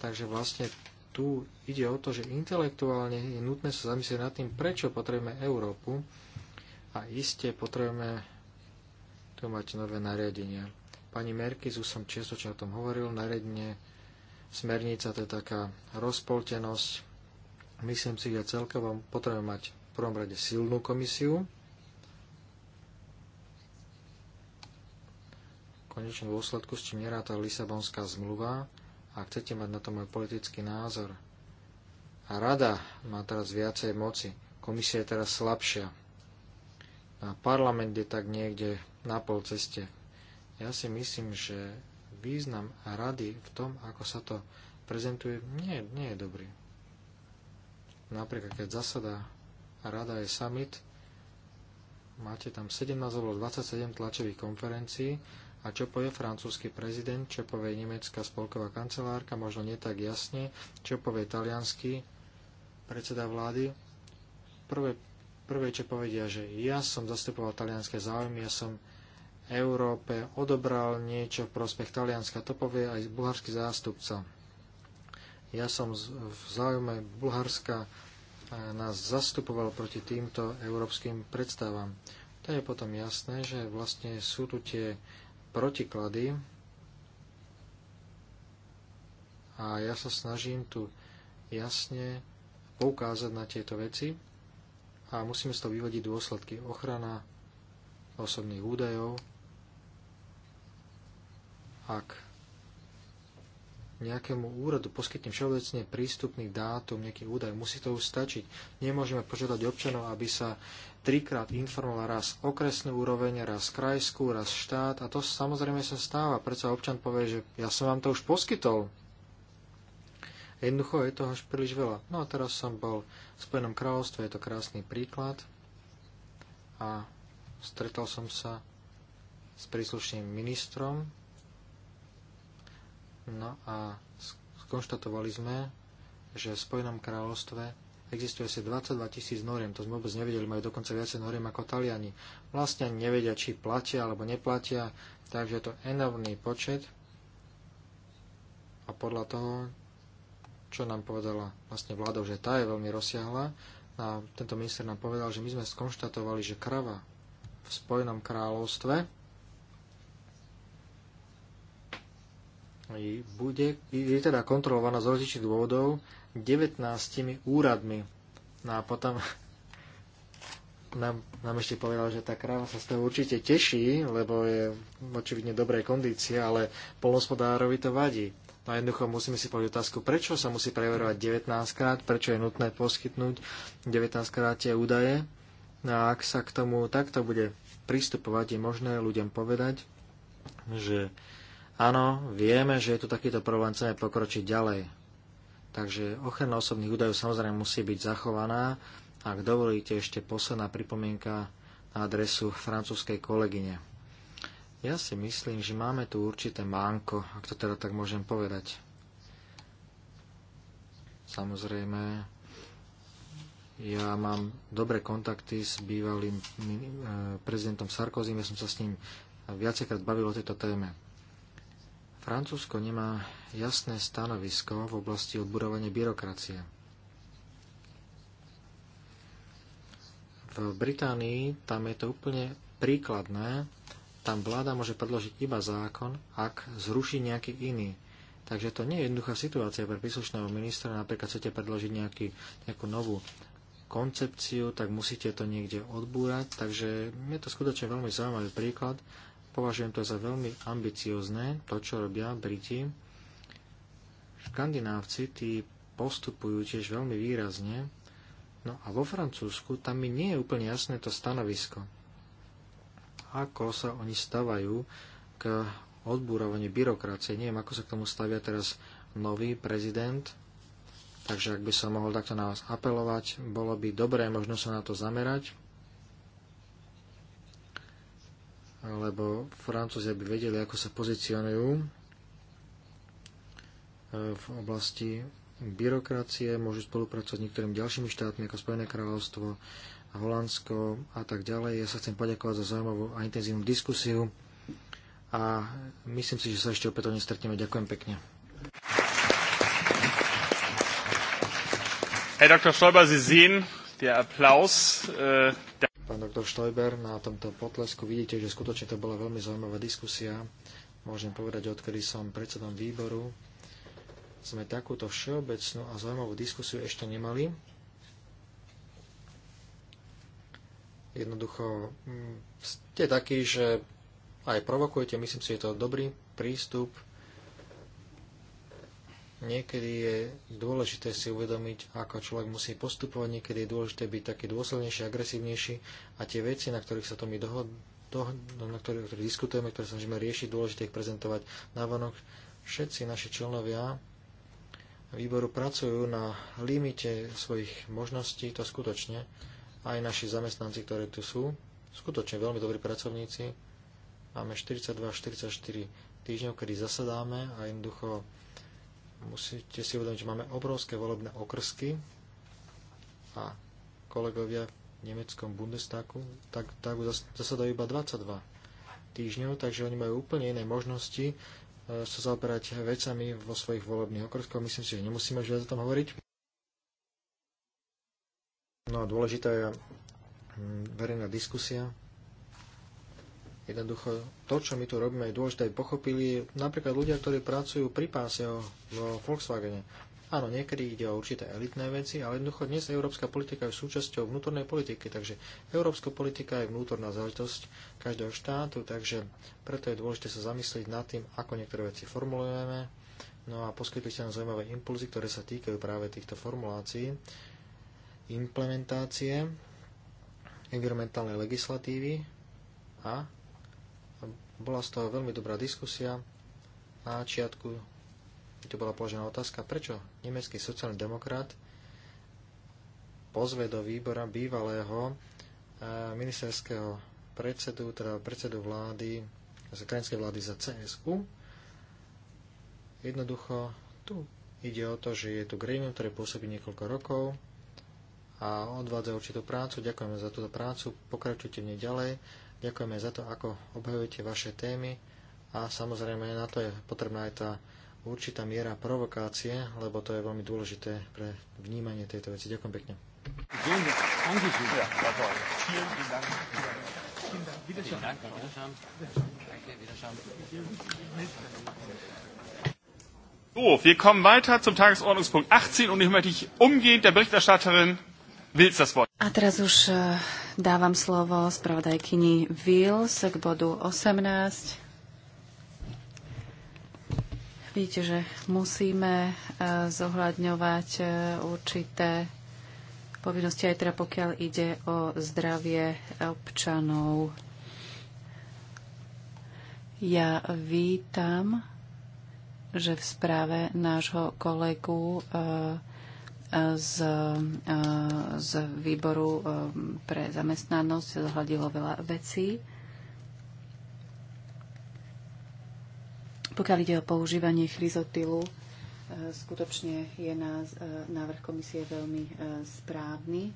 takže vlastne tu ide o to, že intelektuálne je nutné sa zamyslieť nad tým, prečo potrebujeme Európu a iste potrebujeme tu mať nové nariadenia. Pani Merkis, už som čiastočne o tom hovoril, nariadenie smernica to je taká rozpoltenosť. Myslím si, že celkovo potrebujeme mať v prvom rade silnú komisiu, konečnom dôsledku, s čím neráta Lisabonská zmluva a chcete mať na to môj politický názor. A rada má teraz viacej moci, komisia je teraz slabšia. A parlament je tak niekde na pol ceste. Ja si myslím, že význam rady v tom, ako sa to prezentuje, nie, nie je dobrý. Napríklad, keď zasadá rada je summit, máte tam 17 alebo 27 tlačových konferencií a čo povie francúzsky prezident, čo povie nemecká spolková kancelárka, možno nie tak jasne, čo povie talianský predseda vlády. Prvé, prvé, čo povedia, že ja som zastupoval talianské záujmy, ja som Európe odobral niečo v prospech Talianska, to povie aj bulharský zástupca. Ja som v záujme Bulharska e, nás zastupoval proti týmto európskym predstavám. To je potom jasné, že vlastne sú tu tie protiklady a ja sa snažím tu jasne poukázať na tieto veci a musíme z toho vyvodiť dôsledky. Ochrana osobných údajov, ak nejakému úradu poskytne všeobecne prístupný dátum, nejaký údaj, musí to už stačiť. Nemôžeme požiadať občanov, aby sa trikrát informoval raz okresnú úroveň, raz krajskú, raz štát a to samozrejme sa stáva. Predsa občan povie, že ja som vám to už poskytol. Jednoducho je toho až príliš veľa. No a teraz som bol v Spojenom kráľovstve, je to krásny príklad a stretol som sa s príslušným ministrom No a skonštatovali sme, že v Spojenom kráľovstve existuje asi 22 tisíc noriem, to sme vôbec nevedeli, majú dokonca viacej noriem ako Taliani. Vlastne nevedia, či platia alebo neplatia, takže je to enormný počet a podľa toho, čo nám povedala vlastne vláda, že tá je veľmi rozsiahla, a tento minister nám povedal, že my sme skonštatovali, že krava v Spojenom kráľovstve bude, je teda kontrolovaná z rozličných dôvodov 19 úradmi. No a potom nám, nám ešte povedal, že tá kráva sa z toho určite teší, lebo je v očividne dobrej kondície, ale polnospodárovi to vadí. No a jednoducho musíme si povedať otázku, prečo sa musí preverovať 19 krát, prečo je nutné poskytnúť 19 krát tie údaje. No a ak sa k tomu takto bude pristupovať, je možné ľuďom povedať, že Áno, vieme, že je tu takýto problém, chceme pokročiť ďalej. Takže ochrana osobných údajov samozrejme musí byť zachovaná. Ak dovolíte, ešte posledná pripomienka na adresu francúzskej kolegyne. Ja si myslím, že máme tu určité mánko, ak to teda tak môžem povedať. Samozrejme, ja mám dobré kontakty s bývalým eh, prezidentom Sarkozym, ja som sa s ním viacekrát bavil o tejto téme. Francúzsko nemá jasné stanovisko v oblasti odbudovania byrokracie. V Británii tam je to úplne príkladné. Tam vláda môže predložiť iba zákon, ak zruší nejaký iný. Takže to nie je jednoduchá situácia pre príslušného ministra. Napríklad chcete predložiť nejaký, nejakú novú koncepciu, tak musíte to niekde odbúrať. Takže je to skutočne veľmi zaujímavý príklad Považujem to za veľmi ambiciozne, to, čo robia Briti. Škandinávci tí postupujú tiež veľmi výrazne. No a vo Francúzsku tam mi nie je úplne jasné to stanovisko. Ako sa oni stavajú k odbúrovaniu byrokracie. Neviem, ako sa k tomu stavia teraz nový prezident. Takže ak by som mohol takto na vás apelovať, bolo by dobré možno sa na to zamerať alebo Francúzi, aby vedeli, ako sa pozicionujú e, v oblasti byrokracie, môžu spolupracovať s niektorými ďalšími štátmi ako Spojené kráľovstvo, Holandsko a tak ďalej. Ja sa chcem poďakovať za zaujímavú a intenzívnu diskusiu a myslím si, že sa ešte opätovne stretneme. Ďakujem pekne. Hey, Dr. Stoiber, Sie sehen, der Applaus. Äh, der pán doktor Štojber, na tomto potlesku. Vidíte, že skutočne to bola veľmi zaujímavá diskusia. Môžem povedať, odkedy som predsedom výboru, sme takúto všeobecnú a zaujímavú diskusiu ešte nemali. Jednoducho mm, ste takí, že aj provokujete, myslím si, že je to dobrý prístup. Niekedy je dôležité si uvedomiť, ako človek musí postupovať, niekedy je dôležité byť taký dôslednejší, agresívnejší a tie veci, na ktorých sa to my dohod, dohod, na ktorých, ktorých diskutujeme, ktoré sa môžeme riešiť, dôležité ich prezentovať na vonok. Všetci naši členovia výboru pracujú na limite svojich možností, to skutočne, aj naši zamestnanci, ktorí tu sú, skutočne veľmi dobrí pracovníci. Máme 42-44 týždňov, kedy zasadáme a jednoducho musíte si uvedomiť, že máme obrovské volebné okrsky a kolegovia v nemeckom Bundestagu tak, tak zasadajú iba 22 týždňov, takže oni majú úplne iné možnosti e, sa zaoberať vecami vo svojich volebných okrskoch. Myslím si, že nemusíme už viac o tom hovoriť. No a dôležitá je mm, verejná diskusia Jednoducho to, čo my tu robíme, je dôležité, aby pochopili napríklad ľudia, ktorí pracujú pri páse vo Volkswagene. Áno, niekedy ide o určité elitné veci, ale jednoducho dnes európska politika je súčasťou vnútornej politiky, takže európska politika je vnútorná záležitosť každého štátu, takže preto je dôležité sa zamyslieť nad tým, ako niektoré veci formulujeme, no a poskytli ste nám zaujímavé impulzy, ktoré sa týkajú práve týchto formulácií, implementácie environmentálnej legislatívy a bola z toho veľmi dobrá diskusia. Na začiatku tu bola položená otázka, prečo nemecký sociálny demokrat pozve do výbora bývalého eh, ministerského predsedu, teda predsedu vlády, krajinskej vlády za CSU. Jednoducho tu ide o to, že je tu gremium, ktoré pôsobí niekoľko rokov, a odvádza určitú prácu. Ďakujeme za túto prácu, pokračujte v nej ďalej Ďakujeme za to, ako obhajujete vaše témy a samozrejme na to je potrebná aj tá určitá miera provokácie, lebo to je veľmi dôležité pre vnímanie tejto veci. Ďakujem pekne. So, wir kommen weiter zum Tagesordnungspunkt 18 und ich möchte ich umgehend der Berichterstatterin Wills das Wort. A teraz už Dávam slovo spravodajkyni Wills k bodu 18. Vidíte, že musíme e, zohľadňovať e, určité povinnosti, aj teda pokiaľ ide o zdravie občanov. Ja vítam, že v správe nášho kolegu e, z, e, z výboru e, pre zamestnanosť zohľadilo veľa vecí. Pokiaľ ide o používanie chryzotylu, e, skutočne je nás, návrh komisie veľmi správny.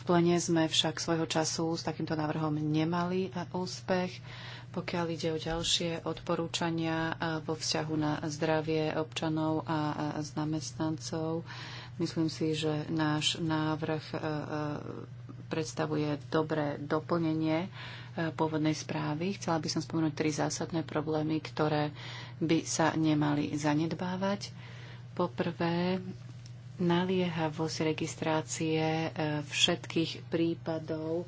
V plene sme však svojho času s takýmto návrhom nemali úspech pokiaľ ide o ďalšie odporúčania e, vo vzťahu na zdravie občanov a zamestnancov. Myslím si, že náš návrh e, e, predstavuje dobré doplnenie pôvodnej správy. Chcela by som spomenúť tri zásadné problémy, ktoré by sa nemali zanedbávať. Poprvé, naliehavosť registrácie všetkých prípadov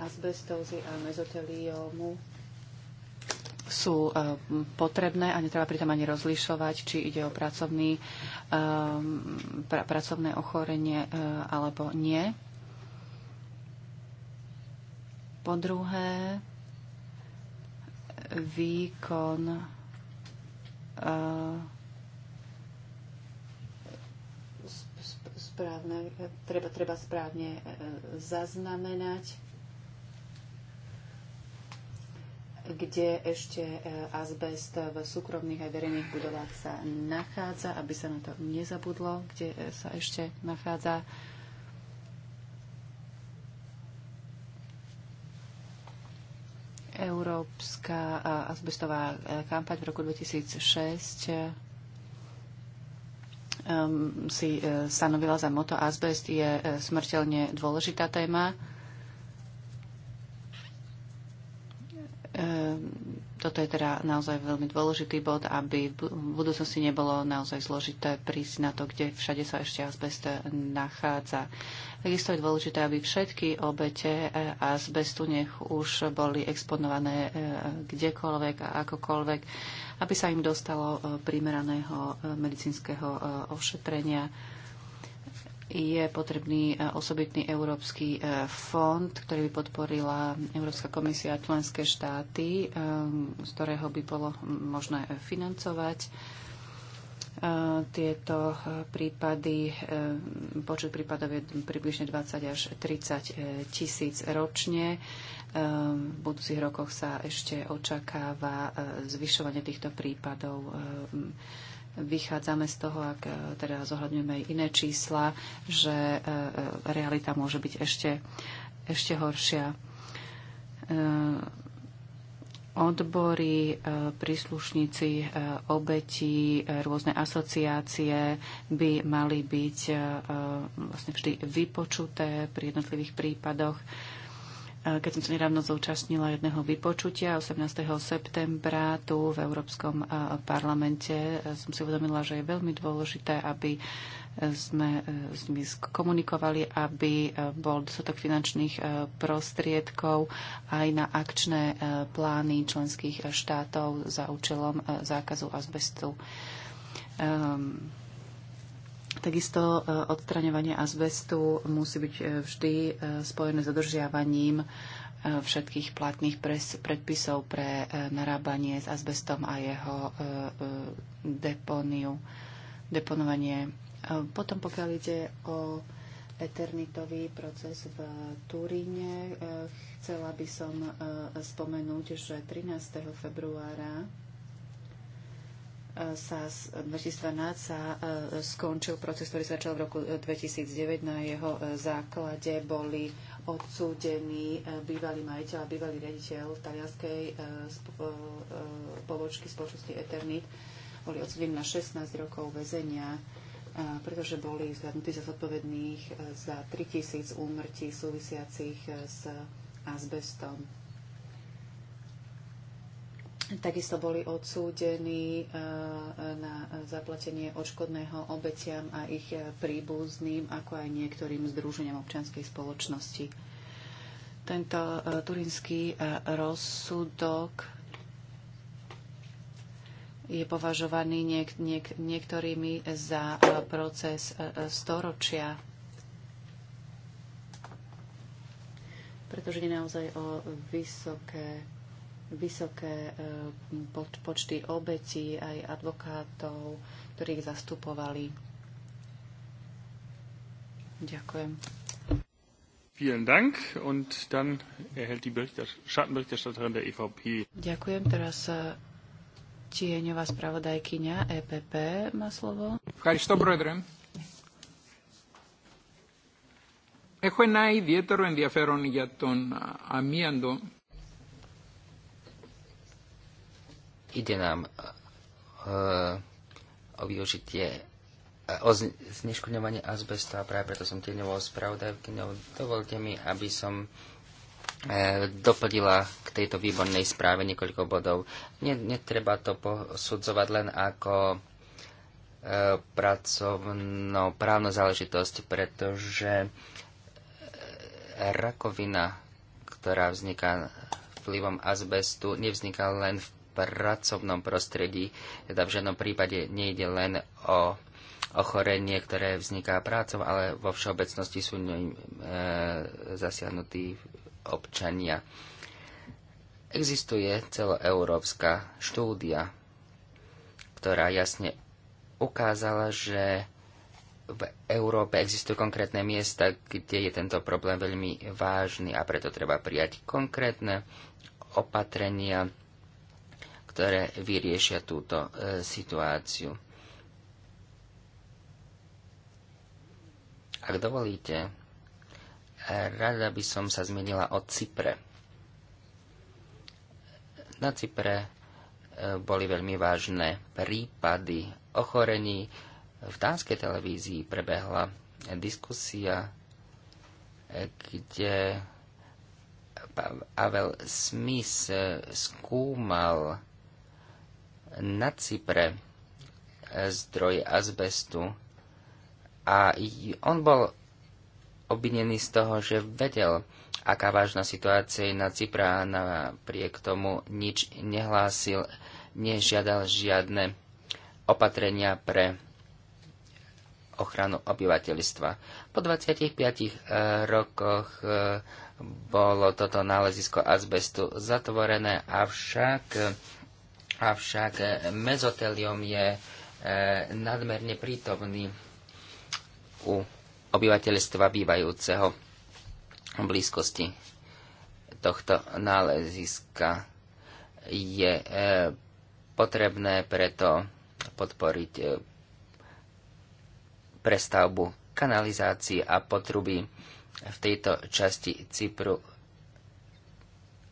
azbestózy a mezoteliómu sú eh, potrebné a netreba pritom ani rozlišovať, či ide o pracovný, eh, pra, pracovné ochorenie eh, alebo nie. Po druhé, výkon správne, treba, treba správne zaznamenať kde ešte e, azbest v súkromných aj verejných budovách sa nachádza, aby sa na to nezabudlo, kde e, sa ešte nachádza. Európska e, azbestová kampaň v roku 2006 si stanovila za moto azbest je smrteľne dôležitá téma Ehm, toto je teda naozaj veľmi dôležitý bod, aby v budúcnosti nebolo naozaj zložité prísť na to, kde všade sa ešte azbest e, nachádza. Takisto je dôležité, aby všetky obete e, azbestu nech už boli exponované e, kdekoľvek a akokoľvek, aby sa im dostalo primeraného medicínskeho ošetrenia je potrebný e, osobitný európsky e, fond, ktorý by podporila Európska komisia a členské štáty, e, z ktorého by bolo možné financovať tieto prípady. Počet prípadov je približne 20 až 30 tisíc ročne. V budúcich rokoch sa ešte očakáva zvyšovanie týchto prípadov vychádzame z toho, ak e, teda zohľadňujeme aj iné čísla, že e, e, realita môže byť ešte, ešte horšia. Odbory, príslušníci obeti, rôzne asociácie by mali byť vlastne vždy vypočuté pri jednotlivých prípadoch keď som sa nedávno zúčastnila jedného vypočutia 18. septembra tu v Európskom parlamente, e, som si uvedomila, že je veľmi dôležité, aby e, sme e, s nimi komunikovali, aby bol dostatok finančných prostriedkov aj na akčné plány členských štátov za účelom zákazu azbestu. Um, Takisto e, odstraňovanie azbestu musí byť e, vždy e, spojené s dodržiavaním všetkých platných predpisov pre narábanie s azbestom a jeho deponiu, deponovanie. Potom pokiaľ ide o eternitový proces v Turíne, chcela by som spomenúť, že 13. februára sa 2012 sa e, skončil proces, ktorý sa začal v roku 2009. E, na jeho e, základe boli odsúdení bývalý majiteľ a bývalý riaditeľ talianskej pobočky spoločnosti Eternit. Boli odsúdení na 16 rokov väzenia, pretože boli zhľadnutí za zodpovedných za 3000 úmrtí súvisiacich s azbestom. Takisto boli odsúdení eh, na zaplatenie odškodného obetiam a ich príbuzným, ako aj niektorým združeniam občianskej spoločnosti. Tento eh, turínsky eh, rozsudok je považovaný niek- niek- niektorými za proces storočia pretože je naozaj o vysoké vysoké e, počty obetí aj advokátov, ktorých zastupovali. Ďakujem. Vielen Dank und dann erhält die Schattenberichterstatterin der EVP. Ďakujem. Teraz e, tieňová spravodajkyňa EPP má slovo. Ευχαριστώ, Πρόεδρε. Έχω ένα ιδιαίτερο ενδιαφέρον για τον αμίαντο Ide nám eh, o využitie eh, o zneškodňovanie azbestu a práve preto som tieňovou spravodajkyňou. Dovolte mi, aby som eh, doplnila k tejto výbornej správe niekoľko bodov. Netreba to posudzovať len ako pracovnú právnu záležitosť, pretože rakovina, ktorá vzniká vplyvom azbestu, nevzniká len v pracovnom prostredí. Teda v žiadnom prípade nejde len o ochorenie, ktoré vzniká prácou, ale vo všeobecnosti sú ním e, zasiahnutí občania. Existuje celoeurópska štúdia, ktorá jasne ukázala, že v Európe existujú konkrétne miesta, kde je tento problém veľmi vážny a preto treba prijať konkrétne opatrenia, ktoré vyriešia túto e, situáciu. Ak dovolíte, e, rada by som sa zmenila o Cypre. Na Cypre e, boli veľmi vážne prípady ochorení. V dánskej televízii prebehla diskusia, kde Pavel Smith skúmal na Cypre e, zdroj azbestu a on bol obvinený z toho, že vedel, aká vážna situácia je na Cypre a napriek tomu nič nehlásil, nežiadal žiadne opatrenia pre ochranu obyvateľstva. Po 25 e, rokoch e, bolo toto nálezisko azbestu zatvorené, avšak avšak e, mezoteliom je e, nadmerne prítomný u obyvateľstva bývajúceho v blízkosti tohto náleziska. Je e, potrebné preto podporiť prestavbu kanalizácií a potruby v tejto časti Cypru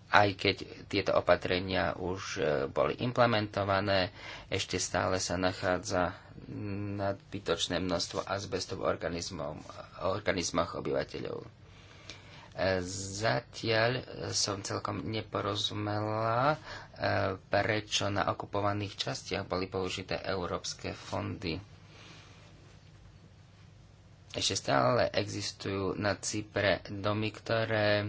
aj keď tieto opatrenia už e, boli implementované, ešte stále sa nachádza nadbytočné množstvo azbestu v organizmoch obyvateľov. E, zatiaľ som celkom neporozumela, e, prečo na okupovaných častiach boli použité európske fondy. Ešte stále existujú na Cypre domy, ktoré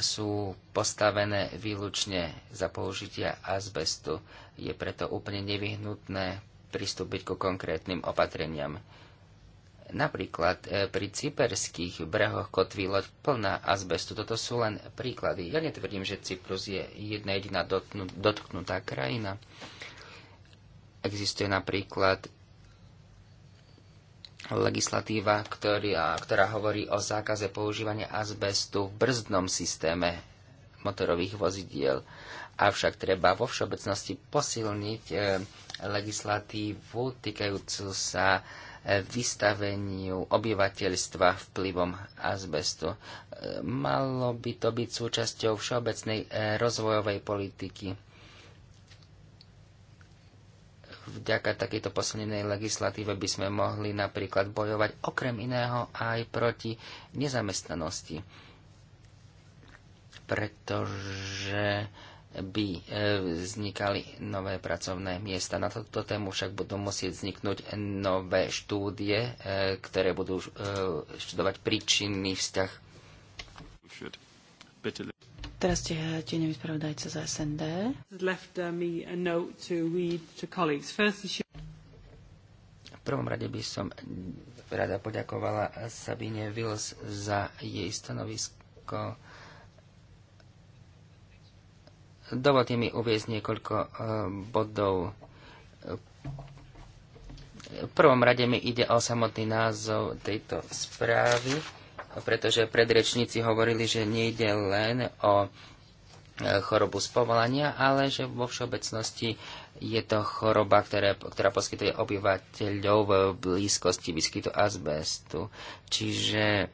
sú postavené výlučne za použitia azbestu. Je preto úplne nevyhnutné pristúpiť ku konkrétnym opatreniam. Napríklad e, pri cyperských brehoch kotví loď plná azbestu. Toto sú len príklady. Ja netvrdím, že Cyprus je jedna jediná dotknutá krajina. Existuje napríklad legislatíva, ktorý, ktorá hovorí o zákaze používania azbestu v brzdnom systéme motorových vozidiel. Avšak treba vo všeobecnosti posilniť e, legislatívu týkajúcu sa e, vystaveniu obyvateľstva vplyvom azbestu. E, malo by to byť súčasťou všeobecnej e, rozvojovej politiky vďaka takejto posilnenej legislatíve by sme mohli napríklad bojovať okrem iného aj proti nezamestnanosti. Pretože by e, vznikali nové pracovné miesta. Na toto tému však budú musieť vzniknúť nové štúdie, e, ktoré budú e, študovať príčinný vzťah. Teraz ste eh, tieňový spravodajca za SND. Uh, v prvom rade by som rada poďakovala Sabine Wills za jej stanovisko. Dovolte mi uviezť niekoľko eh, bodov. V prvom rade mi ide o samotný názov tejto správy pretože predrečníci hovorili, že nejde len o e, chorobu z povolania, ale že vo všeobecnosti je to choroba, ktoré, ktorá poskytuje obyvateľov v blízkosti výskytu azbestu. Čiže e,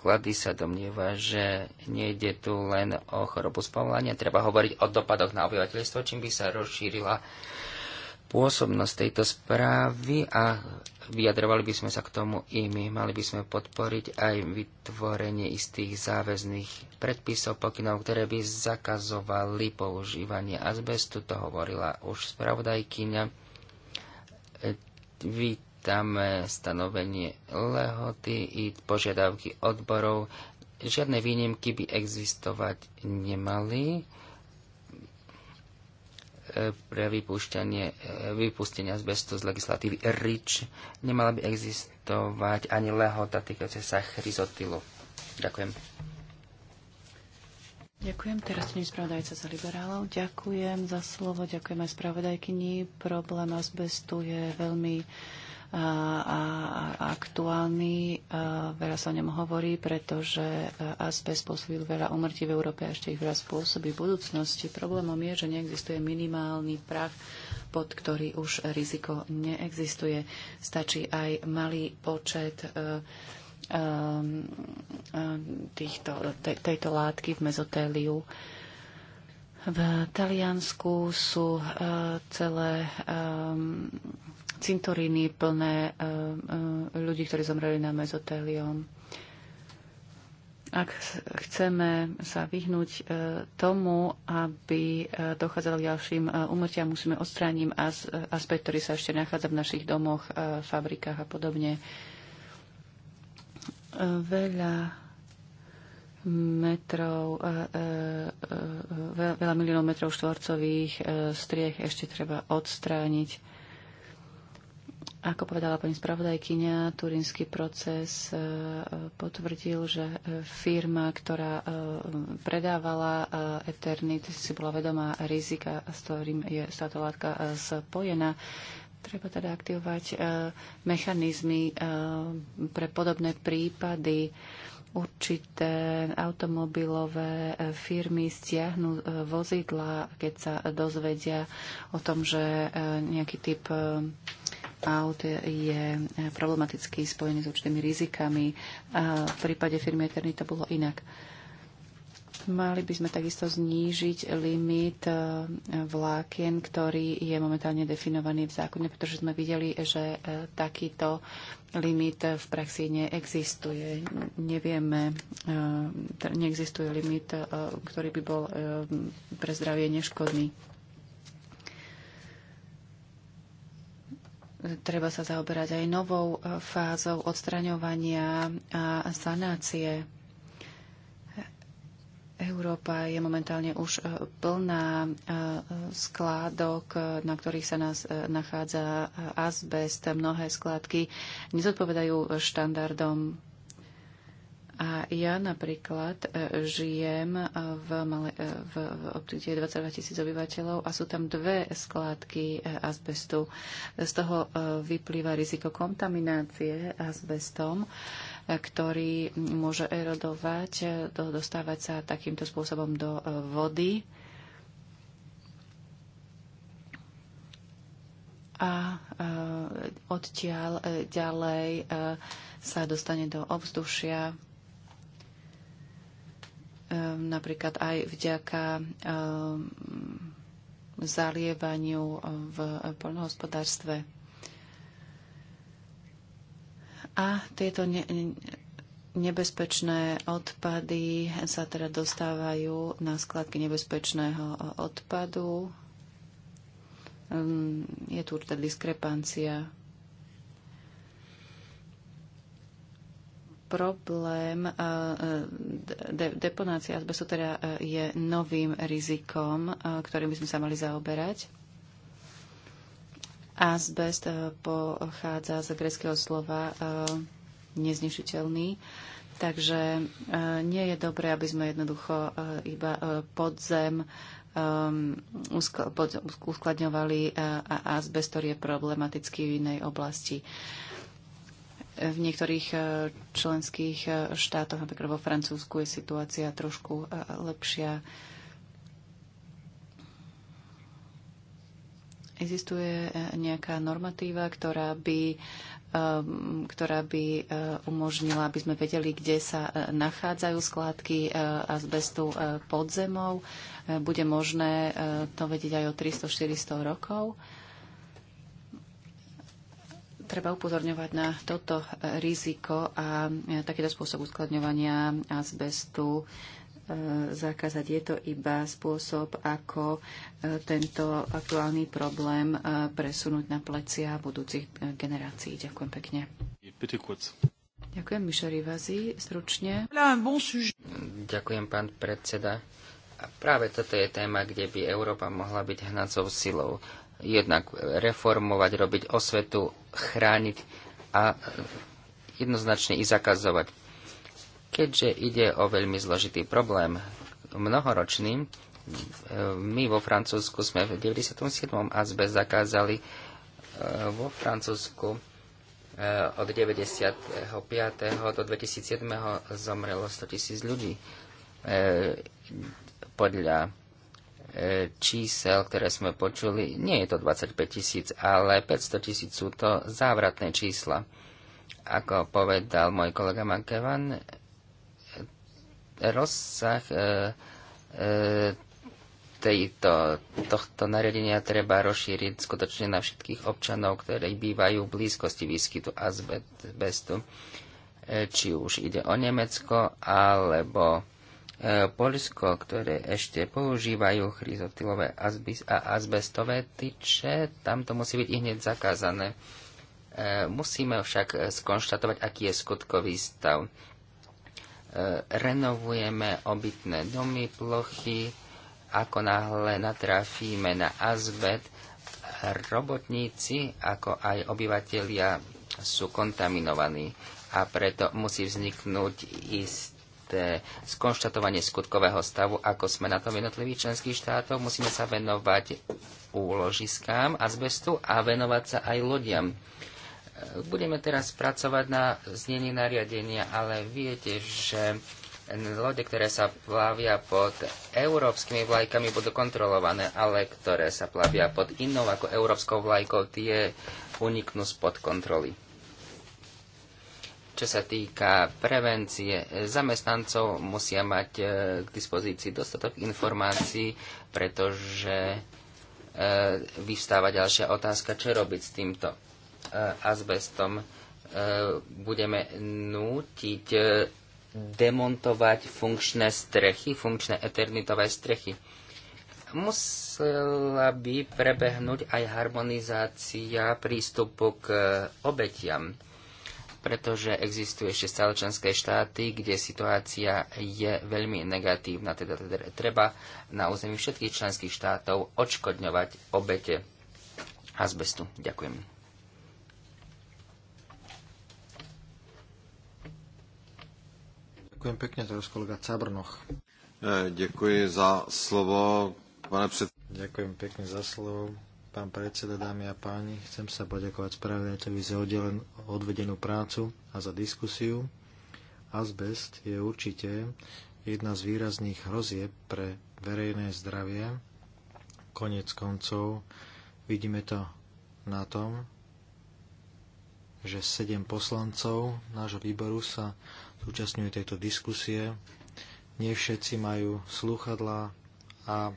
Glady sa domnieva, že nejde tu len o chorobu z povolania, treba hovoriť o dopadoch na obyvateľstvo, čím by sa rozšírila pôsobnosť tejto správy a vyjadrovali by sme sa k tomu i my. Mali by sme podporiť aj vytvorenie istých záväzných predpisov, pokynov, ktoré by zakazovali používanie azbestu. To hovorila už spravodajkyňa. Vítame stanovenie lehoty i požiadavky odborov. Žiadne výnimky by existovať nemali pre vypúšťanie, e, vypustenie asbestu z legislatívy RIČ nemala by existovať ani lehota týkajúce sa chryzotilu. Ďakujem. Ďakujem. Teraz tým spravodajca za liberálov. Ďakujem za slovo, ďakujem aj spravodajkyni. Problém asbestu je veľmi a aktuálny. Veľa sa o ňom hovorí, pretože e, asbest spôsobil veľa umrtí v Európe a ešte ich veľa spôsobí v budúcnosti. Problémom je, že neexistuje minimálny prach, pod ktorý už riziko neexistuje. Stačí aj malý počet e, týchto, te, tejto látky v mezotéliu. V Taliansku sú e, celé cintoríny plné e, e, ľudí, ktorí zomreli na mezoteliom. Ak chceme sa vyhnúť e, tomu, aby dochádzalo k ďalším umrtiam, musíme odstrániť aspekt, ktorý sa ešte nachádza v našich domoch, fabrikách a podobne. Veľa metrov, veľa miliónov metrov štvorcových striech ešte treba odstrániť. Ako povedala pani spravodajkyňa, turínsky proces e, potvrdil, že e, firma, ktorá e, predávala Eternit, si bola vedomá rizika, s ktorým je táto látka spojená. Treba teda aktivovať mechanizmy pre podobné prípady. Určité automobilové firmy stiahnu vozidla, keď sa dozvedia o tom, že nejaký typ aut je problematický, spojený s určitými rizikami. A v prípade firmy Eterny to bolo inak. Mali by sme takisto znížiť limit e, vlákien, ktorý je momentálne definovaný v zákone, pretože sme videli, že e, takýto limit v praxi neexistuje. Nevieme, e, neexistuje limit, ktorý by bol pre zdravie neškodný. treba sa zaoberať aj novou e, fázou odstraňovania a sanácie. Európa je momentálne už e, plná e, skládok, na ktorých sa nás nachádza azbest. Mnohé skládky nezodpovedajú štandardom a ja napríklad e, žijem e, v, male, e, v, v obci, kde je 22 tisíc obyvateľov a sú tam dve skládky azbestu. Z toho vyplýva riziko kontaminácie azbestom, ktorý môže erodovať, dostávať sa takýmto spôsobom do vody. a odtiaľ ďalej sa dostane do ovzdušia Ehm, napríklad aj vďaka ehm, zalievaniu ehm, v poľnohospodárstve. A tieto nebezpečné odpady sa teda dostávajú na skladky nebezpečného e, odpadu. Je tu určitá diskrepancia problém eh, eh, de, deponácia azbestu teda eh, je novým rizikom, ktorým by sme sa mali zaoberať. Azbest pochádza z greckého slova neznišiteľný, takže nie je dobré, aby sme jednoducho iba podzem uskladňovali azbest, ktorý je problematický v inej oblasti. V niektorých e, členských e, štátoch, napríklad vo Francúzsku, je situácia trošku e, lepšia. Existuje nejaká normatíva, ktorá by, ktorá by umožnila, aby sme vedeli, kde sa nachádzajú skládky azbestu pod zemou. Bude možné to vedieť aj o 300-400 rokov treba upozorňovať na toto e, riziko a e, takýto spôsob uskladňovania azbestu e, zakázať. Je to iba spôsob, ako tento aktuálny problém presunúť na plecia budúcich generácií. Ďakujem pekne. Ďakujem, Miša Rivazi, stručne. Ďakujem, pán predseda. A práve toto je téma, kde by Európa mohla byť hnacou silou jednak reformovať, robiť osvetu, chrániť a jednoznačne i zakazovať. Keďže ide o veľmi zložitý problém, mnohoročný, my vo Francúzsku sme v 97. azbe zakázali e, vo Francúzsku e, od 95. do 2007. zomrelo 100 tisíc ľudí. E, podľa E, čísel, ktoré sme počuli, nie je to 25 tisíc, ale 500 tisíc sú to závratné čísla. Ako povedal môj kolega Mankevan, rozsah e, e, tejto, tohto nariadenia treba rozšíriť skutočne na všetkých občanov, ktorí bývajú v blízkosti výskytu azbestu. E, či už ide o Nemecko, alebo E, Polsko, ktoré ešte používajú chryzotylové a azbestové tyče, tam to musí byť i hneď zakázané. E, musíme však skonštatovať, aký je skutkový stav. E, renovujeme obytné domy, plochy, ako náhle natrafíme na azbet, robotníci, ako aj obyvatelia sú kontaminovaní a preto musí vzniknúť istý dôležité skonštatovanie skutkového stavu, ako sme na tom jednotlivých členských štátoch. Musíme sa venovať úložiskám azbestu a venovať sa aj lodiam. Budeme teraz pracovať na znení nariadenia, ale viete, že lode, ktoré sa plavia pod európskymi vlajkami, budú kontrolované, ale ktoré sa plavia pod inou ako európskou vlajkou, tie uniknú spod kontroly. Čo sa týka prevencie, zamestnancov musia mať e, k dispozícii dostatok informácií, pretože e, vyvstáva ďalšia otázka, čo robiť s týmto e, azbestom. Budeme nútiť demontovať funkčné strechy, funkčné eternitové strechy. Musela by prebehnúť aj harmonizácia prístupu k obetiam pretože existujú ešte stále členské štáty, kde situácia je veľmi negatívna. Teda, teda treba na území všetkých členských štátov odškodňovať obete azbestu. Ďakujem. Ďakujem pekne, teraz kolega Cabrnoch. Eh, ďakujem za slovo, pane pred... Ďakujem pekne za slovo, pán predseda, dámy a páni. Chcem sa poďakovať spravodajcovi za oddelen, odvedenú prácu a za diskusiu. Azbest je určite jedna z výrazných hrozieb pre verejné zdravie. Konec koncov vidíme to na tom, že sedem poslancov nášho výboru sa zúčastňujú tejto diskusie. Nie všetci majú slúchadlá a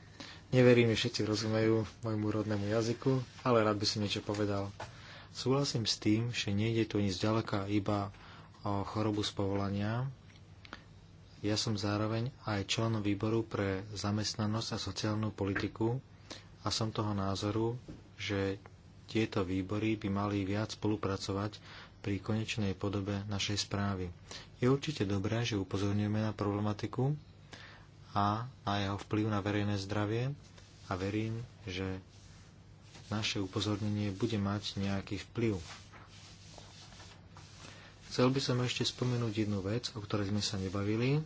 Neverím, že všetci rozumejú môjmu rodnému jazyku, ale rád by som niečo povedal. Súhlasím s tým, že nejde tu ani zďaleka iba o chorobu z povolania. Ja som zároveň aj členom výboru pre zamestnanosť a sociálnu politiku a som toho názoru, že tieto výbory by mali viac spolupracovať pri konečnej podobe našej správy. Je určite dobré, že upozorňujeme na problematiku, a na jeho vplyv na verejné zdravie a verím, že naše upozornenie bude mať nejaký vplyv. Chcel by som ešte spomenúť jednu vec, o ktorej sme sa nebavili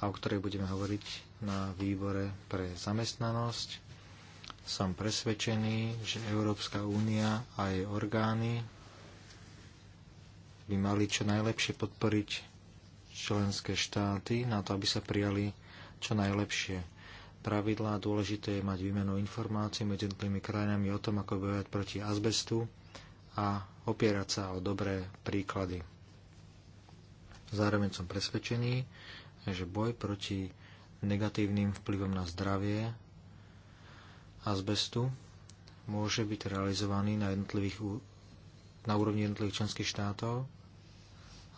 a o ktorej budeme hovoriť na výbore pre zamestnanosť. Som presvedčený, že Európska únia a jej orgány by mali čo najlepšie podporiť členské štáty na to, aby sa prijali čo najlepšie pravidlá. Dôležité je mať výmenu informácií medzi jednotlivými krajinami o tom, ako bojovať proti azbestu a opierať sa o dobré príklady. Zároveň som presvedčený, že boj proti negatívnym vplyvom na zdravie azbestu môže byť realizovaný na, jednotlivých, na úrovni jednotlivých členských štátov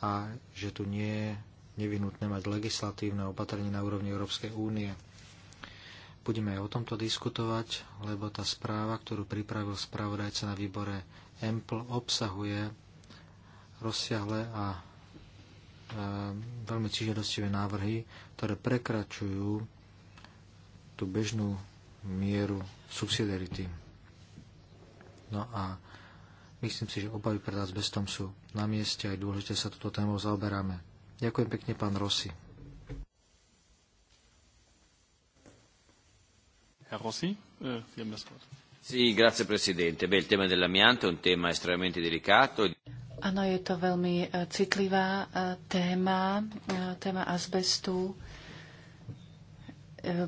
a že tu nie je nevyhnutné mať legislatívne opatrenie na úrovni Európskej únie. Budeme aj o tomto diskutovať, lebo tá správa, ktorú pripravil spravodajca na výbore EMPL, obsahuje rozsiahle a e, veľmi cížadostivé návrhy, ktoré prekračujú tú bežnú mieru subsidiarity. No a myslím si, že obavy pre bez tom sú na mieste a je dôležité sa túto tému zaoberáme. Ďakujem pekne, pán Rossi. Herr Rossi, eh, Sie haben das Wort. Sì, grazie Presidente. Beh, il tema dell'amianto è un tema estremamente delicato. Ano, je to veľmi eh, citlivá eh, téma, téma azbestu.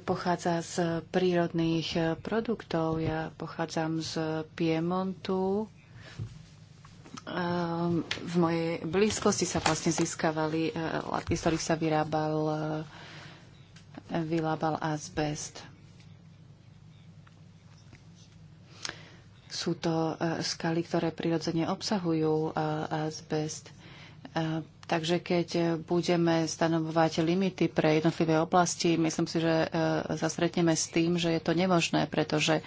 Pochádza z prírodných produktov. Ja pochádzam z Piemontu Ehm, v mojej blízkosti sa vlastne získavali e, látky, z ktorých sa vyrábal, e, vyrábal azbest. Sú to e, skaly, ktoré prirodzene obsahujú azbest. Takže keď budeme stanovovať limity pre jednotlivé oblasti, myslím si, že sa stretneme s tým, že je to nemožné, pretože uh,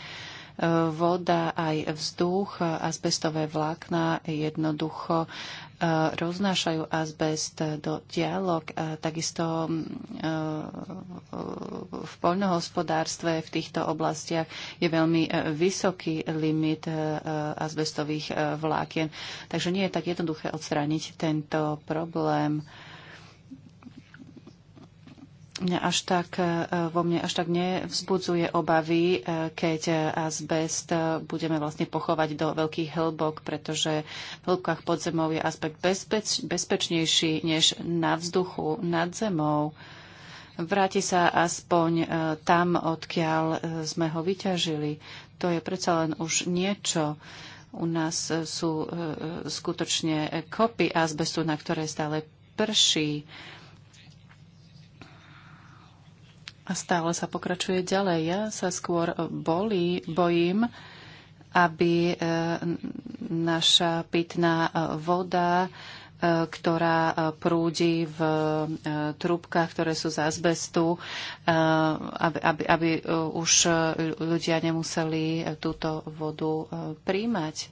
voda, aj vzduch, azbestové vlákna jednoducho e, roznášajú azbest do dialog. takisto e, v poľnohospodárstve v týchto oblastiach je veľmi e, vysoký limit azbestových vlákien. Takže nie je tak jednoduché odstrániť tento problém mňa až tak, e, vo mne až tak nevzbudzuje obavy, e, keď e, azbest budeme vlastne pochovať do veľkých hĺbok, pretože v hĺbkách podzemov je aspekt bezpeč, bezpečnejší než na vzduchu nad zemou. Vráti sa aspoň tam, odkiaľ sme ho vyťažili. To je predsa len už niečo. U nás sú skutočne kopy azbestu, na ktoré stále prší a stále sa pokračuje ďalej. Ja sa skôr e, bolí, bojím, aby e, naša pitná e, voda, ktorá prúdi v trúbkach, ktoré sú z azbestu, aby, aby, aby už ľudia nemuseli túto vodu príjmať.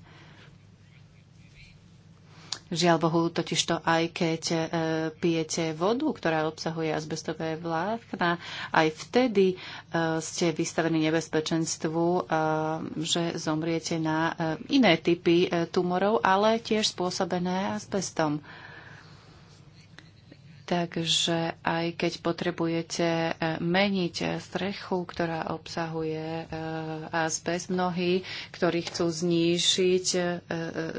Žiaľ Bohu, totiž to aj keď e, pijete vodu, ktorá obsahuje azbestové vlákna, aj vtedy e, ste vystavení nebezpečenstvu, e, že zomriete na iné typy tumorov, ale tiež spôsobené azbestom. Takže aj keď potrebujete e, meniť strechu, ktorá obsahuje e, azbest, mnohí, ktorí chcú znížiť, e,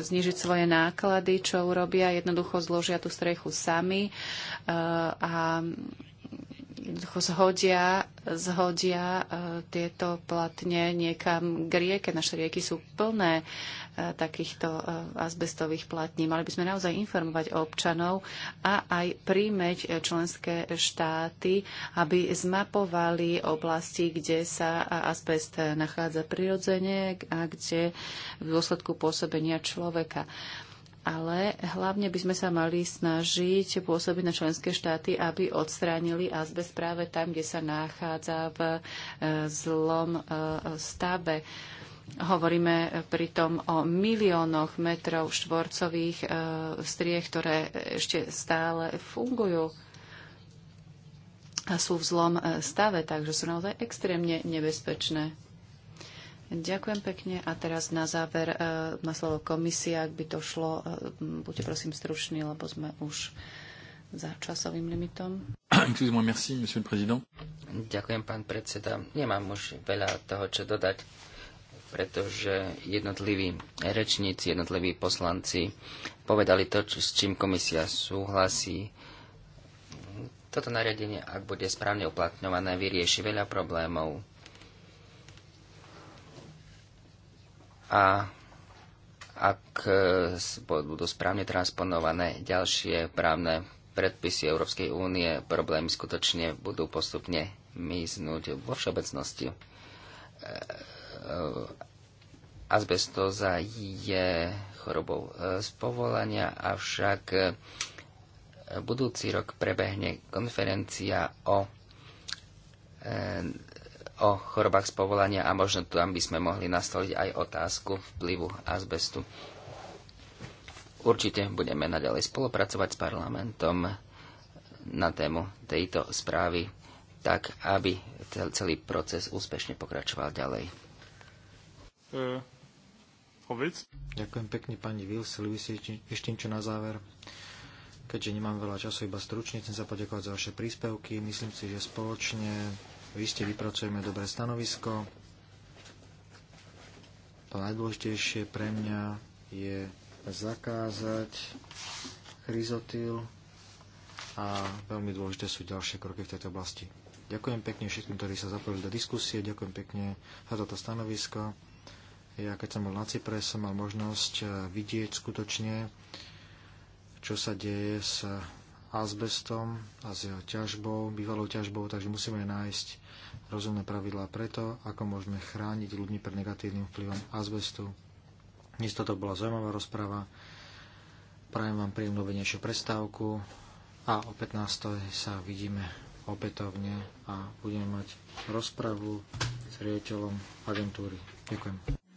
znížiť svoje náklady, čo urobia, jednoducho zložia tú strechu sami a jednoducho zhodia, zhodia e, tieto platne niekam k rieke. Naše rieky sú plné e, takýchto e, azbestových platní. Mali by sme naozaj informovať občanov a aj príjmeť členské štáty, aby zmapovali oblasti, kde sa azbest nachádza prirodzene a kde v dôsledku pôsobenia človeka ale hlavne by sme sa mali snažiť pôsobiť na členské štáty, aby odstránili azbest práve tam, kde sa nachádza v e, zlom e, stave. Hovoríme pritom o miliónoch metrov štvorcových e, striech, ktoré ešte stále fungujú a sú v zlom stave, takže sú naozaj extrémne nebezpečné. Ďakujem pekne. A teraz na záver e, na slovo komisia, ak by to šlo, e, buďte prosím stručný, lebo sme už za časovým limitom. merci, monsieur le président. Ďakujem, pán predseda. Nemám už veľa toho, čo dodať, pretože jednotliví rečníci, jednotliví poslanci povedali to, čo, s čím komisia súhlasí. Toto nariadenie, ak bude správne uplatňované, vyrieši veľa problémov a ak e, budú správne transponované ďalšie právne predpisy Európskej únie, problémy skutočne budú postupne miznúť vo všeobecnosti. E, e, azbestoza je chorobou z povolania, avšak budúci rok prebehne konferencia o o chorobách z povolania a možno tam by sme mohli nastoliť aj otázku vplyvu azbestu. Určite budeme naďalej spolupracovať s parlamentom na tému tejto správy, tak aby celý proces úspešne pokračoval ďalej. Uh, Ďakujem pekne pani Vils, ešte niečo na záver. Keďže nemám veľa času, iba stručne chcem sa poďakovať za vaše príspevky. Myslím si, že spoločne v ste vypracujeme dobré stanovisko. To najdôležitejšie pre mňa je zakázať chryzotyl a veľmi dôležité sú ďalšie kroky v tejto oblasti. Ďakujem pekne všetkým, ktorí sa zapojili do diskusie, ďakujem pekne za toto stanovisko. Ja keď som bol na Cypre, som mal možnosť eh, vidieť skutočne, čo sa deje s azbestom a s jeho ťažbou, bývalou ťažbou, takže musíme nájsť rozumné pravidlá preto, ako môžeme chrániť ľudí pred negatívnym vplyvom azbestu. Dnes toto bola zaujímavá rozprava. Prajem vám príjemnú venejšiu prestávku a o 15. sa vidíme opätovne a budeme mať rozpravu s riaditeľom agentúry. Ďakujem.